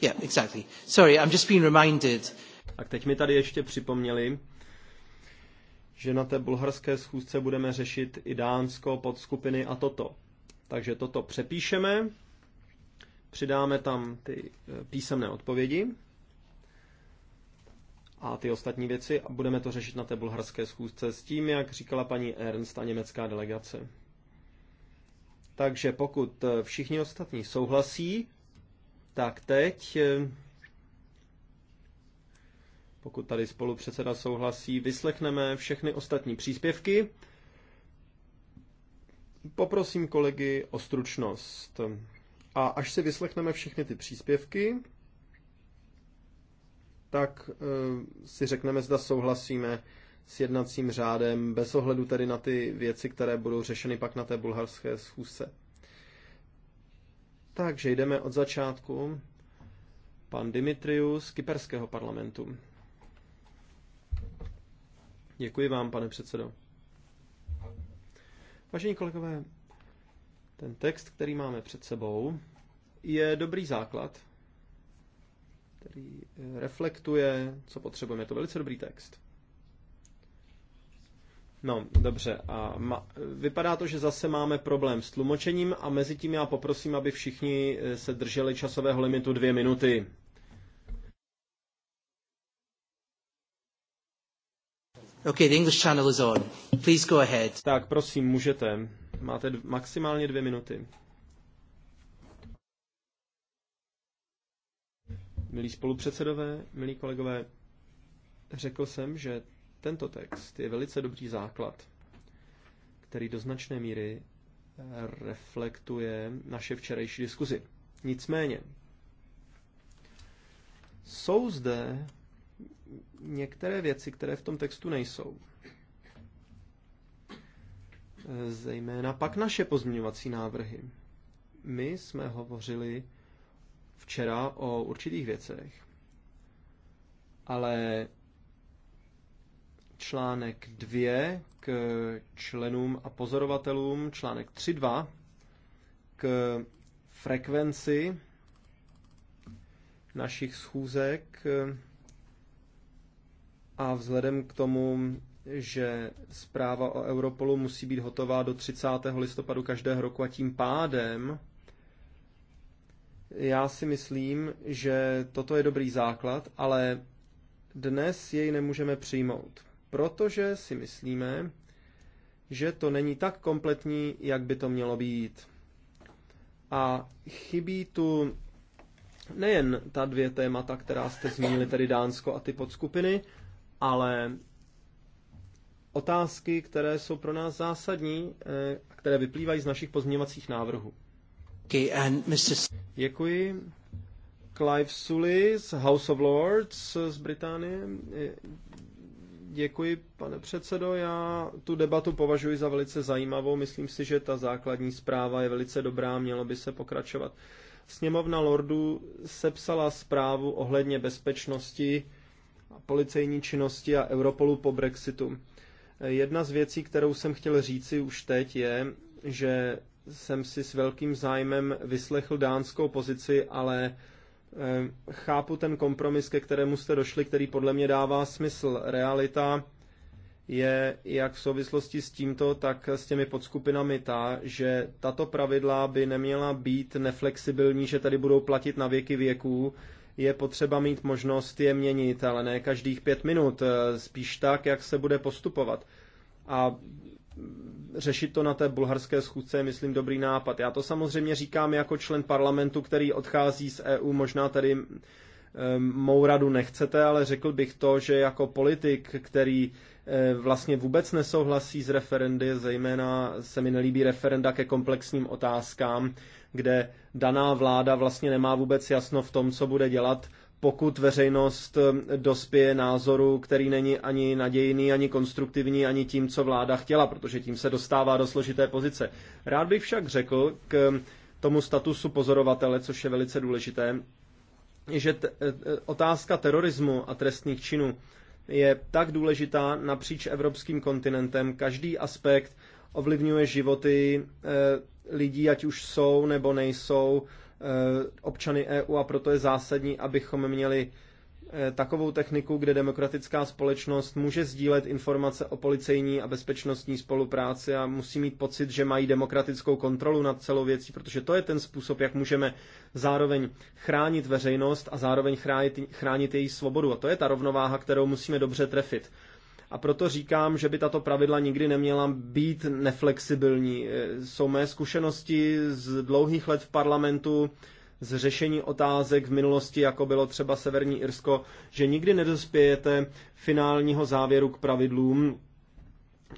Yeah, exactly. Sorry, I'm just being reminded. Tak teď mi tady ještě připomněli, že na té bulharské schůzce budeme řešit i Dánsko, podskupiny a toto. Takže toto přepíšeme, přidáme tam ty eh, písemné odpovědi a ty ostatní věci a budeme to řešit na té bulharské schůzce s tím, jak říkala paní Ernst a německá delegace. Takže pokud eh, všichni ostatní souhlasí, tak teď eh, pokud tady spolupředseda souhlasí, vyslechneme všechny ostatní příspěvky. Poprosím kolegy o stručnost. A až si vyslechneme všechny ty příspěvky, tak eh, si řekneme, zda souhlasíme s jednacím řádem, bez ohledu tedy na ty věci, které budou řešeny pak na té bulharské schůzce. Takže jdeme od začátku. Pan Dimitrius z Kyperského parlamentu. Děkuji vám, pane předsedo. Vážení kolegové, ten text, který máme před sebou, je dobrý základ, který reflektuje, co potřebujeme. Je to velice dobrý text. No, dobře. A ma- vypadá to, že zase máme problém s tlumočením a mezi tím já poprosím, aby všichni eh, se drželi časového limitu dvě minuty. Okay, the English channel is on. Please go ahead. Tak, prosím, můžete. Máte dv- maximálně dvě minuty. Milí spolupředsedové, milí kolegové, řekl jsem, že tento text je velice dobrý základ, který do značné míry eh, reflektuje naše včerejší diskuzi. Nicméně, jsou zde některé věci, které v tom textu nejsou. Zejména pak naše pozměňovací návrhy. My jsme hovořili včera o určitých věcech, ale článek 2 k členům a pozorovatelům, článek 3.2 k frekvenci našich schůzek, a vzhledem k tomu, že zpráva o Europolu musí být hotová do 30. listopadu každého roku a tím pádem já si myslím, že toto je dobrý základ, ale dnes jej nemůžeme přijmout, protože si myslíme, že to není tak kompletní, jak by to mělo být. A chybí tu nejen ta dvě témata, která jste zmínili, tedy Dánsko a ty podskupiny, ale otázky, které jsou pro nás zásadní eh, a které vyplývají z našich pozměňovacích návrhů. Děkuji. Clive Sully z House of Lords eh, z Británie. Eh, děkuji, pane předsedo. Já tu debatu považuji za velice zajímavou. Myslím si, že ta základní zpráva je velice dobrá, mělo by se pokračovat. Sněmovna Lordů sepsala zprávu ohledně bezpečnosti policejní činnosti a Europolu po Brexitu. Jedna z věcí, kterou jsem chtěl říci už teď, je, že jsem si s velkým zájmem vyslechl dánskou pozici, ale eh, chápu ten kompromis, ke kterému jste došli, který podle mě dává smysl. Realita je jak v souvislosti s tímto, tak s těmi podskupinami ta, že tato pravidla by neměla být neflexibilní, že tady budou platit na věky věků, je potřeba mít možnost je měnit, ale ne každých pět minut, eh, spíš tak, jak se bude postupovat. A řešit to na té bulharské schůzce je, myslím, dobrý nápad. Já to samozřejmě říkám jako člen parlamentu, který odchází z EU, možná tady eh, mou radu nechcete, ale řekl bych to, že jako politik, který eh, vlastně vůbec nesouhlasí s referendy, zejména se mi nelíbí referenda ke komplexním otázkám, kde daná vláda vlastně nemá vůbec jasno v tom, co bude dělat, pokud veřejnost eh, dospěje názoru, který není ani nadějný, ani konstruktivní, ani tím, co vláda chtěla, protože tím se dostává do složité pozice. Rád bych však řekl k eh, tomu statusu pozorovatele, což je velice důležité, že eh, otázka terorismu a trestných činů je tak důležitá napříč evropským kontinentem. Každý aspekt ovlivňuje životy lidí, ať už jsou nebo nejsou eh, občany EU a proto je zásadní, abychom měli eh, takovou techniku, kde demokratická společnost může sdílet informace o policejní a bezpečnostní spolupráci a musí mít pocit, že mají demokratickou kontrolu nad celou věcí, protože to je ten způsob, jak můžeme zároveň chránit veřejnost a zároveň chránit, chránit její svobodu. A to je ta rovnováha, kterou musíme dobře trefit a proto říkám, že by tato pravidla nikdy neměla být neflexibilní. Eh, jsou mé zkušenosti z dlouhých let v parlamentu, z řešení otázek v minulosti, jako bylo třeba Severní Irsko, že nikdy nedospějete finálního závěru k pravidlům,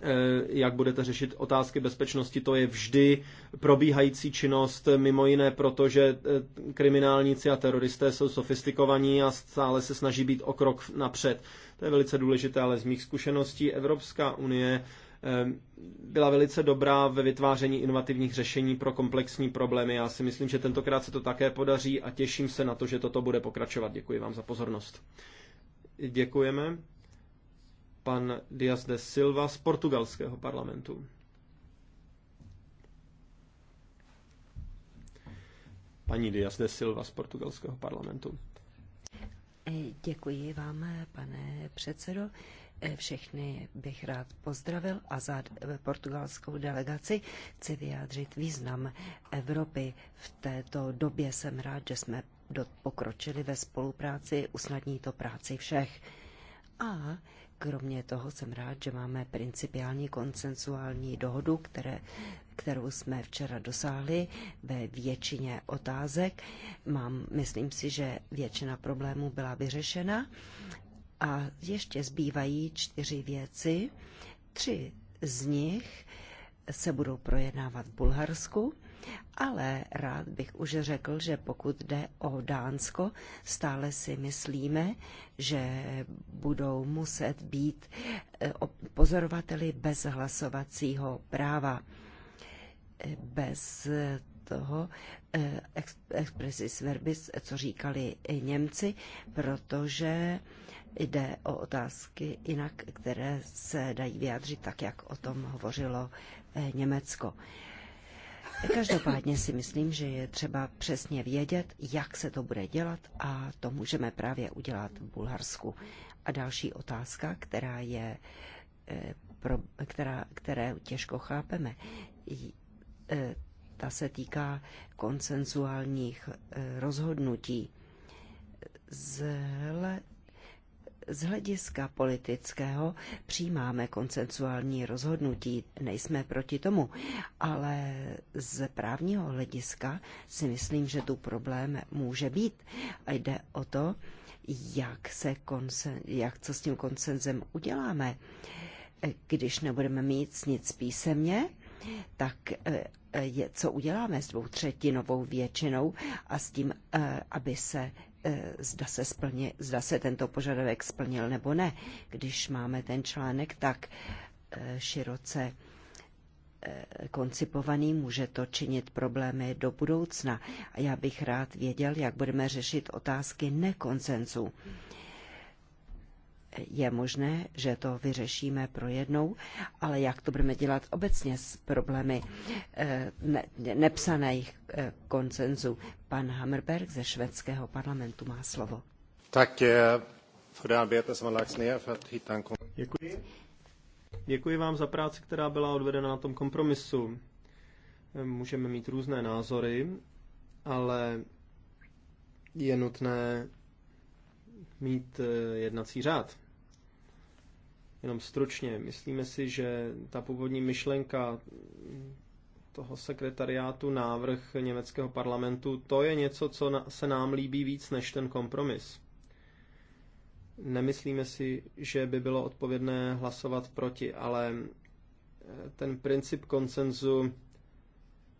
eh, jak budete řešit otázky bezpečnosti, to je vždy probíhající činnost, mimo jiné proto, že eh, kriminálníci a teroristé jsou sofistikovaní a stále se snaží být o krok napřed. To je velice důležité, ale z mých zkušeností Evropská unie ehm, byla velice dobrá ve vytváření inovativních řešení pro komplexní problémy. Já si myslím, že tentokrát se to také podaří a těším se na to, že toto bude pokračovat. Děkuji vám za pozornost. Děkujeme. Pan Dias de Silva z portugalského parlamentu. Paní Dias de Silva z portugalského parlamentu. Eh, děkuji vám, pane předsedo. Eh, všechny bych rád pozdravil a za eh, portugalskou delegaci chci vyjádřit význam Evropy. V této době jsem rád, že jsme pokročili ve spolupráci, usnadní to práci všech. A kromě toho jsem rád, že máme principiální konsensuální dohodu, které kterou jsme včera dosáhli ve většině otázek. Mám, myslím si, že většina problémů byla vyřešena. A ještě zbývají čtyři věci. Tři z nich se budou projednávat v Bulharsku, ale rád bych už řekl, že pokud jde o Dánsko, stále si myslíme, že budou muset být eh, pozorovateli bez hlasovacího práva bez toho eh, expressis verbis, co říkali Němci, protože jde o otázky jinak, které se dají vyjádřit tak, jak o tom hovořilo eh, Německo. Každopádně si myslím, že je třeba přesně vědět, jak se to bude dělat a to můžeme právě udělat v Bulharsku. A další otázka, která je, eh, která, které těžko chápeme, E, ta se týká konsenzuálních e, rozhodnutí. Zhle, z hlediska politického přijímáme konsenzuální rozhodnutí, nejsme proti tomu, ale z právního hlediska si myslím, že tu problém může být a jde o to, jak, se konsen, jak co s tím konsenzem uděláme. E, když nebudeme mít nic písemně, tak eh, eh, je, co uděláme s dvoutřetinovou většinou a s tím, eh, aby se zda se, splně, zda se tento požadavek splnil nebo ne, když máme ten článek tak široce koncipovaný, může to činit problémy do budoucna. A já bych rád věděl, jak budeme řešit otázky nekoncenzu. Hmm je možné, že to vyřešíme pro jednou, ale jak to budeme dělat obecně s problémy eh, ne, nepsaných eh, koncenzů. Pan Hammerberg ze švédského parlamentu má slovo. Tak eh, Děkuji. Děkuji vám za práci, která byla odvedena na tom kompromisu. Můžeme mít různé názory, ale je nutné mít jednací řád. Jenom stručně, myslíme si, že ta původní myšlenka toho sekretariátu, návrh německého parlamentu, to je něco, co se nám líbí víc než ten kompromis. Nemyslíme si, že by bylo odpovědné hlasovat proti, ale eh, ten princip koncenzu,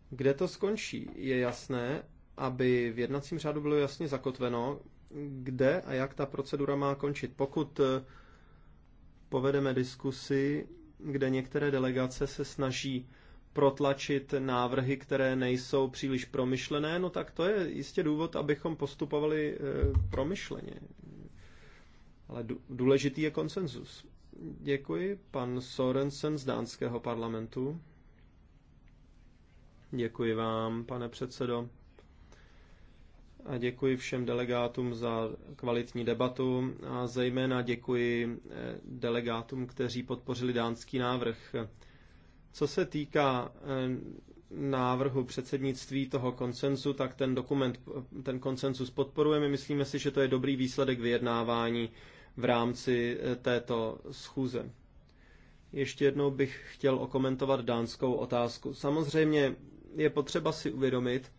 kde to skončí, je jasné, aby v jednacím řádu bylo jasně zakotveno, kde a jak ta procedura má končit. Pokud eh, povedeme diskusi, kde některé delegace se snaží protlačit návrhy, které nejsou příliš promyšlené, no tak to je jistě důvod, abychom postupovali eh, promyšleně. Ale důležitý je konsenzus. Děkuji. Pan Sorensen z dánského parlamentu. Děkuji vám, pane předsedo děkuji všem delegátům za kvalitní debatu a zejména děkuji eh, delegátům, kteří podpořili dánský návrh. Co se týká eh, návrhu předsednictví toho konsenzu, tak ten dokument, ten konsenzus podporujeme. Myslíme si, že to je dobrý výsledek vyjednávání v rámci eh, této schůze. Ještě jednou bych chtěl okomentovat dánskou otázku. Samozřejmě je potřeba si uvědomit,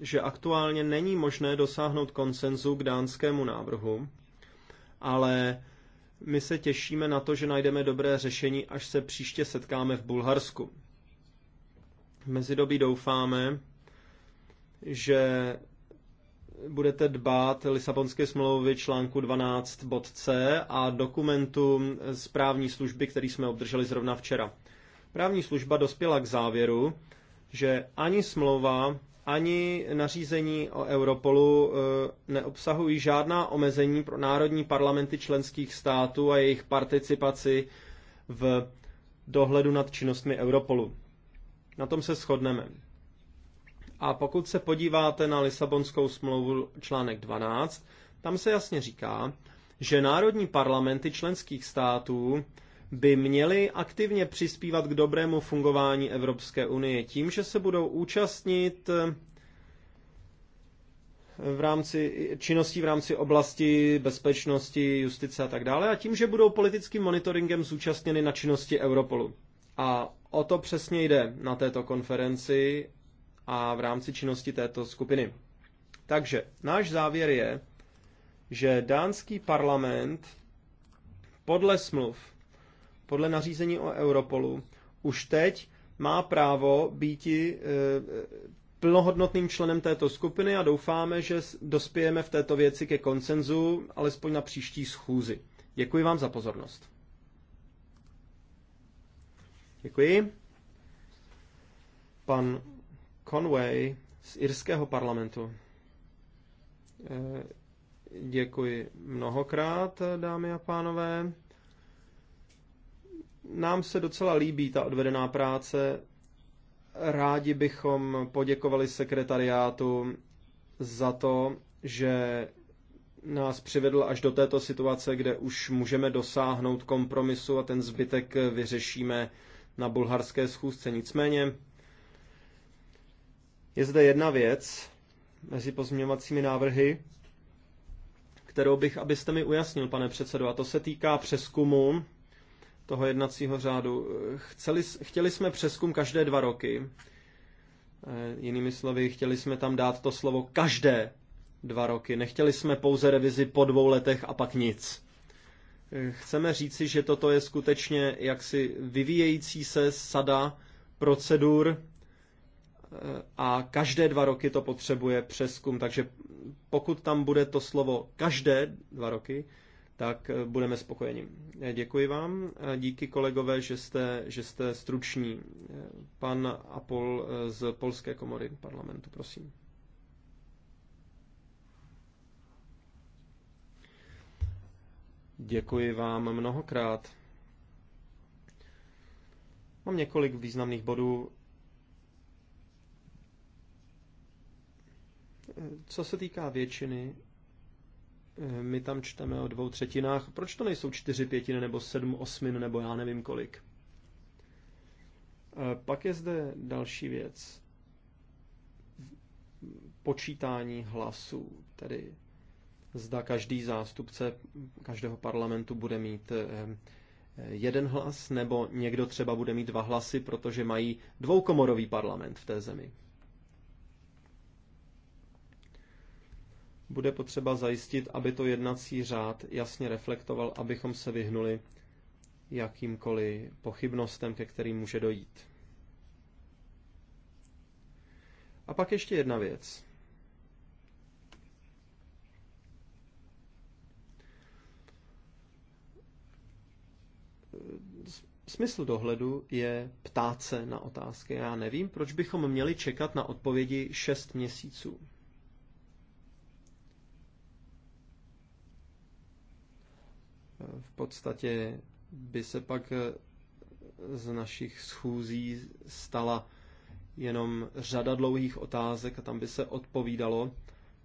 že aktuálně není možné dosáhnout konsenzu k dánskému návrhu, ale my se těšíme na to, že najdeme dobré řešení, až se příště setkáme v Bulharsku. V mezidobí doufáme, že budete dbát Lisabonské smlouvy článku 12 bod C a dokumentu správní služby, který jsme obdrželi zrovna včera. Právní služba dospěla k závěru, že ani smlouva ani nařízení o Europolu eh, neobsahují žádná omezení pro národní parlamenty členských států a jejich participaci v dohledu nad činnostmi Europolu. Na tom se shodneme. A pokud se podíváte na Lisabonskou smlouvu článek 12, tam se jasně říká, že národní parlamenty členských států by měly aktivně přispívat k dobrému fungování Evropské unie tím, že se budou účastnit eh, v rámci činností v rámci oblasti bezpečnosti, justice a tak dále a tím, že budou politickým monitoringem zúčastněny na činnosti Europolu. A o to přesně jde na této konferenci a v rámci činnosti této skupiny. Takže náš závěr je, že dánský parlament podle smluv podle nařízení o Europolu už teď má právo být e, e, plnohodnotným členem této skupiny a doufáme, že dospějeme v této věci ke konsenzu, alespoň na příští schůzi. Děkuji vám za pozornost. Děkuji. Pan Conway z irského parlamentu. E, děkuji mnohokrát, dámy a pánové. Nám se docela líbí ta odvedená práce. Rádi bychom poděkovali sekretariátu za to, že nás přivedl až do této situace, kde už můžeme dosáhnout kompromisu a ten zbytek vyřešíme na bulharské schůzce. Nicméně je zde jedna věc mezi pozměňovacími návrhy, kterou bych, abyste mi ujasnil, pane předsedo, a to se týká přeskumu toho jednacího řádu. Chceli, chtěli jsme přeskum každé dva roky. Eh, jinými slovy, chtěli jsme tam dát to slovo každé dva roky. Nechtěli jsme pouze revizi po dvou letech a pak nic. Eh, chceme říci, že toto je skutečně jaksi vyvíjející se sada procedur eh, a každé dva roky to potřebuje přeskum. Takže pokud tam bude to slovo každé dva roky, tak eh, budeme spokojeni. Eh, děkuji vám. Eh, díky kolegové, že jste, že jste struční. Pan Apol z Polské komory parlamentu, prosím. Děkuji vám mnohokrát. Mám několik významných bodů. Co se týká většiny Eh, my tam čteme o dvou třetinách. Proč to nejsou čtyři pětiny nebo sedm osmin nebo já nevím kolik? Eh, pak je zde další věc. Počítání hlasů, tedy zda každý zástupce každého parlamentu bude mít eh, jeden hlas, nebo někdo třeba bude mít dva hlasy, protože mají dvoukomorový parlament v té zemi. bude potřeba zajistit, aby to jednací řád jasně reflektoval, abychom se vyhnuli jakýmkoliv pochybnostem, ke kterým může dojít. A pak ještě jedna věc. Smysl dohledu je ptát se na otázky. Já nevím, proč bychom měli čekat na odpovědi 6 měsíců. v podstatě by se pak eh, z našich schůzí stala jenom řada dlouhých otázek a tam by se odpovídalo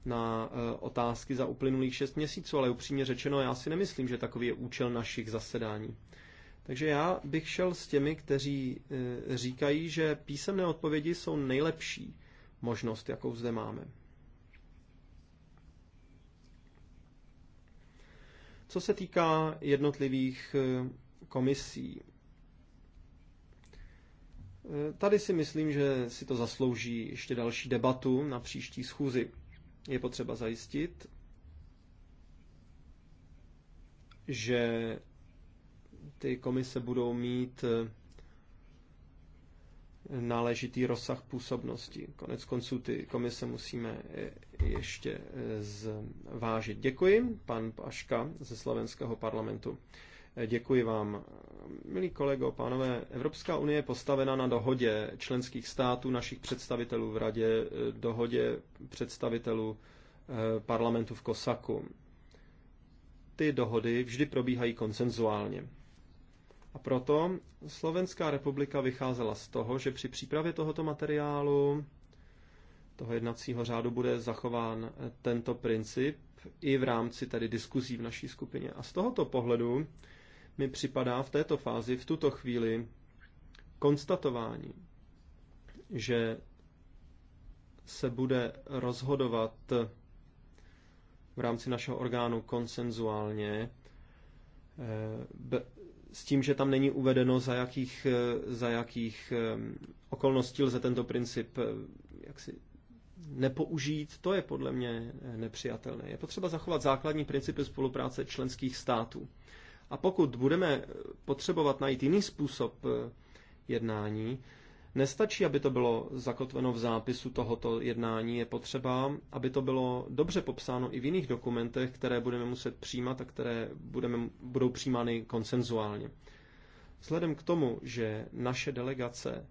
na eh, otázky za uplynulých šest měsíců, ale upřímně řečeno, já si nemyslím, že takový je účel našich zasedání. Takže já bych šel s těmi, kteří eh, říkají, že písemné odpovědi jsou nejlepší možnost, jakou zde máme. Co se týká jednotlivých eh, komisí, eh, tady si myslím, že si to zaslouží ještě další debatu na příští schůzi. Je potřeba zajistit, že ty komise budou mít eh, náležitý rozsah působnosti. Konec konců ty komise musíme ještě eh, zvážit. Děkuji, pan Paška ze slovenského parlamentu. Eh, děkuji vám. Milí kolego, pánové, Evropská unie je postavena na dohodě členských států, našich představitelů v radě, eh, dohodě představitelů parlamentu v Kosaku. Ty dohody vždy probíhají konsenzuálně. A proto Slovenská republika vycházela z toho, že při přípravě tohoto materiálu toho jednacího řádu bude zachován eh, tento princip i v rámci tedy diskuzí v naší skupině. A z tohoto pohledu mi připadá v této fázi, v tuto chvíli, konstatování, že se bude rozhodovat v rámci našeho orgánu konsenzuálně, eh, s tím, že tam není uvedeno, za jakých, eh, za jakých okolností lze tento princip jaksi nepoužít, to je podle mě eh, nepřijatelné. Je potřeba zachovat základní principy spolupráce členských států. A pokud budeme eh, potřebovat najít jiný způsob eh, jednání, nestačí, aby to bylo zakotveno v zápisu tohoto jednání, je potřeba, aby to bylo dobře popsáno i v jiných dokumentech, které budeme muset přijímat a které budeme, budou přijímány konsenzuálně. Vzhledem k tomu, že naše delegace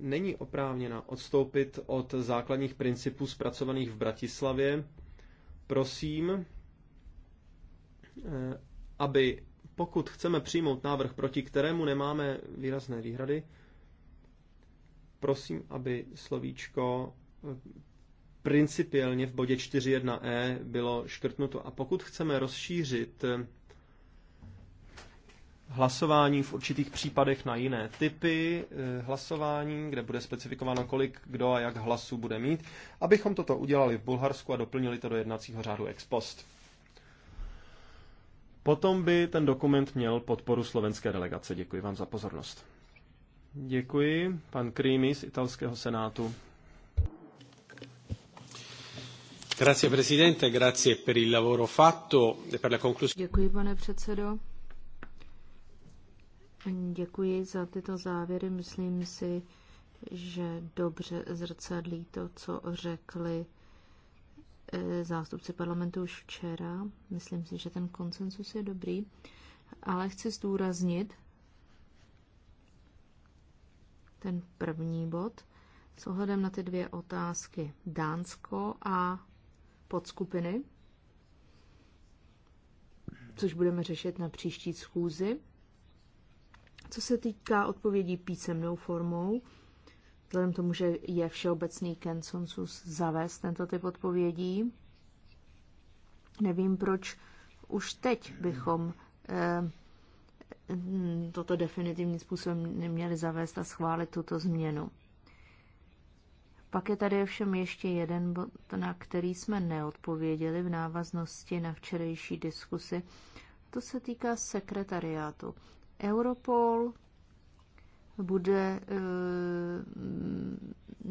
není oprávněna odstoupit od základních principů zpracovaných v Bratislavě, prosím, eh, aby pokud chceme přijmout návrh, proti kterému nemáme výrazné výhrady, prosím, aby slovíčko eh, principiálně v bodě 4.1e bylo škrtnuto. A pokud chceme rozšířit eh, hlasování v určitých případech na jiné typy eh, hlasování, kde bude specifikováno, kolik kdo a jak hlasů bude mít, abychom toto udělali v Bulharsku a doplnili to do jednacího řádu ex post. Potom by ten dokument měl podporu slovenské delegace. Děkuji vám za pozornost. Děkuji. Pan Krýmy z italského senátu. Grazie presidente, grazie per il lavoro fatto e per la conclusione. Děkuji pane předsedo. Děkuji za tyto závěry. Myslím si, že dobře zrcadlí to, co řekli eh, zástupci parlamentu už včera. Myslím si, že ten konsensus je dobrý, ale chci zdůraznit ten první bod s ohledem na ty dvě otázky. Dánsko a podskupiny, což budeme řešit na příští schůzi. Co se týká odpovědí písemnou formou, vzhledem tomu, že je všeobecný konsensus zavést tento typ odpovědí, nevím, proč už teď bychom eh, toto definitivním způsobem neměli zavést a schválit tuto změnu. Pak je tady ovšem ještě jeden bod, na který jsme neodpověděli v návaznosti na včerejší diskusi. To se týká sekretariátu. Europol bude eh,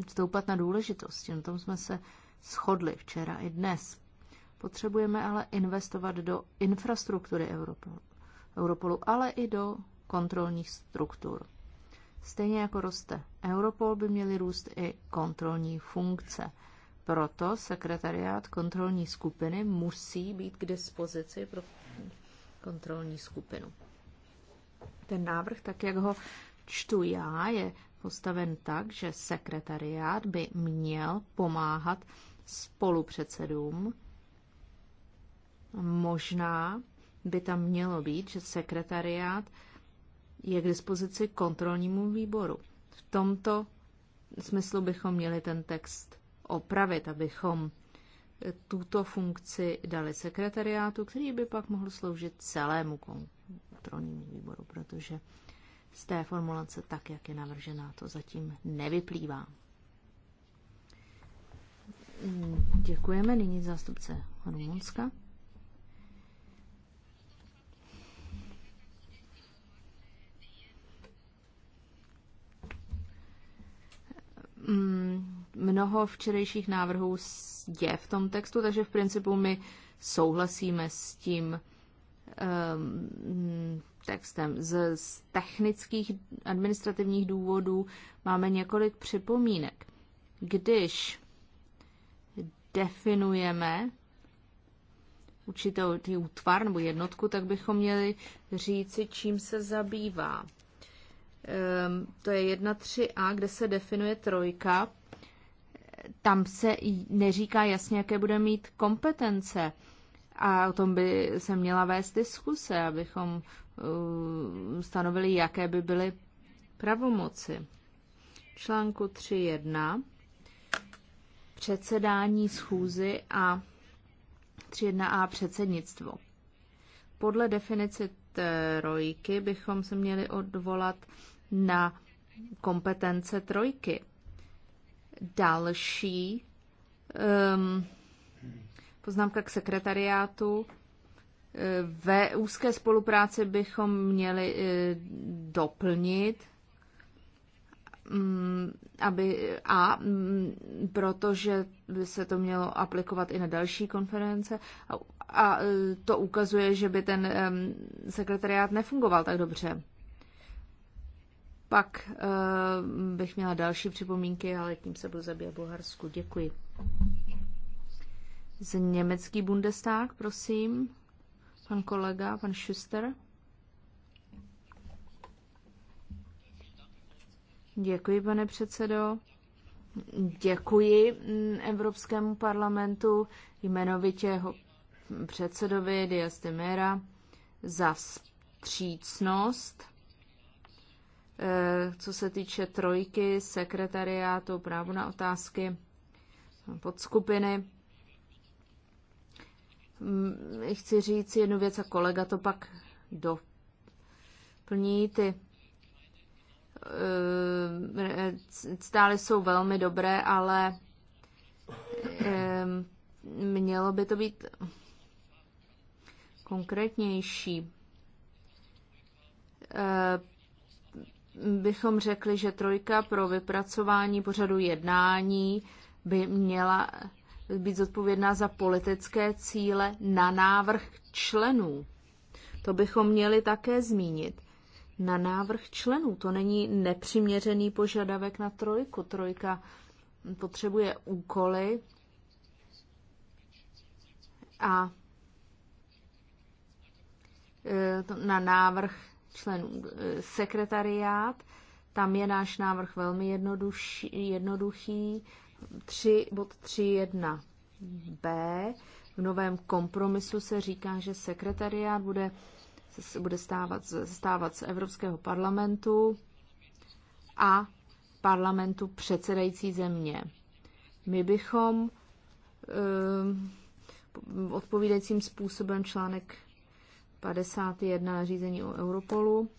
stoupat na důležitosti. Na tom jsme se shodli včera i dnes. Potřebujeme ale investovat do infrastruktury Europolu, Europolu ale i do kontrolních struktur. Stejně jako roste Europol, by měly růst i kontrolní funkce. Proto sekretariát kontrolní skupiny musí být k dispozici pro kontrolní skupinu. Ten návrh, tak jak ho čtu já, je postaven tak, že sekretariát by měl pomáhat spolupředsedům. Možná by tam mělo být, že sekretariát je k dispozici kontrolnímu výboru. V tomto smyslu bychom měli ten text opravit, abychom tuto funkci dali sekretariátu, který by pak mohl sloužit celému kontrolnímu výboru, protože z té formulace, tak jak je navržená, to zatím nevyplývá. Děkujeme. Nyní zástupce Rumunska. Mm, mnoho včerejších návrhů je v tom textu, takže v principu my souhlasíme s tím um, textem. Z, z technických administrativních důvodů máme několik připomínek. Když definujeme určitou útvar nebo jednotku, tak bychom měli říci, čím se zabývá. Um, to je 1.3a, kde se definuje trojka tam se neříká jasně, jaké bude mít kompetence. A o tom by se měla vést diskuse, abychom uh, stanovili, jaké by byly pravomoci. Článku 3.1 předsedání schůzy a 3.1a předsednictvo. Podle definice trojky bychom se měli odvolat na kompetence trojky Další um, poznámka k sekretariátu. Eh, ve úzké spolupráci bychom měli eh, doplnit, mm, aby a mm, protože by se to mělo aplikovat i na další konference a, a eh, to ukazuje, že by ten ehm, sekretariát nefungoval tak dobře. Pak uh, bych měla další připomínky, ale tím se budu zabíjet Bulharsku. Děkuji. Z německý Bundestag, prosím. Pan kolega, pan Schuster. Děkuji, pane předsedo. Děkuji mm, Evropskému parlamentu, jmenovitě jeho předsedovi Diastemera, za vstřícnost Eh, co se týče trojky, sekretariátu, právo na otázky, podskupiny, mm, chci říct jednu věc a kolega to pak doplní. Ty eh, stály jsou velmi dobré, ale eh, mělo by to být konkrétnější bychom řekli, že trojka pro vypracování pořadu jednání by měla být zodpovědná za politické cíle na návrh členů. To bychom měli také zmínit. Na návrh členů. To není nepřiměřený požadavek na trojku. Trojka potřebuje úkoly a e, na návrh členů. Eh, sekretariát, tam je náš návrh velmi jednoduchý, jednoduchý 3, bod 3.1 b. V novém kompromisu se říká, že sekretariát bude, bude stávat, stávat z Evropského parlamentu a parlamentu předsedající země. My bychom um, odpovídajícím způsobem článek 51 řízení o Europolu,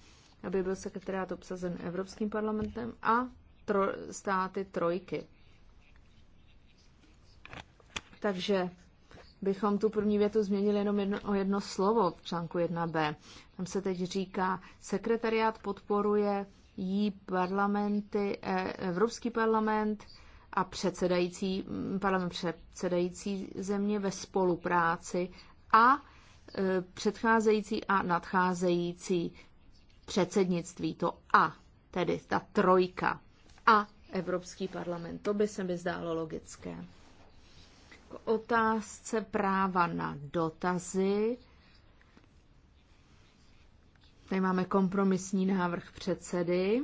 aby byl sekretariát obsazen Evropským parlamentem a tro, státy trojky. Takže bychom tu první větu změnili jenom jedno, o jedno slovo v článku 1b. Tam se teď říká, sekretariát podporuje jí parlamenty, e, Evropský parlament a předsedající, parlament předsedající země ve spolupráci a Eh, předcházející a nadcházející předsednictví, to A, tedy ta trojka a Evropský parlament. To by se mi zdálo logické. K otázce práva na dotazy. Tady máme kompromisní návrh předsedy.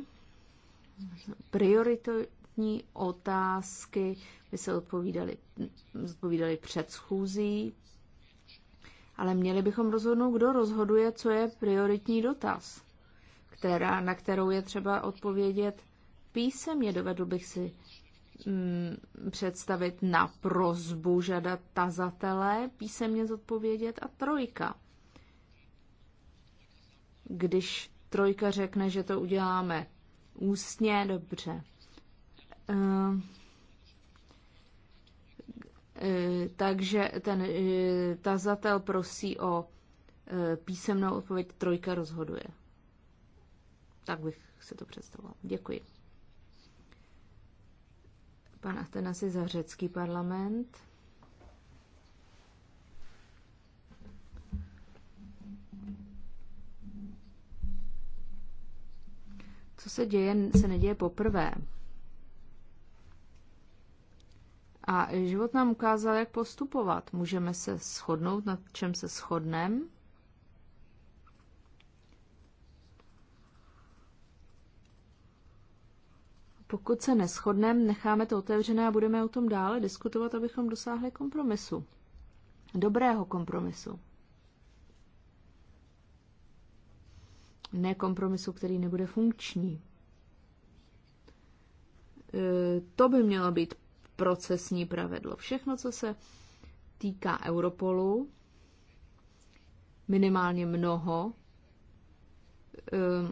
Prioritní otázky by se odpovídaly, před schůzí ale měli bychom rozhodnout, kdo rozhoduje, co je prioritní dotaz, která, na kterou je třeba odpovědět písemně. Dovedl bych si mm, představit na prozbu žadat tazatele, písemně zodpovědět a trojka. Když trojka řekne, že to uděláme ústně, dobře. Uh, E, takže ten e, tazatel prosí o e, písemnou odpověď, trojka rozhoduje. Tak bych se to představoval. Děkuji. Pan je za řecký parlament. Co se děje, se neděje poprvé. A život nám ukázal, jak postupovat. Můžeme se shodnout, nad čem se shodneme, pokud se neschodneme, necháme to otevřené a budeme o tom dále diskutovat, abychom dosáhli kompromisu. Dobrého kompromisu. Ne kompromisu, který nebude funkční. E, to by mělo být procesní pravidlo. Všechno, co se týká Europolu, minimálně mnoho um,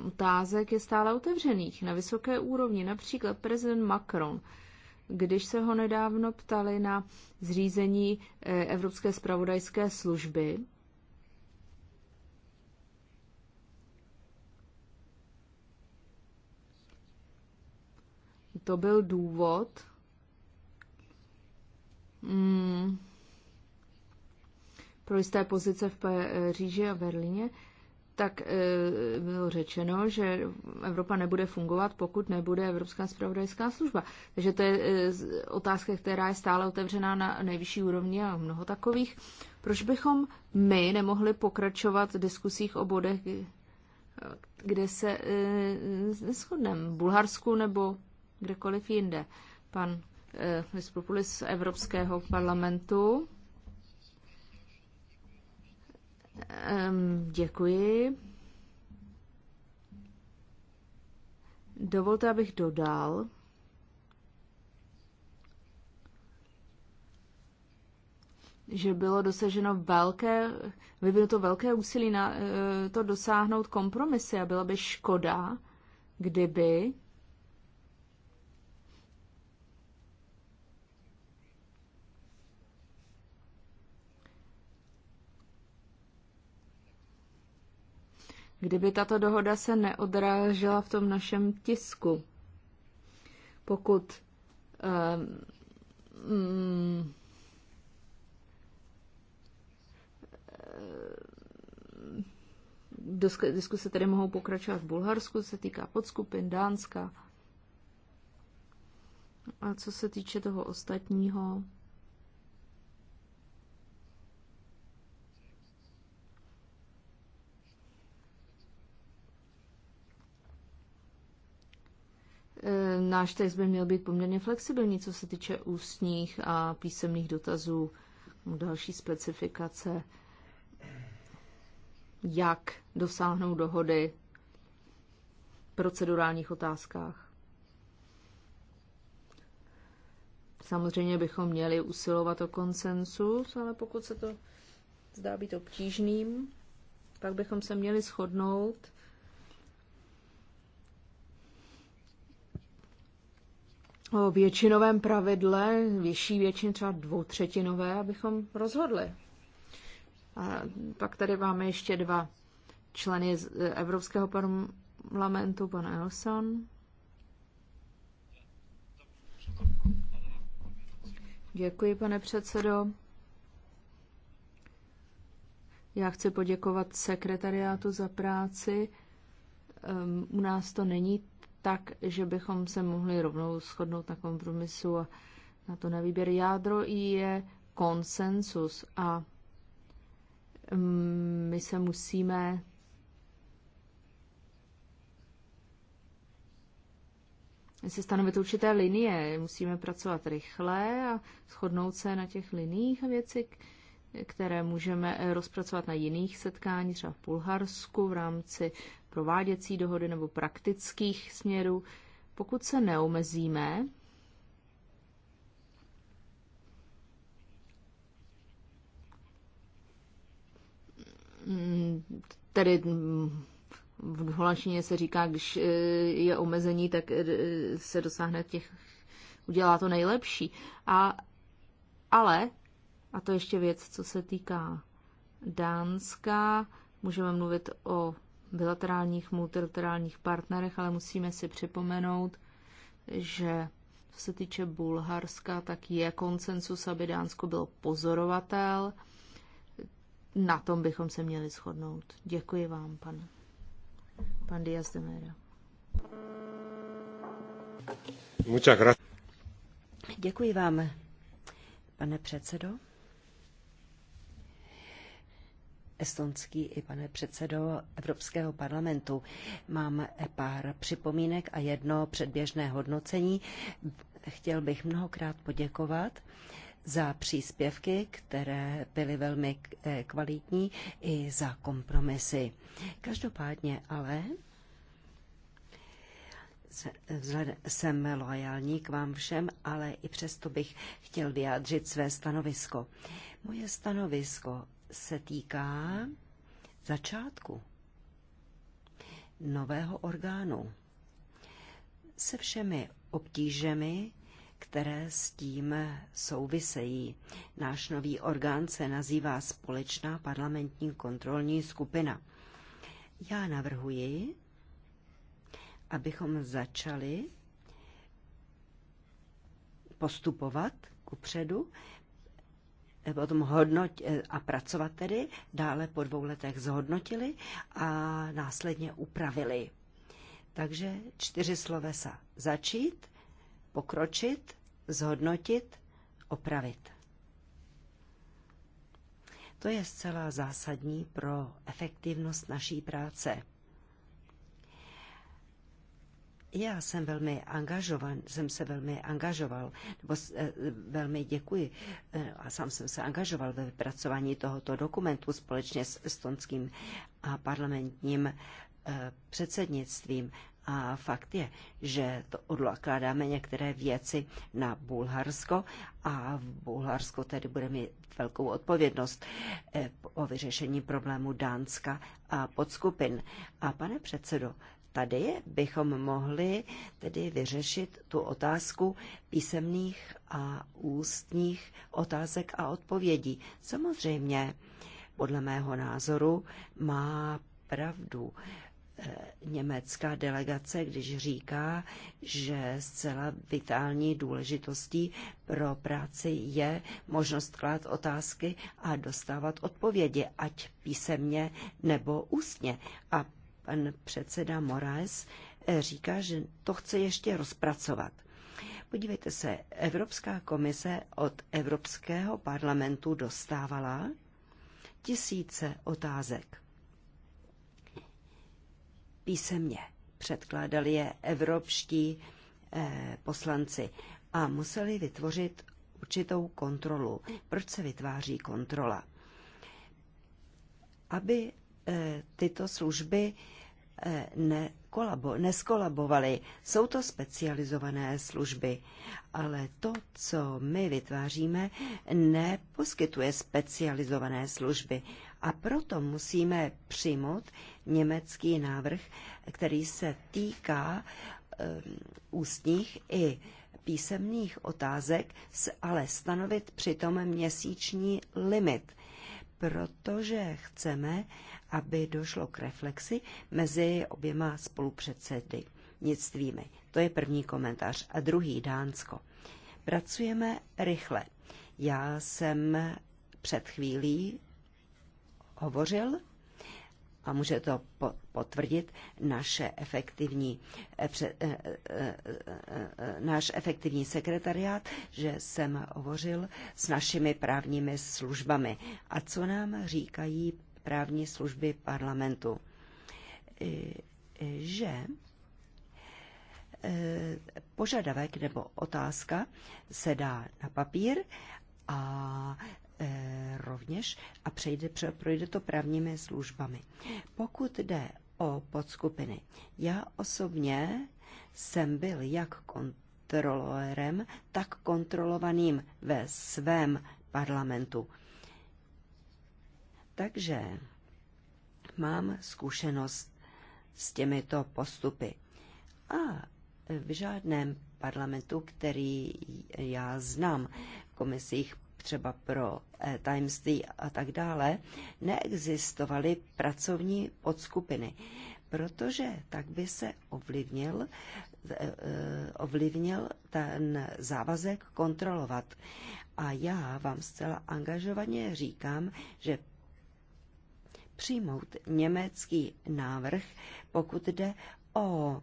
otázek je stále otevřených na vysoké úrovni. Například prezident Macron, když se ho nedávno ptali na zřízení eh, Evropské spravodajské služby, to byl důvod, mm, pro jisté pozice v Paříži eh, a Berlíně, tak eh, bylo řečeno, že Evropa nebude fungovat, pokud nebude Evropská spravodajská služba. Takže to je eh, otázka, která je stále otevřená na nejvyšší úrovni a mnoho takových. Proč bychom my nemohli pokračovat v diskusích o bodech, kde se neschodneme, v Bulharsku nebo kdekoliv jinde? Pan Eh, Miss Populis z Evropského parlamentu. Děkuji. Dovolte, abych dodal, že bylo dosaženo velké, vyvinuto velké úsilí na eh, to dosáhnout kompromisy a byla by škoda, kdyby kdyby tato dohoda se neodrážela v tom našem tisku. Pokud um, um, diskuse tedy mohou pokračovat v Bulharsku, se týká podskupin Dánska. A co se týče toho ostatního, náš text by měl být poměrně flexibilní, co se týče ústních a písemných dotazů, další specifikace, jak dosáhnout dohody v procedurálních otázkách. Samozřejmě bychom měli usilovat o konsensus, ale pokud se to zdá být obtížným, Tak bychom se měli shodnout o většinovém pravidle, vyšší většin třeba dvoutřetinové, abychom rozhodli. A pak tady máme ještě dva členy z e, Evropského parlamentu, pan Elson. Děkuji, pane předsedo. Já chci poděkovat sekretariátu za práci. Um, u nás to není tak, že bychom se mohli rovnou shodnout na kompromisu a na to na výběr. Jádro je konsensus a mm, my se musíme si stanovit určité linie. Musíme pracovat rychle a shodnout se na těch liních a věci, které můžeme rozpracovat na jiných setkáních, třeba v Bulharsku v rámci prováděcí dohody nebo praktických směrů, pokud se neomezíme, tedy v holandštině se říká, když eh, je omezení, tak eh, se dosáhne těch, udělá to nejlepší. A, ale, a to ještě věc, co se týká Dánska, můžeme mluvit o bilaterálních, multilaterálních partnerech, ale musíme si připomenout, že co se týče Bulharska, tak je konsensus, aby Dánsko byl pozorovatel. Na tom bychom se měli shodnout. Děkuji vám, pan, pan Diaz de Mera. Děkuji vám, pane předsedo. estonský i pane předsedo Evropského parlamentu. Mám pár připomínek a jedno předběžné hodnocení. Chtěl bych mnohokrát poděkovat za příspěvky, které byly velmi kvalitní, i za kompromisy. Každopádně ale jsem loajální k vám všem, ale i přesto bych chtěl vyjádřit své stanovisko. Moje stanovisko se týká začátku nového orgánu se všemi obtížemi, které s tím souvisejí. Náš nový orgán se nazývá Společná parlamentní kontrolní skupina. Já navrhuji, abychom začali postupovat kupředu potom hodnot eh, a pracovat tedy, dále po dvou letech zhodnotili a následně upravili. Takže čtyři slovesa. Začít, pokročit, zhodnotit, opravit. To je zcela zásadní pro efektivnost naší práce. Já jsem velmi angažovan, jsem se velmi angažoval, nebo eh, velmi děkuji eh, a sám jsem se angažoval ve vypracování tohoto dokumentu společně s estonským a parlamentním eh, předsednictvím. A fakt je, že to odkládáme některé věci na Bulharsko a v Bulharsko tedy bude mít velkou odpovědnost o vyřešení problému Dánska a podskupin. A pane předsedo, Tady bychom mohli tedy vyřešit tu otázku písemných a ústních otázek a odpovědí. Samozřejmě, podle mého názoru, má pravdu eh, německá delegace, když říká, že zcela vitální důležitostí pro práci je možnost klát otázky a dostávat odpovědi, ať písemně nebo ústně. A pan předseda Moraes eh, říká, že to chce ještě rozpracovat. Podívejte se, Evropská komise od Evropského parlamentu dostávala tisíce otázek. Písemně předkládali je evropští eh, poslanci a museli vytvořit určitou kontrolu. Proč se vytváří kontrola? Aby Eh, tyto služby eh, nekolabo, neskolabovaly. Jsou to specializované služby, ale to, co my vytváříme, neposkytuje specializované služby. A proto musíme přijmout německý návrh, který se týká eh, ústních i písemných otázek, ale stanovit přitom měsíční limit – protože chceme, aby došlo k reflexi mezi oběma spolupředsednictvími. To je první komentář. A druhý, Dánsko. Pracujeme rychle. Já jsem před chvílí hovořil a může to potvrdit naše efektivní, eh, eh, eh, náš efektivní sekretariát, že jsem hovořil s našimi právními službami. A co nám říkají právní služby parlamentu? Že požadavek nebo otázka se dá na papír a Eh, rovněž a přejde, projde to právními službami. Pokud jde o podskupiny, já osobně jsem byl jak kontrolorem, tak kontrolovaným ve svém parlamentu. Takže mám zkušenost s těmito postupy. A v žádném parlamentu, který já znám, komisích třeba pro eh, tajemství a tak dále, neexistovaly pracovní podskupiny, protože tak by se ovlivnil, eh, eh, ovlivnil ten závazek kontrolovat. A já vám zcela angažovaně říkám, že přijmout německý návrh, pokud jde o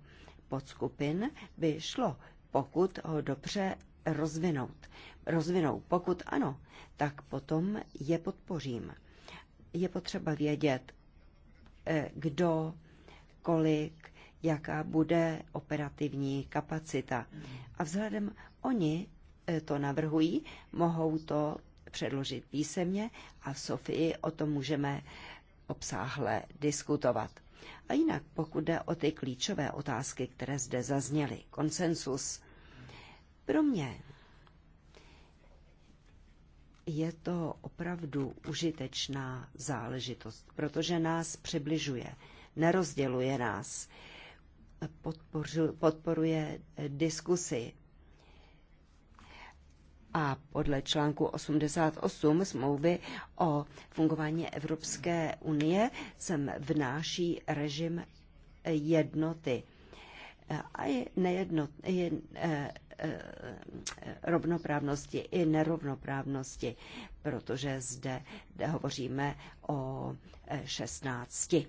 podskupin, by šlo, pokud ho dobře rozvinout. Rozvinou. Pokud ano, tak potom je podpořím. Je potřeba vědět, eh, kdo, kolik, jaká bude operativní kapacita. A vzhledem oni eh, to navrhují, mohou to předložit písemně a v Sofii o tom můžeme obsáhle diskutovat. A jinak, pokud jde o ty klíčové otázky, které zde zazněly, konsensus, pro mě je to opravdu užitečná záležitost, protože nás přibližuje, nerozděluje nás, podporuje diskusy. A podle článku 88 smlouvy o fungování Evropské unie sem vnáší režim jednoty. A je nejednot, je, eh, Eh, rovnoprávnosti i nerovnoprávnosti, protože zde hovoříme o 16 eh,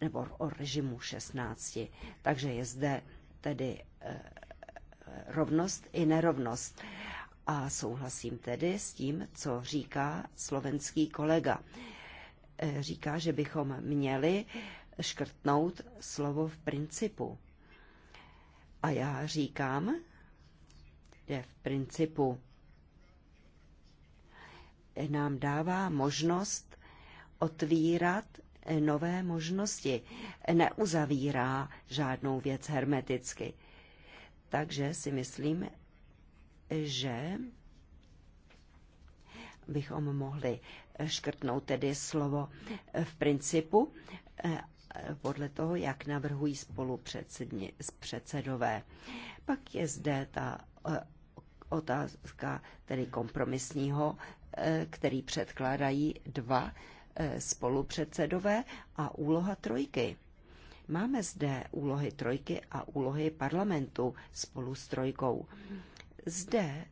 nebo o režimu 16. Takže je zde tedy eh, rovnost i nerovnost. A souhlasím tedy s tím, co říká slovenský kolega. Říká, že bychom měli škrtnout slovo v principu. A já říkám, že v principu nám dává možnost otvírat nové možnosti. Neuzavírá žádnou věc hermeticky. Takže si myslím, že bychom mohli škrtnout tedy slovo v principu podle toho, jak navrhují spolu předsedové. Pak je zde ta e, otázka tedy kompromisního, e, který předkládají dva e, spolupředsedové a úloha trojky. Máme zde úlohy trojky a úlohy parlamentu spolu s trojkou. Zde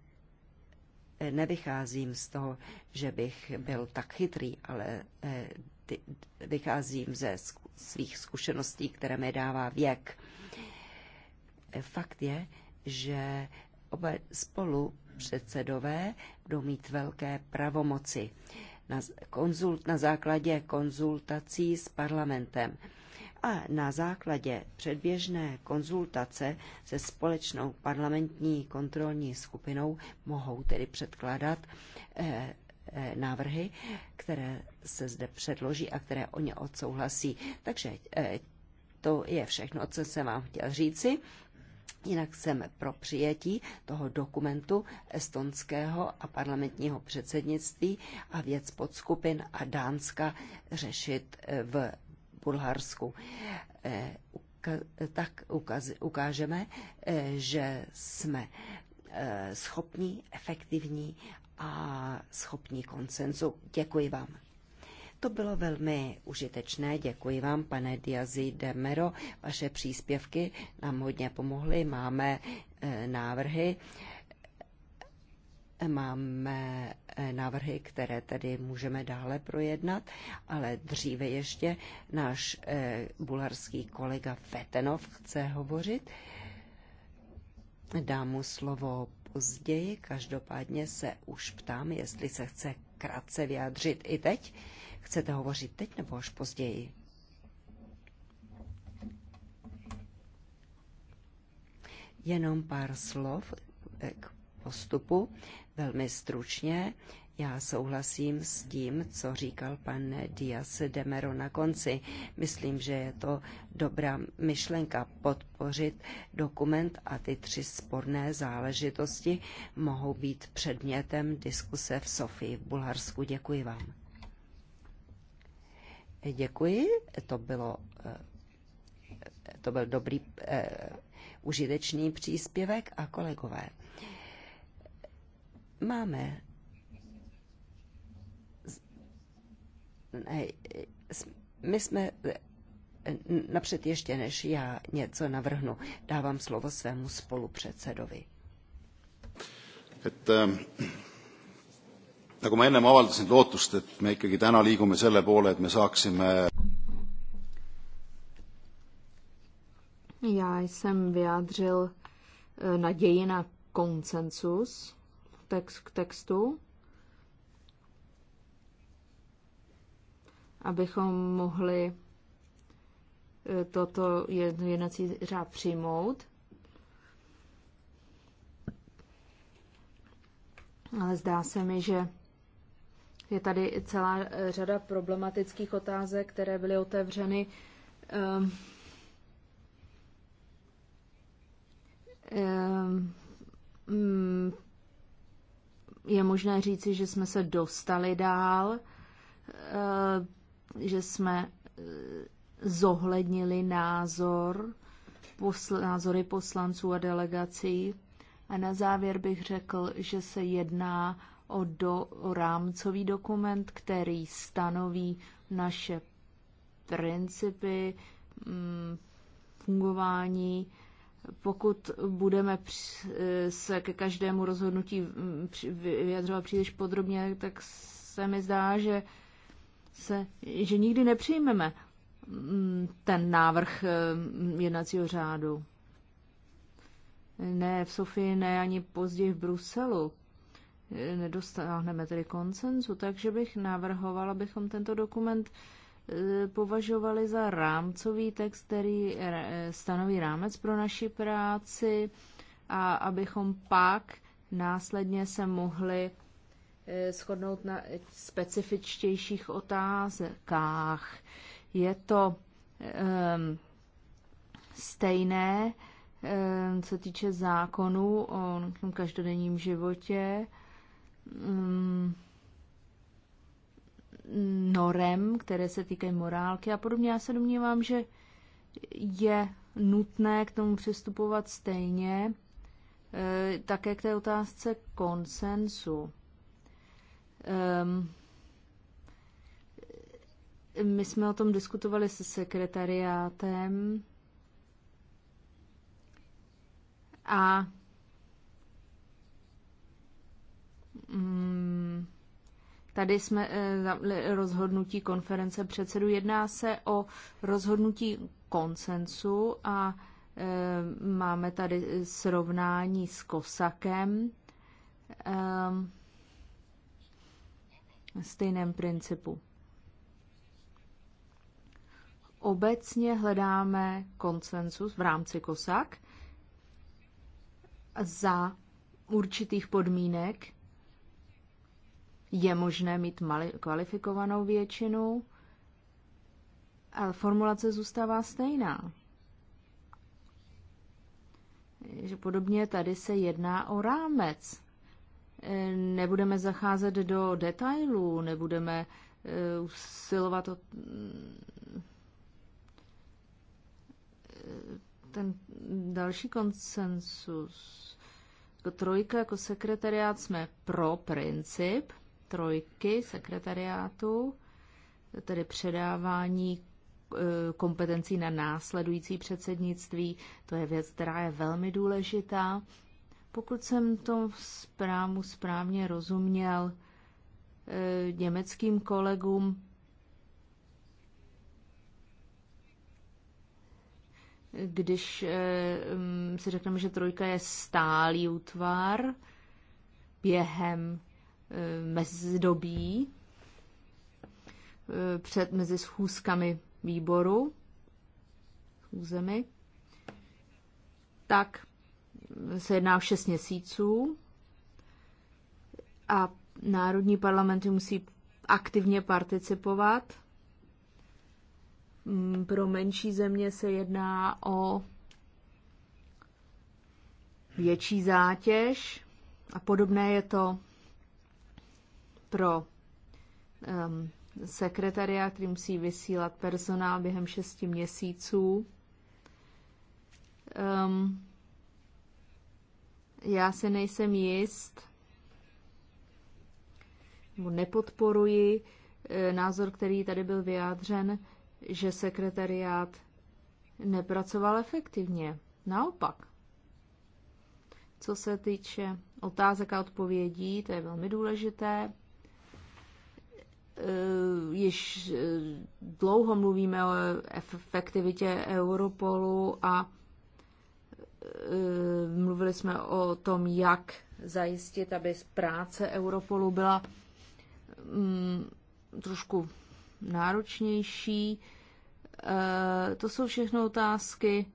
nevycházím z toho, že bych byl tak chytrý, ale vycházím ze svých zkušeností, které mi dává věk. Fakt je, že oba spolu předsedové budou mít velké pravomoci na, konzult, na základě konzultací s parlamentem a na základě předběžné konzultace se společnou parlamentní kontrolní skupinou mohou tedy předkládat eh, Eh, návrhy, které se zde předloží a které oni odsouhlasí. Takže eh, to je všechno, co jsem vám chtěl říci. Jinak jsem pro přijetí toho dokumentu estonského a parlamentního předsednictví a věc podskupin a Dánska řešit eh, v Bulharsku. Tak ukážeme, že jsme schopní, efektivní a schopní konsenzu. Děkuji vám. To bylo velmi užitečné. Děkuji vám, pane Diazi Demero. Vaše příspěvky nám hodně pomohly. Máme eh, návrhy. Máme eh, návrhy, které tedy můžeme dále projednat, ale dříve ještě náš eh, bulharský kolega Fetenov chce hovořit. Dám mu slovo později. Každopádně se už ptám, jestli se chce krátce vyjádřit i teď. Chcete hovořit teď nebo až později? Jenom pár slov k postupu, velmi stručně. Já souhlasím s tím, co říkal pan Dias Demero na konci. Myslím, že je to dobrá myšlenka podpořit dokument a ty tři sporné záležitosti mohou být předmětem diskuse v Sofii v Bulharsku. Děkuji vám. Děkuji, to, bylo, eh, to byl dobrý, eh, užitečný příspěvek a kolegové. Máme my jsme eh, napřed ještě než já něco navrhnu, dávám slovo svému spolupředsedovi. Et, ehm, nagu ma ennem avaldasin lootust, et me ikkagi täna liigume selle poole, et me saaksime Já jsem vyjádřil eh, naději na koncensus text k textu. abychom mohli eh, toto jednací řád přijmout. Ale zdá se mi, že je tady celá řada problematických otázek, které byly otevřeny. Ehm, ehm, mm, je možné říci, že jsme se dostali dál. Eh, že jsme eh, zohlednili názor, posl, názory poslanců a delegací. A na závěr bych řekl, že se jedná o, do, o rámcový dokument, který stanoví naše principy mm, fungování. Pokud budeme eh, se ke každému rozhodnutí mm, vyjadřovat příliš podrobně, tak se mi zdá, že se, že nikdy nepřijmeme mm, ten návrh mm, jednacího řádu. Ne v Sofii, ne ani později v Bruselu. Nedostáhneme tedy konsenzu, takže bych navrhovala, abychom tento dokument e, považovali za rámcový text, který e, stanoví rámec pro naši práci a abychom pak následně se mohli Eh, shodnout na specifičtějších otázkách. Je to um, stejné, um, co týče zákonů o každodenním životě, um, norem, které se týkají morálky a podobně. Já se domnívám, že je nutné k tomu přistupovat stejně, eh, také k té otázce konsensu. Um, my jsme o tom diskutovali se sekretariátem a um, Tady jsme eh, rozhodnutí konference předsedu. Jedná se o rozhodnutí konsensu a eh, máme tady srovnání s Kosakem. Um, stejném principu. Obecně hledáme konsensus v rámci COSAC za určitých podmínek. Je možné mít mali, kvalifikovanou většinu, ale formulace zůstává stejná. Že podobně tady se jedná o rámec nebudeme zacházet do detailů, nebudeme eh, usilovat o eh, ten další konsensus. Jako trojka, jako sekretariát jsme pro princip trojky sekretariátu, tedy předávání eh, kompetencí na následující předsednictví. To je věc, která je velmi důležitá. Pokud jsem to zprávu správně rozuměl e, německým kolegům, když e, si řekneme, že trojka je stálý útvar během e, mezdobí e, před mezi schůzkami výboru, schůzemi, tak se jedná o 6 měsíců a národní parlamenty musí aktivně participovat. Mm, pro menší země se jedná o větší zátěž a podobné je to pro um, sekretaria, který musí vysílat personál během 6 měsíců. Um, já se nejsem jist, nepodporuji e, názor, který tady byl vyjádřen, že sekretariát nepracoval efektivně. Naopak. Co se týče otázek a odpovědí, to je velmi důležité. E, již e, dlouho mluvíme o efektivitě Europolu a Eh, mluvili jsme o tom, jak zajistit, aby práce Europolu byla mm, trošku náročnější. Eh, to jsou všechno otázky,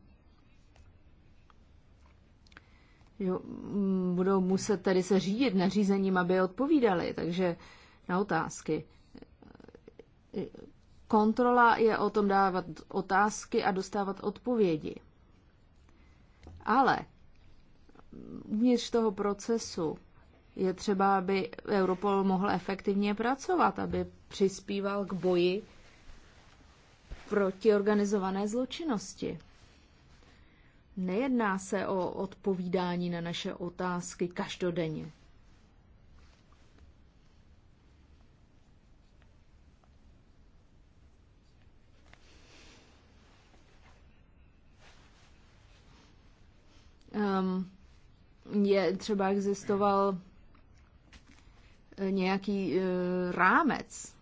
Jo, mm, budou muset tedy se řídit nařízením, aby odpovídali. Takže na otázky. Eh, kontrola je o tom dávat otázky a dostávat odpovědi. Ale uvnitř toho procesu je třeba, aby Europol mohl efektivně pracovat, aby přispíval k boji proti organizované zločinnosti. Nejedná se o odpovídání na naše otázky každodenně. um, je třeba existoval eh, nějaký uh, rámec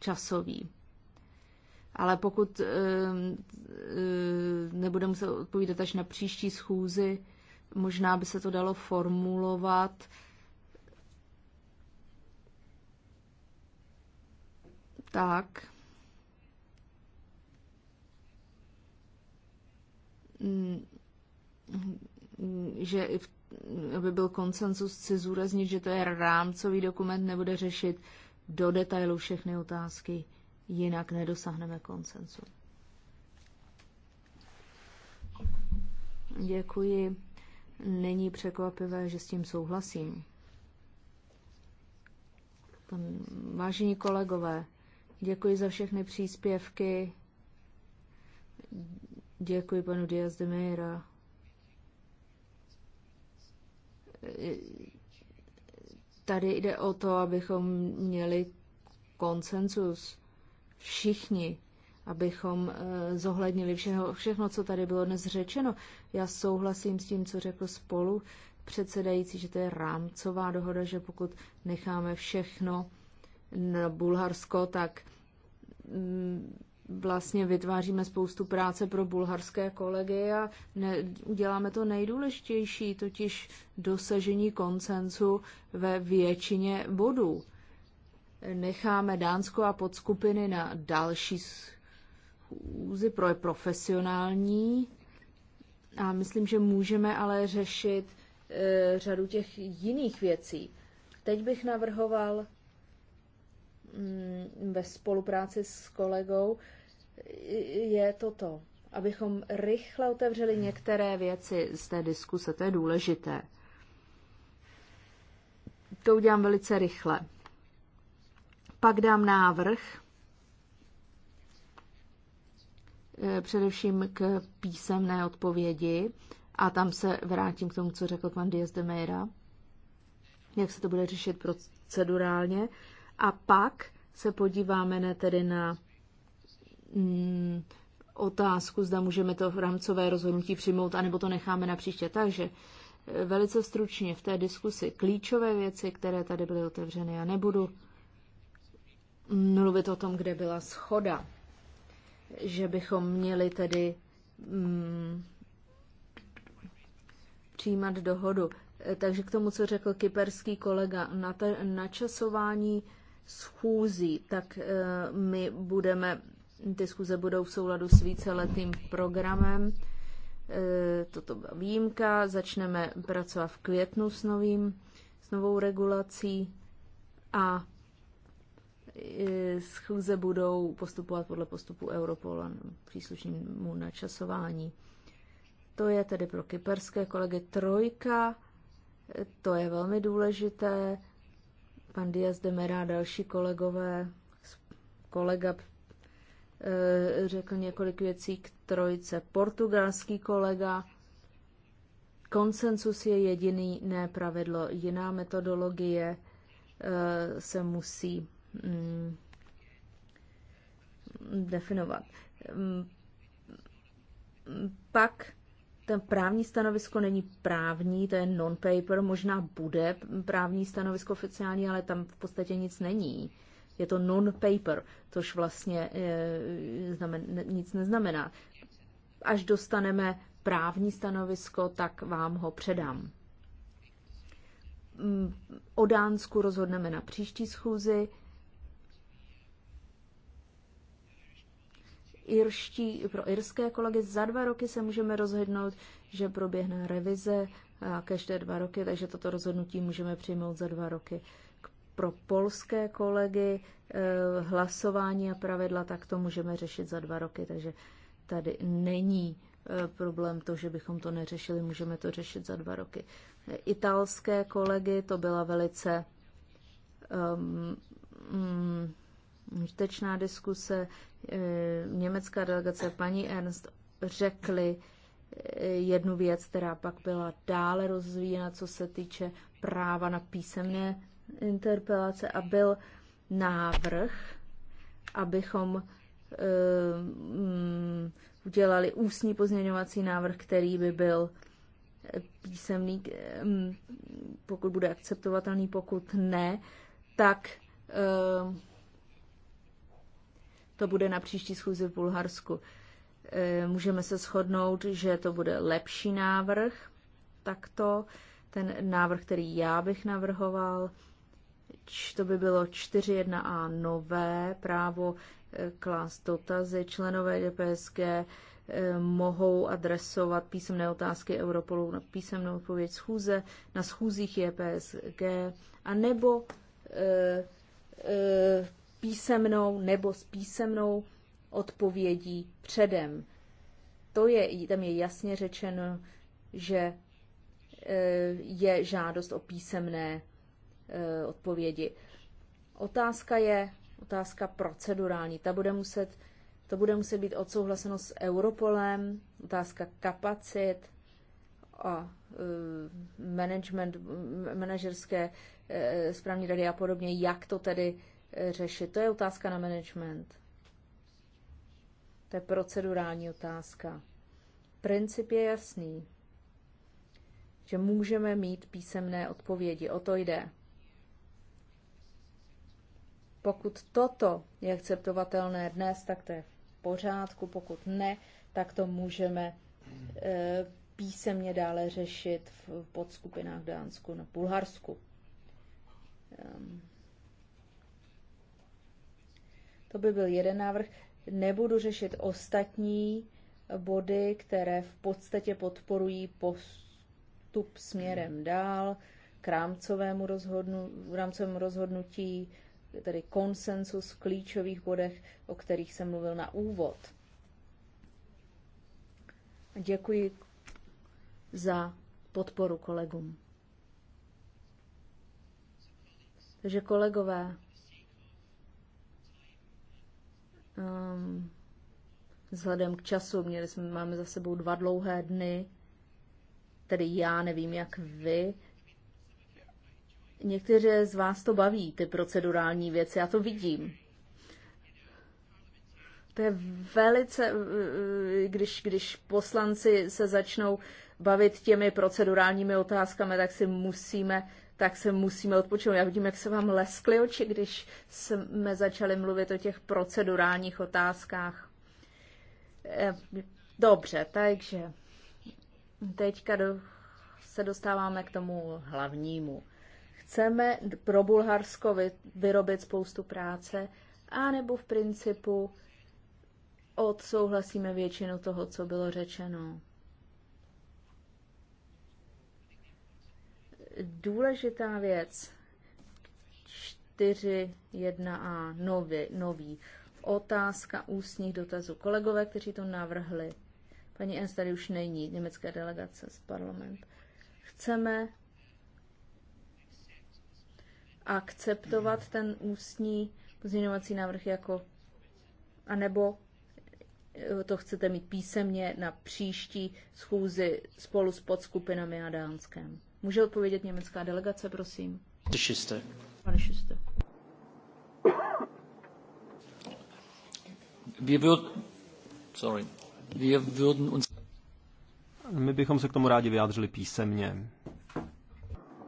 časový. Ale pokud uh, ehm, uh, eh, nebudeme muset odpovídat až na příští schůzi, možná by se to dalo formulovat tak. Mm že i v, aby byl konsenzus, chci zúraznit, že to je rámcový dokument, nebude řešit do detailu všechny otázky, jinak nedosáhneme konsenzu. Děkuji. Není překvapivé, že s tím souhlasím. Pan, vážení kolegové, děkuji za všechny příspěvky. Děkuji panu Diaz de Meira. Tady jde o to, abychom měli konsensus všichni, abychom eh, zohlednili všeho, všechno, co tady bylo dnes řečeno. Já souhlasím s tím, co řekl spolu předsedající, že to je rámcová dohoda, že pokud necháme všechno na Bulharsko, tak mm, vlastně vytváříme spoustu práce pro bulharské kolegy a ne, uděláme to nejdůležitější, totiž dosažení konsenzu ve většině bodů. Necháme Dánsko a podskupiny na další schůzi pro profesionální a myslím, že můžeme ale řešit e, řadu těch jiných věcí. Teď bych navrhoval Mm, ve spolupráci s kolegou je toto, abychom rychle otevřeli některé věci z té diskuse, to je důležité. To udělám velice rychle. Pak dám návrh, eh, především k písemné odpovědi a tam se vrátím k tomu, co řekl pan Diaz de Meira, jak se to bude řešit procedurálně. A pak se podíváme ne tedy na mm, otázku, zda můžeme to v rámcové rozhodnutí přijmout, anebo to necháme na příště. Takže eh, velice stručně v té diskusi klíčové věci, které tady byly otevřeny. Já nebudu mluvit o tom, kde byla schoda, že bychom měli tedy mm, přijímat dohodu. Eh, takže k tomu, co řekl kyperský kolega, na časování schůzí, tak eh, my budeme, ty schůze budou v souladu s víceletým programem. Eh, toto byla výjimka, začneme pracovat v květnu s, novým, s novou regulací a eh, schůze budou postupovat podle postupu Europola příslušnému načasování. To je tedy pro kyperské kolegy trojka, to je velmi důležité pan Diaz de Mera, další kolegové, kolega eh, řekl několik věcí k trojce. Portugalský kolega, konsensus je jediný, ne pravidlo. Jiná metodologie eh, se musí mm, definovat. Mm, pak ten právní stanovisko není právní, to je non-paper, možná bude právní stanovisko oficiální, ale tam v podstatě nic není. Je to non-paper, což vlastně e, znamen, nic neznamená. Až dostaneme právní stanovisko, tak vám ho předám. Mm, o Dánsku rozhodneme na příští schůzi. irští, pro irské kolegy. Za dva roky se můžeme rozhodnout, že proběhne revize a každé dva roky, takže toto rozhodnutí můžeme přijmout za dva roky. Pro polské kolegy eh, hlasování a pravidla, tak to můžeme řešit za dva roky, takže tady není eh, problém to, že bychom to neřešili, můžeme to řešit za dva roky. Italské kolegy, to byla velice um, um, užitečná diskuse. E, německá delegace paní Ernst řekli e, jednu věc, která pak byla dále rozvíjena, co se týče práva na písemné interpelace a byl návrh, abychom e, mm, udělali ústní pozměňovací návrh, který by byl písemný, mm, pokud bude akceptovatelný, pokud ne, tak to bude na příští schůzi v Bulharsku. E, můžeme se shodnout, že to bude lepší návrh, takto ten návrh, který já bych navrhoval, to by bylo 4.1a nové právo e, klást dotazy. Členové DPSG e, mohou adresovat písemné otázky Europolu na písemnou odpověď schůze, na schůzích JPSG, a nebo e, e, písemnou nebo s písemnou odpovědí předem. To je, tam je jasně řečeno, že e, je žádost o písemné e, odpovědi. Otázka je, otázka procedurální. Ta bude muset, to bude muset být odsouhlaseno s Europolem, otázka kapacit a e, management, manažerské správní rady a podobně, jak to tedy řešit. To je otázka na management. To je procedurální otázka. Princip je jasný, že můžeme mít písemné odpovědi. O to jde. Pokud toto je akceptovatelné dnes, tak to je v pořádku. Pokud ne, tak to můžeme e, písemně dále řešit v podskupinách Dánsku na Bulharsku. Ehm. To by byl jeden návrh. Nebudu řešit ostatní body, které v podstatě podporují postup směrem dál k rámcovému, rozhodnu, rámcovému rozhodnutí, tedy konsensus v klíčových bodech, o kterých jsem mluvil na úvod. Děkuji za podporu kolegům. Takže kolegové, Um, vzhledem k času, měli jsme, máme za sebou dva dlouhé dny, tedy já nevím, jak vy. Někteří z vás to baví, ty procedurální věci, já to vidím. To je velice, e, e, když, když poslanci se začnou bavit těmi procedurálními otázkami, tak si musíme tak se musíme odpočinout. Já vidím, jak se vám leskly oči, když jsme začali mluvit o těch procedurálních otázkách. Eh, dobře, takže teďka do, se dostáváme k tomu hlavnímu. Chceme pro Bulharsko vyrobit spoustu práce, anebo v principu odsouhlasíme většinu toho, co bylo řečeno. důležitá věc 1 a nový, nový. Otázka ústních dotazů. Kolegové, kteří to navrhli, paní Ens tady už není, německá delegace z parlamentu. Chceme akceptovat ten ústní pozměňovací návrh jako, anebo eh, to chcete mít písemně na příští schůzi spolu s podskupinami a Dánskem. Může odpovědět německá delegace, prosím. Schuster. Pane Schuster. Wir würden, sorry, wir würden uns... My bychom se k tomu rádi vyjádřili písemně.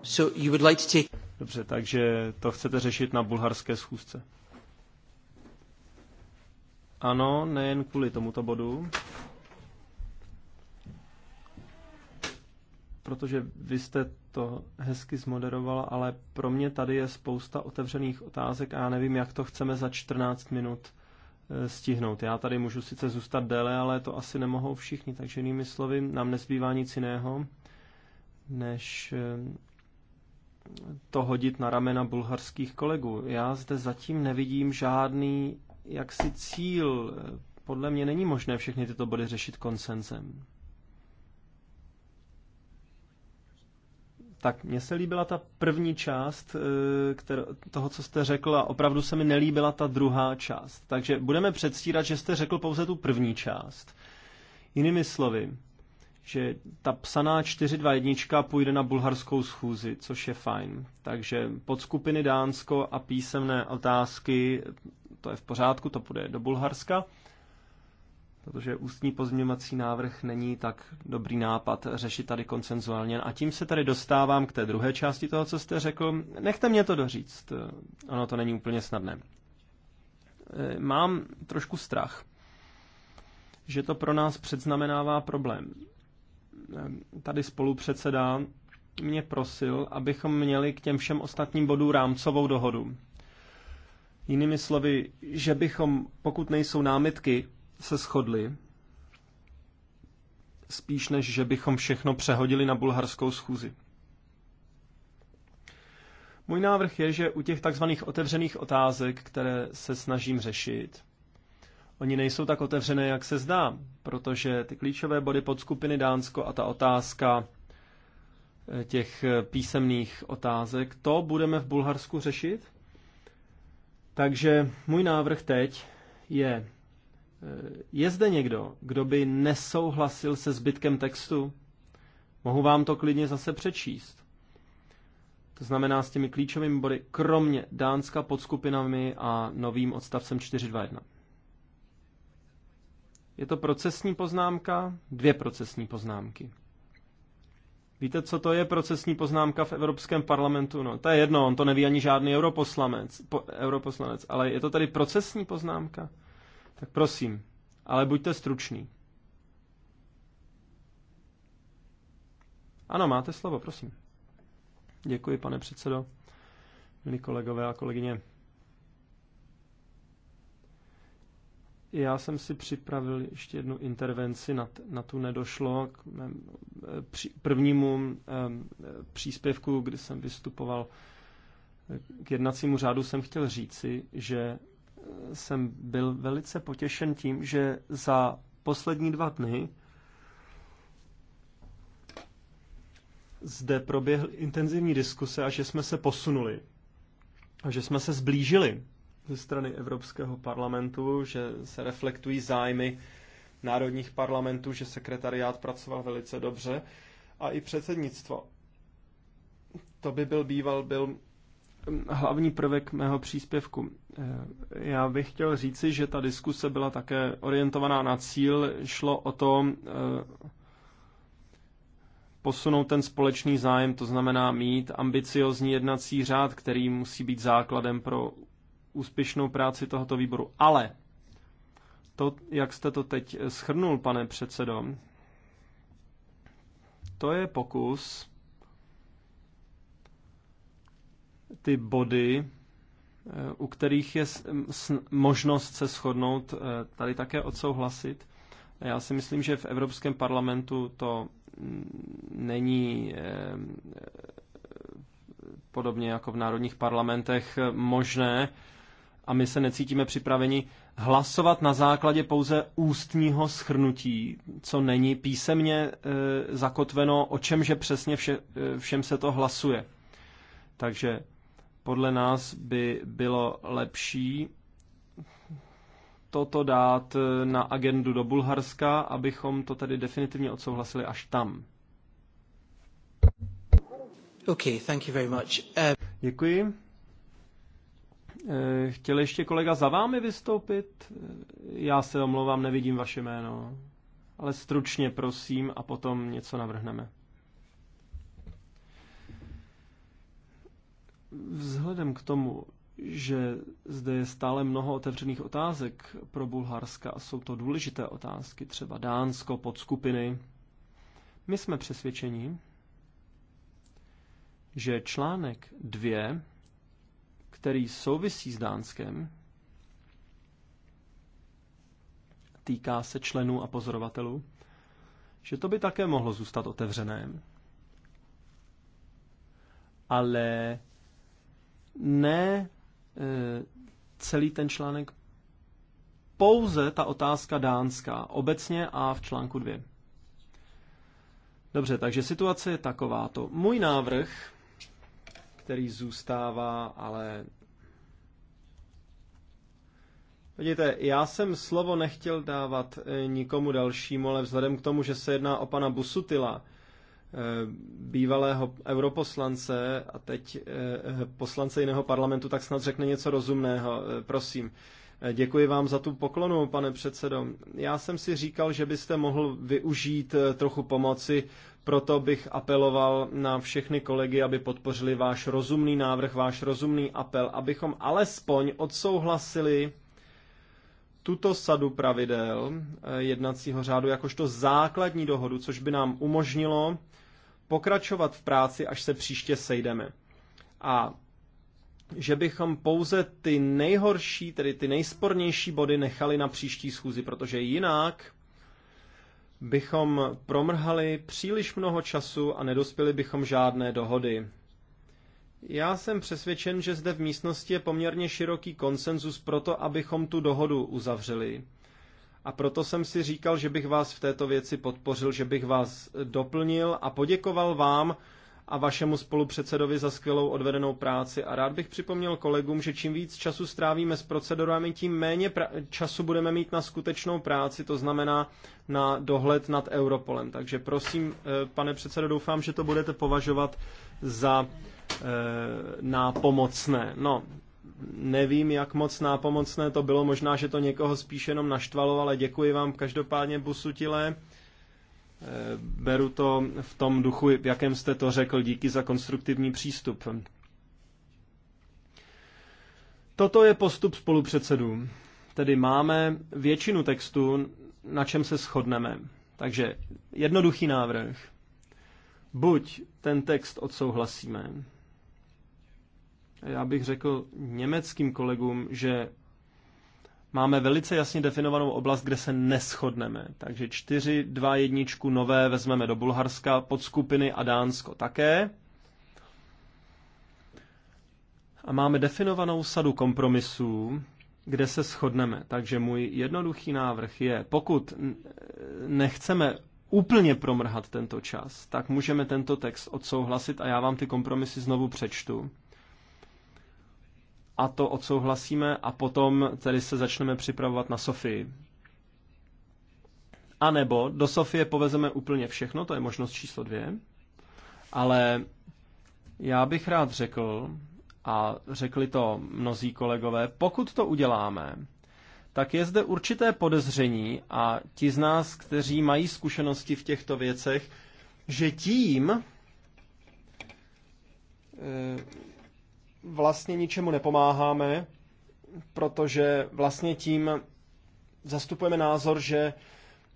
So you would like to take... Dobře, takže to chcete řešit na bulharské schůzce. Ano, nejen kvůli tomuto bodu. protože vy jste to hezky zmoderovala, ale pro mě tady je spousta otevřených otázek a já nevím, jak to chceme za 14 minut eh, stihnout. Já tady můžu sice zůstat déle, ale to asi nemohou všichni, takže jinými slovy nám nezbývá nic jiného, než eh, to hodit na ramena bulharských kolegů. Já zde zatím nevidím žádný jaksi cíl. Eh, podle mě není možné všechny tyto body řešit konsenzem. Tak mně se líbila ta první část eh, kter- toho, co jste řekl, a opravdu se mi nelíbila ta druhá část. Takže budeme předstírat, že jste řekl pouze tu první část. Jinými slovy, že ta psaná 421 půjde na bulharskou schůzi, což je fajn. Takže podskupiny Dánsko a písemné otázky, to je v pořádku, to půjde do Bulharska protože ústní pozměňovací návrh není tak dobrý nápad řešit tady konsenzuálně. A tím se tady dostávám k té druhé části toho, co jste řekl. Nechte mě to doříct, ono to není úplně snadné. Eh, mám trošku strach, že to pro nás předznamenává problém. Eh, tady spolupředseda mě prosil, abychom měli k těm všem ostatním bodům rámcovou dohodu. Jinými slovy, že bychom, pokud nejsou námitky, se shodli, spíš než že bychom všechno přehodili na bulharskou schůzi. Můj návrh je, že u těch takzvaných otevřených otázek, které se snažím řešit, oni nejsou tak otevřené, jak se zdá, protože ty klíčové body podskupiny Dánsko a ta otázka eh, těch eh, písemných otázek, to budeme v Bulharsku řešit. Takže můj návrh teď je Eh, je zde někdo, kdo by nesouhlasil se zbytkem textu? Mohu vám to klidně zase přečíst. To znamená s těmi klíčovými body, kromě Dánska podskupinami a novým odstavcem 421. Je to procesní poznámka, dvě procesní poznámky. Víte, co to je procesní poznámka v Evropském parlamentu? No, to je jedno, on to neví ani žádný europoslanec, po, europoslanec ale je to tady procesní poznámka. Tak prosím, ale buďte stručný. Ano, máte slovo, prosím. Děkuji, pane předsedo, milí kolegové a kolegyně. Já jsem si připravil ještě jednu intervenci, na, na tu nedošlo, k mém eh, při, prvnímu um, příspěvku, kdy jsem vystupoval eh, k jednacímu řádu, jsem chtěl říci, že jsem byl velice potěšen tím, že za poslední dva dny zde proběhly intenzivní diskuse a že jsme se posunuli a že jsme se zblížili ze strany Evropského parlamentu, že se reflektují zájmy národních parlamentů, že sekretariát pracoval velice dobře a i předsednictvo. To by byl býval byl hlavní prvek mého příspěvku. Eh, já bych chtěl říci, že ta diskuse byla také orientovaná na cíl. Šlo o to eh, posunout ten společný zájem, to znamená mít ambiciozní jednací řád, který musí být základem pro úspěšnou práci tohoto výboru. Ale to, jak jste to teď schrnul, pane předsedo, to je pokus ty body, eh, u kterých je možnost se shodnout, eh, tady také odsouhlasit. Já si myslím, že v Evropském parlamentu to mm, není eh, podobně jako v národních parlamentech možné a my se necítíme připraveni hlasovat na základě pouze ústního schrnutí, co není písemně zakotveno, o čemže přesně vše, všem se to hlasuje. Takže podle nás by bylo lepší toto dát eh, na agendu do Bulharska, abychom to tady definitivně odsouhlasili až tam. Okay, thank you very much. Uh... Děkuji. Eh, chtěl ještě kolega za vámi vystoupit? Eh, já se omlouvám, nevidím vaše jméno. Ale stručně prosím a potom něco navrhneme. Vzhledem k tomu, že zde je stále mnoho otevřených otázek pro Bulharska a jsou to důležité otázky, třeba Dánsko, podskupiny, my jsme přesvědčeni, že článek 2, který souvisí s Dánskem, týká se členů a pozorovatelů, že to by také mohlo zůstat otevřené. Ale ne eh, celý ten článek, pouze ta otázka dánská, obecně a v článku 2. Dobře, takže situace je takováto. Můj návrh, který zůstává, ale... Vidíte, já jsem slovo nechtěl dávat eh, nikomu dalšímu, ale vzhledem k tomu, že se jedná o pana Busutila, Eh, bývalého europoslance a teď eh, poslance jiného parlamentu, tak snad řekne něco rozumného, eh, prosím. Děkuji vám za tu poklonu, pane předsedo. Já jsem si říkal, že byste mohl využít trochu pomoci, proto bych apeloval na všechny kolegy, aby podpořili váš rozumný návrh, váš rozumný apel, abychom alespoň odsouhlasili tuto sadu pravidel jednacího řádu jakožto základní dohodu, což by nám umožnilo pokračovat v práci, až se příště sejdeme. A že bychom pouze ty nejhorší, tedy ty nejspornější body nechali na příští schůzi, protože jinak bychom promrhali příliš mnoho času a nedospěli bychom žádné dohody. Já jsem přesvědčen, že zde v místnosti je poměrně široký konsenzus pro to, abychom tu dohodu uzavřeli a proto jsem si říkal, že bych vás v této věci podpořil, že bych vás doplnil a poděkoval vám a vašemu spolupředsedovi za skvělou odvedenou práci. A rád bych připomněl kolegům, že čím víc času strávíme s procedurami, tím méně času budeme mít na skutečnou práci, to znamená na dohled nad Europolem. Takže prosím, eh, pane předsedo, doufám, že to budete považovat za e, nápomocné. No, nevím, jak moc nápomocné to bylo, možná, že to někoho spíš jenom naštvalo, ale děkuji vám každopádně, Busutile. Eh, beru to v tom duchu, v jakém jste to řekl, díky za konstruktivní přístup. Toto je postup spolupředsedů. Tedy máme většinu textu, na čem se shodneme. Takže jednoduchý návrh. Buď ten text odsouhlasíme, já bych řekl německým kolegům, že máme velice jasně definovanou oblast, kde se neschodneme. Takže 4, 2, 1 nové vezmeme do Bulharska, podskupiny a Dánsko také. A máme definovanou sadu kompromisů, kde se shodneme. Takže můj jednoduchý návrh je, pokud nechceme úplně promrhat tento čas, tak můžeme tento text odsouhlasit a já vám ty kompromisy znovu přečtu a to odsouhlasíme a potom tedy se začneme připravovat na Sofii. A nebo do Sofie povezeme úplně všechno, to je možnost číslo dvě, ale já bych rád řekl, a řekli to mnozí kolegové, pokud to uděláme, tak je zde určité podezření a ti z nás, kteří mají zkušenosti v těchto věcech, že tím, eh, vlastně ničemu nepomáháme, protože vlastně tím zastupujeme názor, že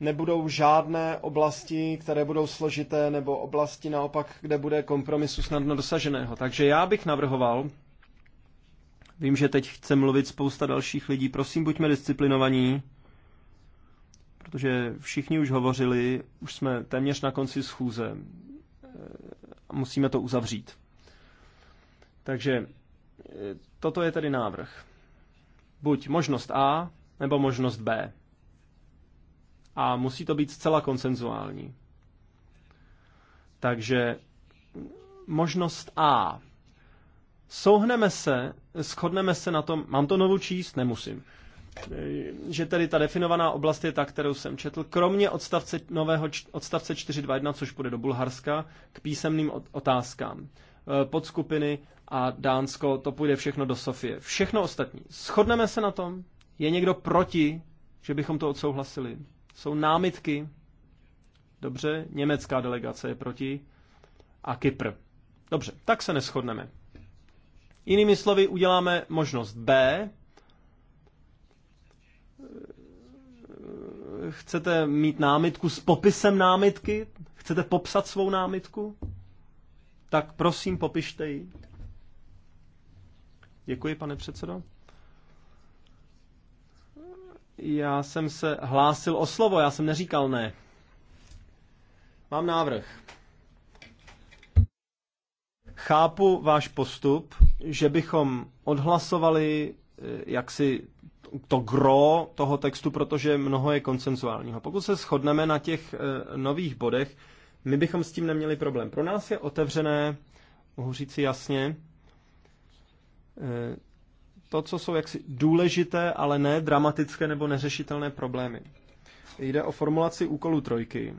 nebudou žádné oblasti, které budou složité, nebo oblasti naopak, kde bude kompromisu snadno dosaženého. Takže já bych navrhoval, vím, že teď chce mluvit spousta dalších lidí, prosím, buďme disciplinovaní, protože všichni už hovořili, už jsme téměř na konci schůze e, a musíme to uzavřít. Takže Toto je tedy návrh. Buď možnost A, nebo možnost B. A musí to být zcela konsenzuální. Takže možnost A. Souhneme se, shodneme se na tom, mám to novou číst, nemusím, že tedy ta definovaná oblast je ta, kterou jsem četl, kromě odstavce nového odstavce 421, což půjde do Bulharska, k písemným otázkám. Eh, podskupiny a Dánsko, to půjde všechno do Sofie. Všechno ostatní. Shodneme se na tom? Je někdo proti, že bychom to odsouhlasili? Jsou námitky? Dobře, německá delegace je proti a Kypr. Dobře, tak se neschodneme. Jinými slovy, uděláme možnost B. Chcete mít námitku s popisem námitky? Chcete popsat svou námitku? Tak prosím, popište ji. Děkuji, pane předsedo. Já jsem se hlásil o slovo, já jsem neříkal ne. Mám návrh. Chápu váš postup, že bychom odhlasovali eh, jaksi to gro toho textu, protože mnoho je konsenzuálního. Pokud se shodneme na těch eh, nových bodech, my bychom s tím neměli problém. Pro nás je otevřené, mohu říct si jasně, e, to, co jsou jaksi důležité, ale ne dramatické nebo neřešitelné problémy. Jde o formulaci úkolu trojky.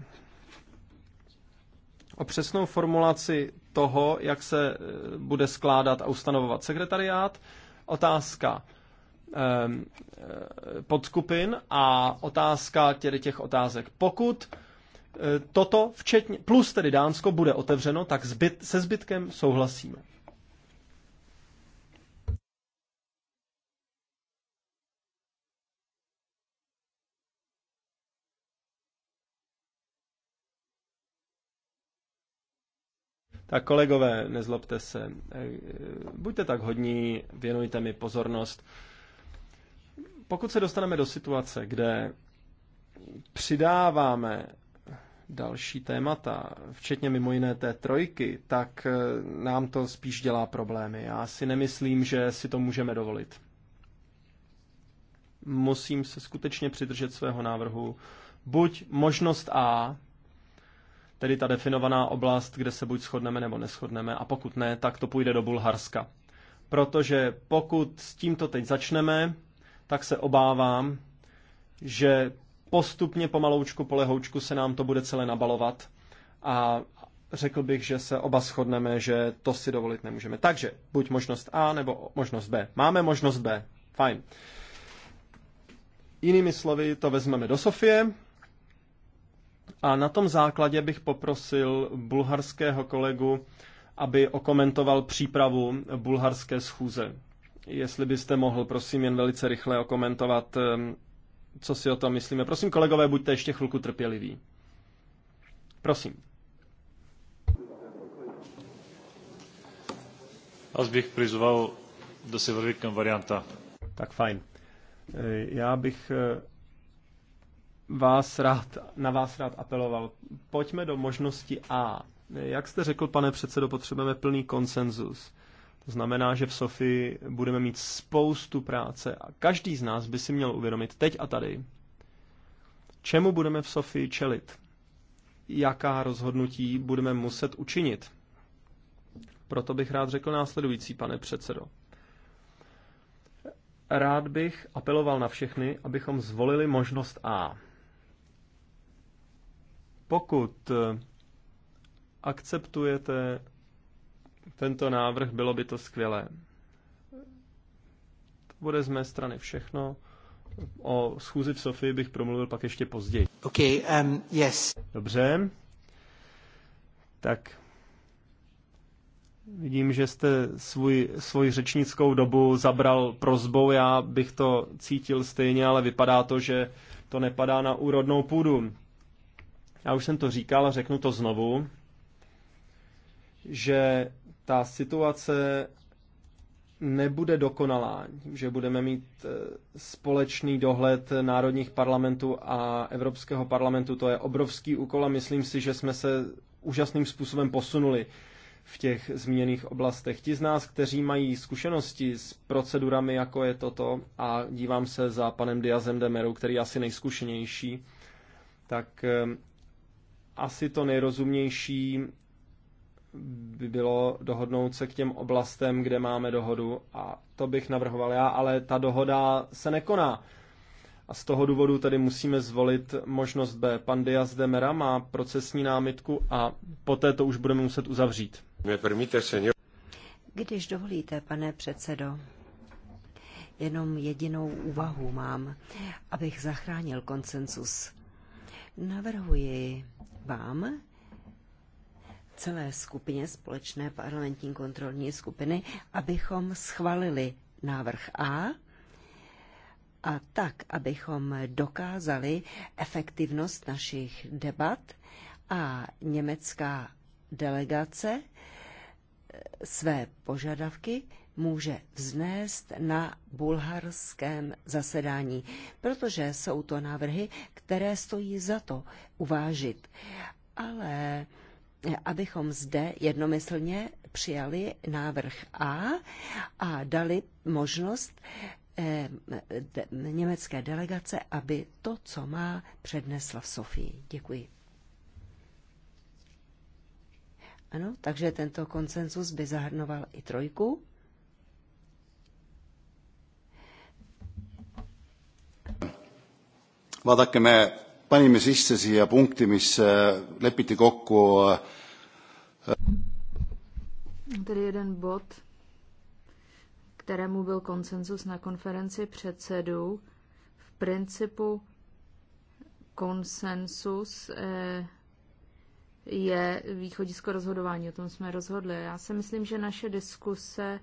O přesnou formulaci toho, jak se e, bude skládat a ustanovovat sekretariát, otázka e, podskupin a otázka těch otázek. Pokud E, toto včetně, plus tedy Dánsko bude otevřeno, tak zbyt, se zbytkem souhlasíme. Tak kolegové, nezlobte se, e, buďte tak hodní, věnujte mi pozornost. Pokud se dostaneme do situace, kde přidáváme další témata, včetně mimo jiné té trojky, tak eh, nám to spíš dělá problémy. Já si nemyslím, že si to můžeme dovolit. Musím se skutečně přidržet svého návrhu. Buď možnost A, tedy ta definovaná oblast, kde se buď shodneme nebo neschodneme, a pokud ne, tak to půjde do Bulharska. Protože pokud s tímto teď začneme, tak se obávám, že postupně pomaloučku, polehoučku se nám to bude celé nabalovat a řekl bych, že se oba shodneme, že to si dovolit nemůžeme. Takže buď možnost A nebo možnost B. Máme možnost B. Fajn. Jinými slovy, to vezmeme do Sofie. A na tom základě bych poprosil bulharského kolegu, aby okomentoval přípravu bulharské schůze. Jestli byste mohl, prosím, jen velice rychle okomentovat co si o tom myslíme. Prosím, kolegové, buďte ještě chvilku trpěliví. Prosím. Já bych přizval, do se varianta. Tak fajn. Eh, já bych eh, vás rád, na vás rád apeloval. Pojďme do možnosti A. Jak jste řekl, pane předsedo, potřebujeme plný konsenzus. To znamená, že v Sofii budeme mít spoustu práce a každý z nás by si měl uvědomit teď a tady, čemu budeme v Sofii čelit, jaká rozhodnutí budeme muset učinit. Proto bych rád řekl následující, pane předsedo. Rád bych apeloval na všechny, abychom zvolili možnost A. Pokud akceptujete tento návrh, bylo by to skvělé. To bude z mé strany všechno. O schůzi v Sofii bych promluvil pak ještě později. Okay, um, yes. Dobře. Tak Vidím, že jste svůj, svůj řečnickou dobu zabral prozbou, já bych to cítil stejně, ale vypadá to, že to nepadá na úrodnou půdu. Já už jsem to říkal a řeknu to znovu, že ta situace nebude dokonalá, že budeme mít e, společný dohled národních parlamentů a Evropského parlamentu. To je obrovský úkol a myslím si, že jsme se úžasným způsobem posunuli v těch zmíněných oblastech. Ti z nás, kteří mají zkušenosti s procedurami, jako je toto, a dívám se za panem Diazem Demeru, který je asi nejzkušenější, tak e, asi to nejrozumnější by bylo dohodnout se k těm oblastem, kde máme dohodu a to bych navrhoval já, ale ta dohoda se nekoná. A z toho důvodu tedy musíme zvolit možnost B. Pan Diaz de Mera má procesní námitku a poté to už budeme muset uzavřít. Když dovolíte, pane předsedo, jenom jedinou úvahu mám, abych zachránil konsensus. Navrhuji vám, celé skupině společné parlamentní kontrolní skupiny, abychom schválili návrh A a tak, abychom dokázali efektivnost našich debat a německá delegace eh, své požadavky může vznést na bulharském zasedání, protože jsou to návrhy, které stojí za to uvážit. Ale abychom zde jednomyslně přijali návrh A a dali možnost eh, německé delegace, aby to, co má, přednesla v Sofii. Děkuji. Ano, takže tento konsenzus by zahrnoval i trojku. Vaadakem panime sisse siia punkti, mis äh, lepiti kokku. Äh, Tedy jeden bod, kterému byl konsenzus na konferenci předsedů. V principu konsenzus eh, je východisko rozhodování, o tom jsme rozhodli. Já si myslím, že naše diskuse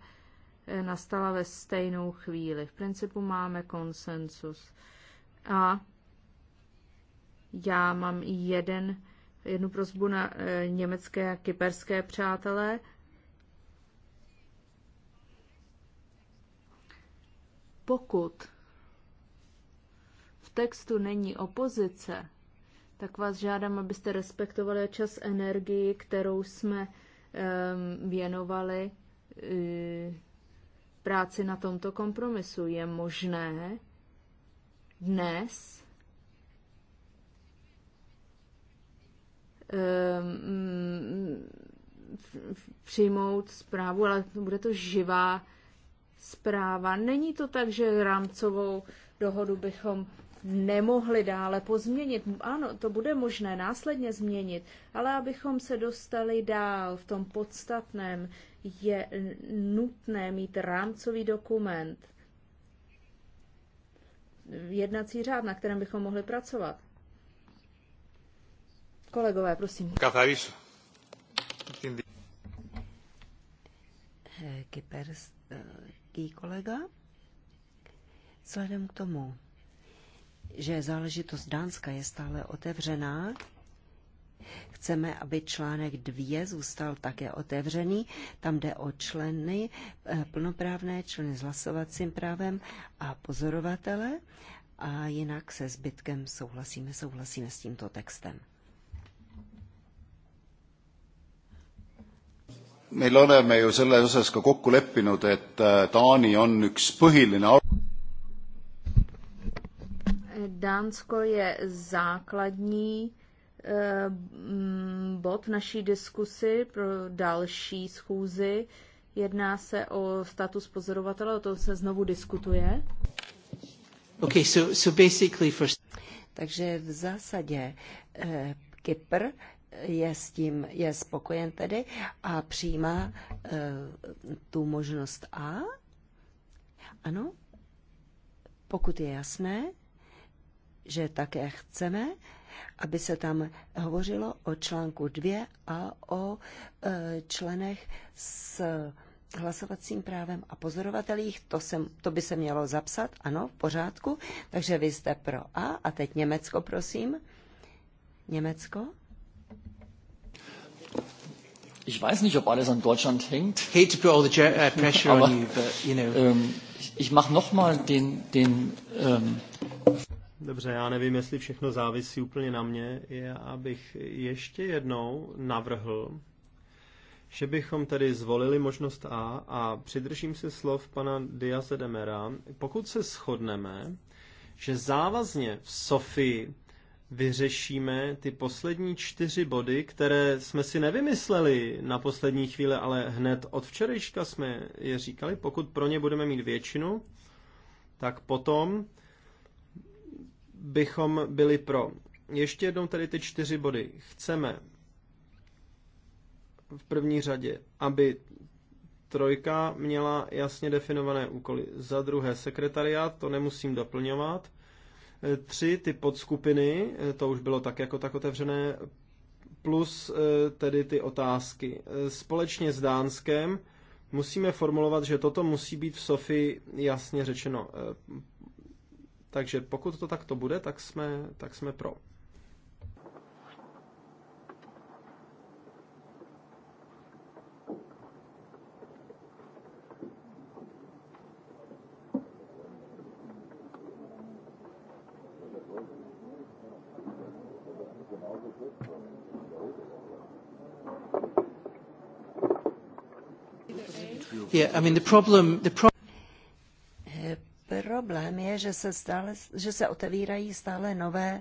eh, nastala ve stejnou chvíli. V principu máme konsenzus A já mám jeden, jednu prozbu na e, německé a kyperské přátelé. Pokud v textu není opozice, tak vás žádám, abyste respektovali čas energii, kterou jsme e, věnovali e, práci na tomto kompromisu. Je možné dnes Ehm, přijmout zprávu, ale bude to živá zpráva. Není to tak, že rámcovou dohodu bychom nemohli dále pozměnit. Ano, to bude možné následně změnit, ale abychom se dostali dál v tom podstatném, je nutné mít rámcový dokument, jednací řád, na kterém bychom mohli pracovat. Kolegové, prosím. Kataríš. Eh, kyperský kolega. Vzhledem k tomu, že záležitost Dánska je stále otevřená, Chceme, aby článek 2 zůstal také otevřený. Tam jde o členy, eh, plnoprávné členy s hlasovacím právem a pozorovatele. A jinak se zbytkem souhlasíme, souhlasíme s tímto textem. meil oleme ju selles osas ka kokku leppinud, et äh, Taani on üks põhiline Dánsko je základní eh, bod naší diskusi pro další schůzi. Jedná se o status pozorovatele, o tom se znovu diskutuje. Okay, so, so basically for... Takže v zásadě eh, Kypr je s tím je spokojen tedy a přijímá eh, tu možnost A? Ano? Pokud je jasné, že také chceme, aby se tam hovořilo o článku 2 a o eh, členech s hlasovacím právem a pozorovatelích, to, se, to by se mělo zapsat, ano, v pořádku. Takže vy jste pro A a teď Německo, prosím. Německo? ich weiß nicht, ob alles an Deutschland hängt. Hate to put all the uh, pressure Aber, on you, but you know. Ähm, ich ich mache mal den, den ähm, Dobře, já nevím, jestli všechno závisí úplně na mě, je, abych ještě jednou navrhl, že bychom tedy zvolili možnost A a přidržím se slov pana Diaz Demera. Pokud se shodneme, že závazně v Sofii vyřešíme ty poslední čtyři body, které jsme si nevymysleli na poslední chvíli, ale hned od včerejška jsme je říkali. Pokud pro ně budeme mít většinu, tak potom bychom byli pro. Ještě jednou tady ty čtyři body. Chceme v první řadě, aby trojka měla jasně definované úkoly. Za druhé sekretariát, to nemusím doplňovat tři ty podskupiny, eh, to už bylo tak jako tak otevřené, plus eh, tedy ty otázky. Eh, společně s Dánskem musíme formulovat, že toto musí být v Sofii jasně řečeno. Takže pokud to takto bude, tak jsme, tak jsme pro. I mean the problem, the pro- eh, Problém je, že se, stále, že se otevírají stále nové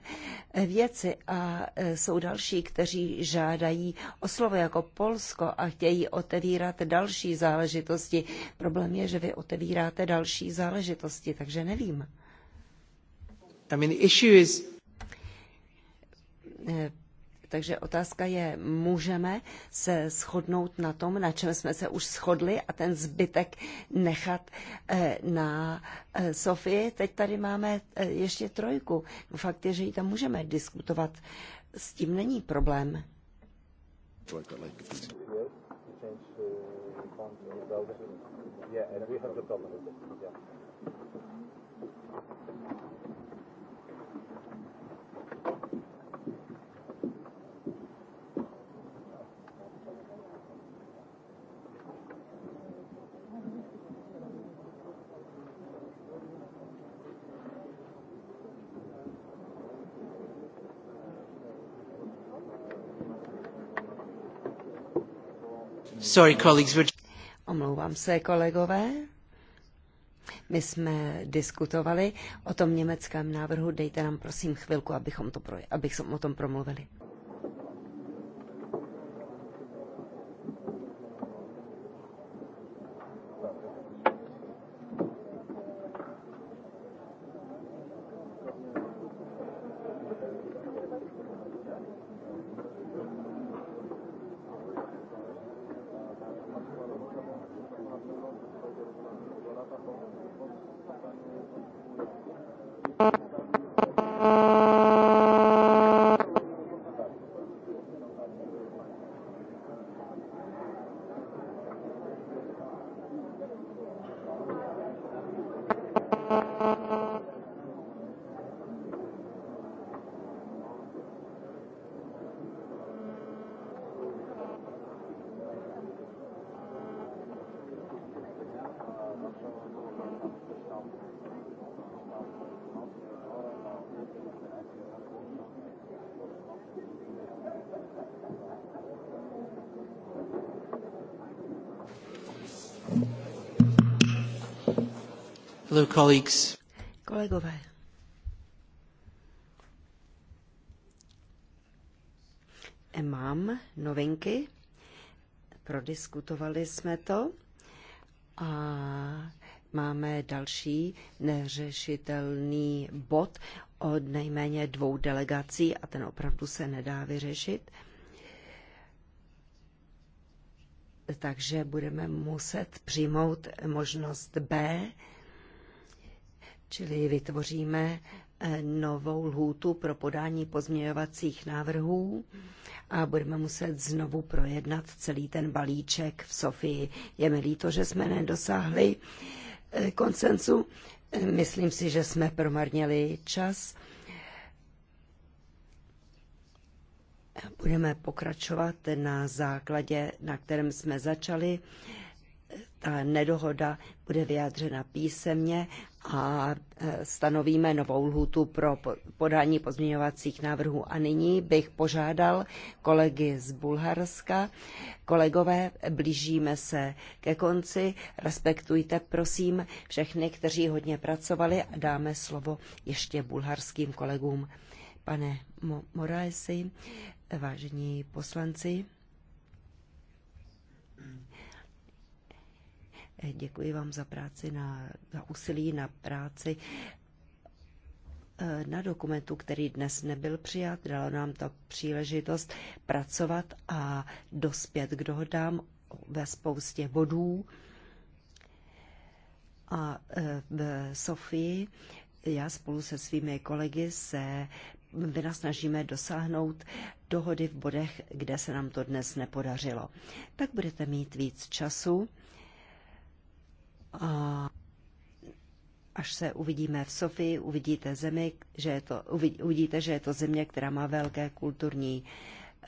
eh, věci a eh, jsou další, kteří žádají o slovo jako Polsko a chtějí otevírat další záležitosti. Problém je, že vy otevíráte další záležitosti, takže nevím. I mean, the issue is... Takže otázka je, můžeme se shodnout na tom, na čem jsme se už shodli a ten zbytek nechat eh, na eh, Sofii. Teď tady máme eh, ještě trojku. fakt je, že ji tam můžeme diskutovat. S tím není problém. Yeah, and we have the problem Yeah. Sorry, colleagues, we're... Omlouvám se, kolegové. My jsme diskutovali o tom německém návrhu. Dejte nám prosím chvilku, abychom to abychom o tom promluvili. Kolegové. Mám novinky. Prodiskutovali jsme to a máme další neřešitelný bod od nejméně dvou delegací a ten opravdu se nedá vyřešit. takže budeme muset přijmout možnost B, Čili vytvoříme eh, novou lhůtu pro podání pozměňovacích návrhů a budeme muset znovu projednat celý ten balíček v Sofii. Je mi líto, že jsme nedosáhli eh, konsensu. Eh, myslím si, že jsme promarnili čas. Budeme pokračovat na základě, na kterém jsme začali ta nedohoda bude vyjádřena písemně a e, stanovíme novou lhůtu pro podání pozměňovacích návrhů. A nyní bych požádal kolegy z Bulharska. Kolegové, blížíme se ke konci. Respektujte, prosím, všechny, kteří hodně pracovali a dáme slovo ještě bulharským kolegům. Pane Moraesi, vážení poslanci, Eh, děkuji vám za práci, na, za úsilí na práci eh, na dokumentu, který dnes nebyl přijat. Dalo nám to příležitost pracovat a dospět k dohodám ve spoustě bodů. A eh, v Sofii já spolu se svými kolegy se snažíme dosáhnout dohody v bodech, kde se nám to dnes nepodařilo. Tak budete mít víc času a až se uvidíme v Sofii, uvidíte, zemi, že je to, uvidíte, že je to země, která má velké kulturní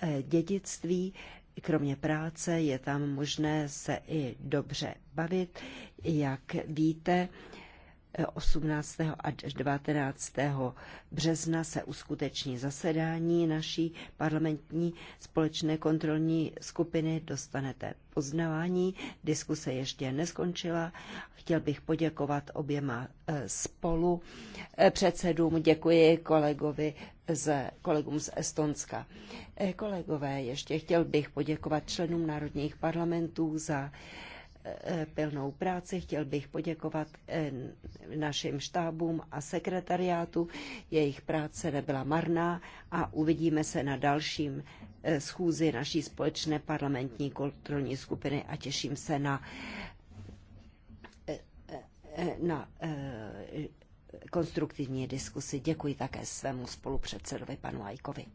eh, dědictví. Kromě práce je tam možné se i dobře bavit. Jak víte, 18. až 19. března se uskuteční zasedání naší parlamentní společné kontrolní skupiny. Dostanete poznávání. Diskuse ještě neskončila. Chtěl bych poděkovat oběma eh, spolu eh, předsedům. Děkuji kolegovi z, kolegům z Estonska. Eh, kolegové, ještě chtěl bych poděkovat členům národních parlamentů za Eh, plnou práci. Chtěl bych poděkovat eh, našim štábům a sekretariátu. Jejich práce nebyla marná a uvidíme se na dalším eh, schůzi naší společné parlamentní kontrolní skupiny a těším se na, na konstruktivní diskusi. Děkuji také svému spolupředsedovi panu Ajkovi.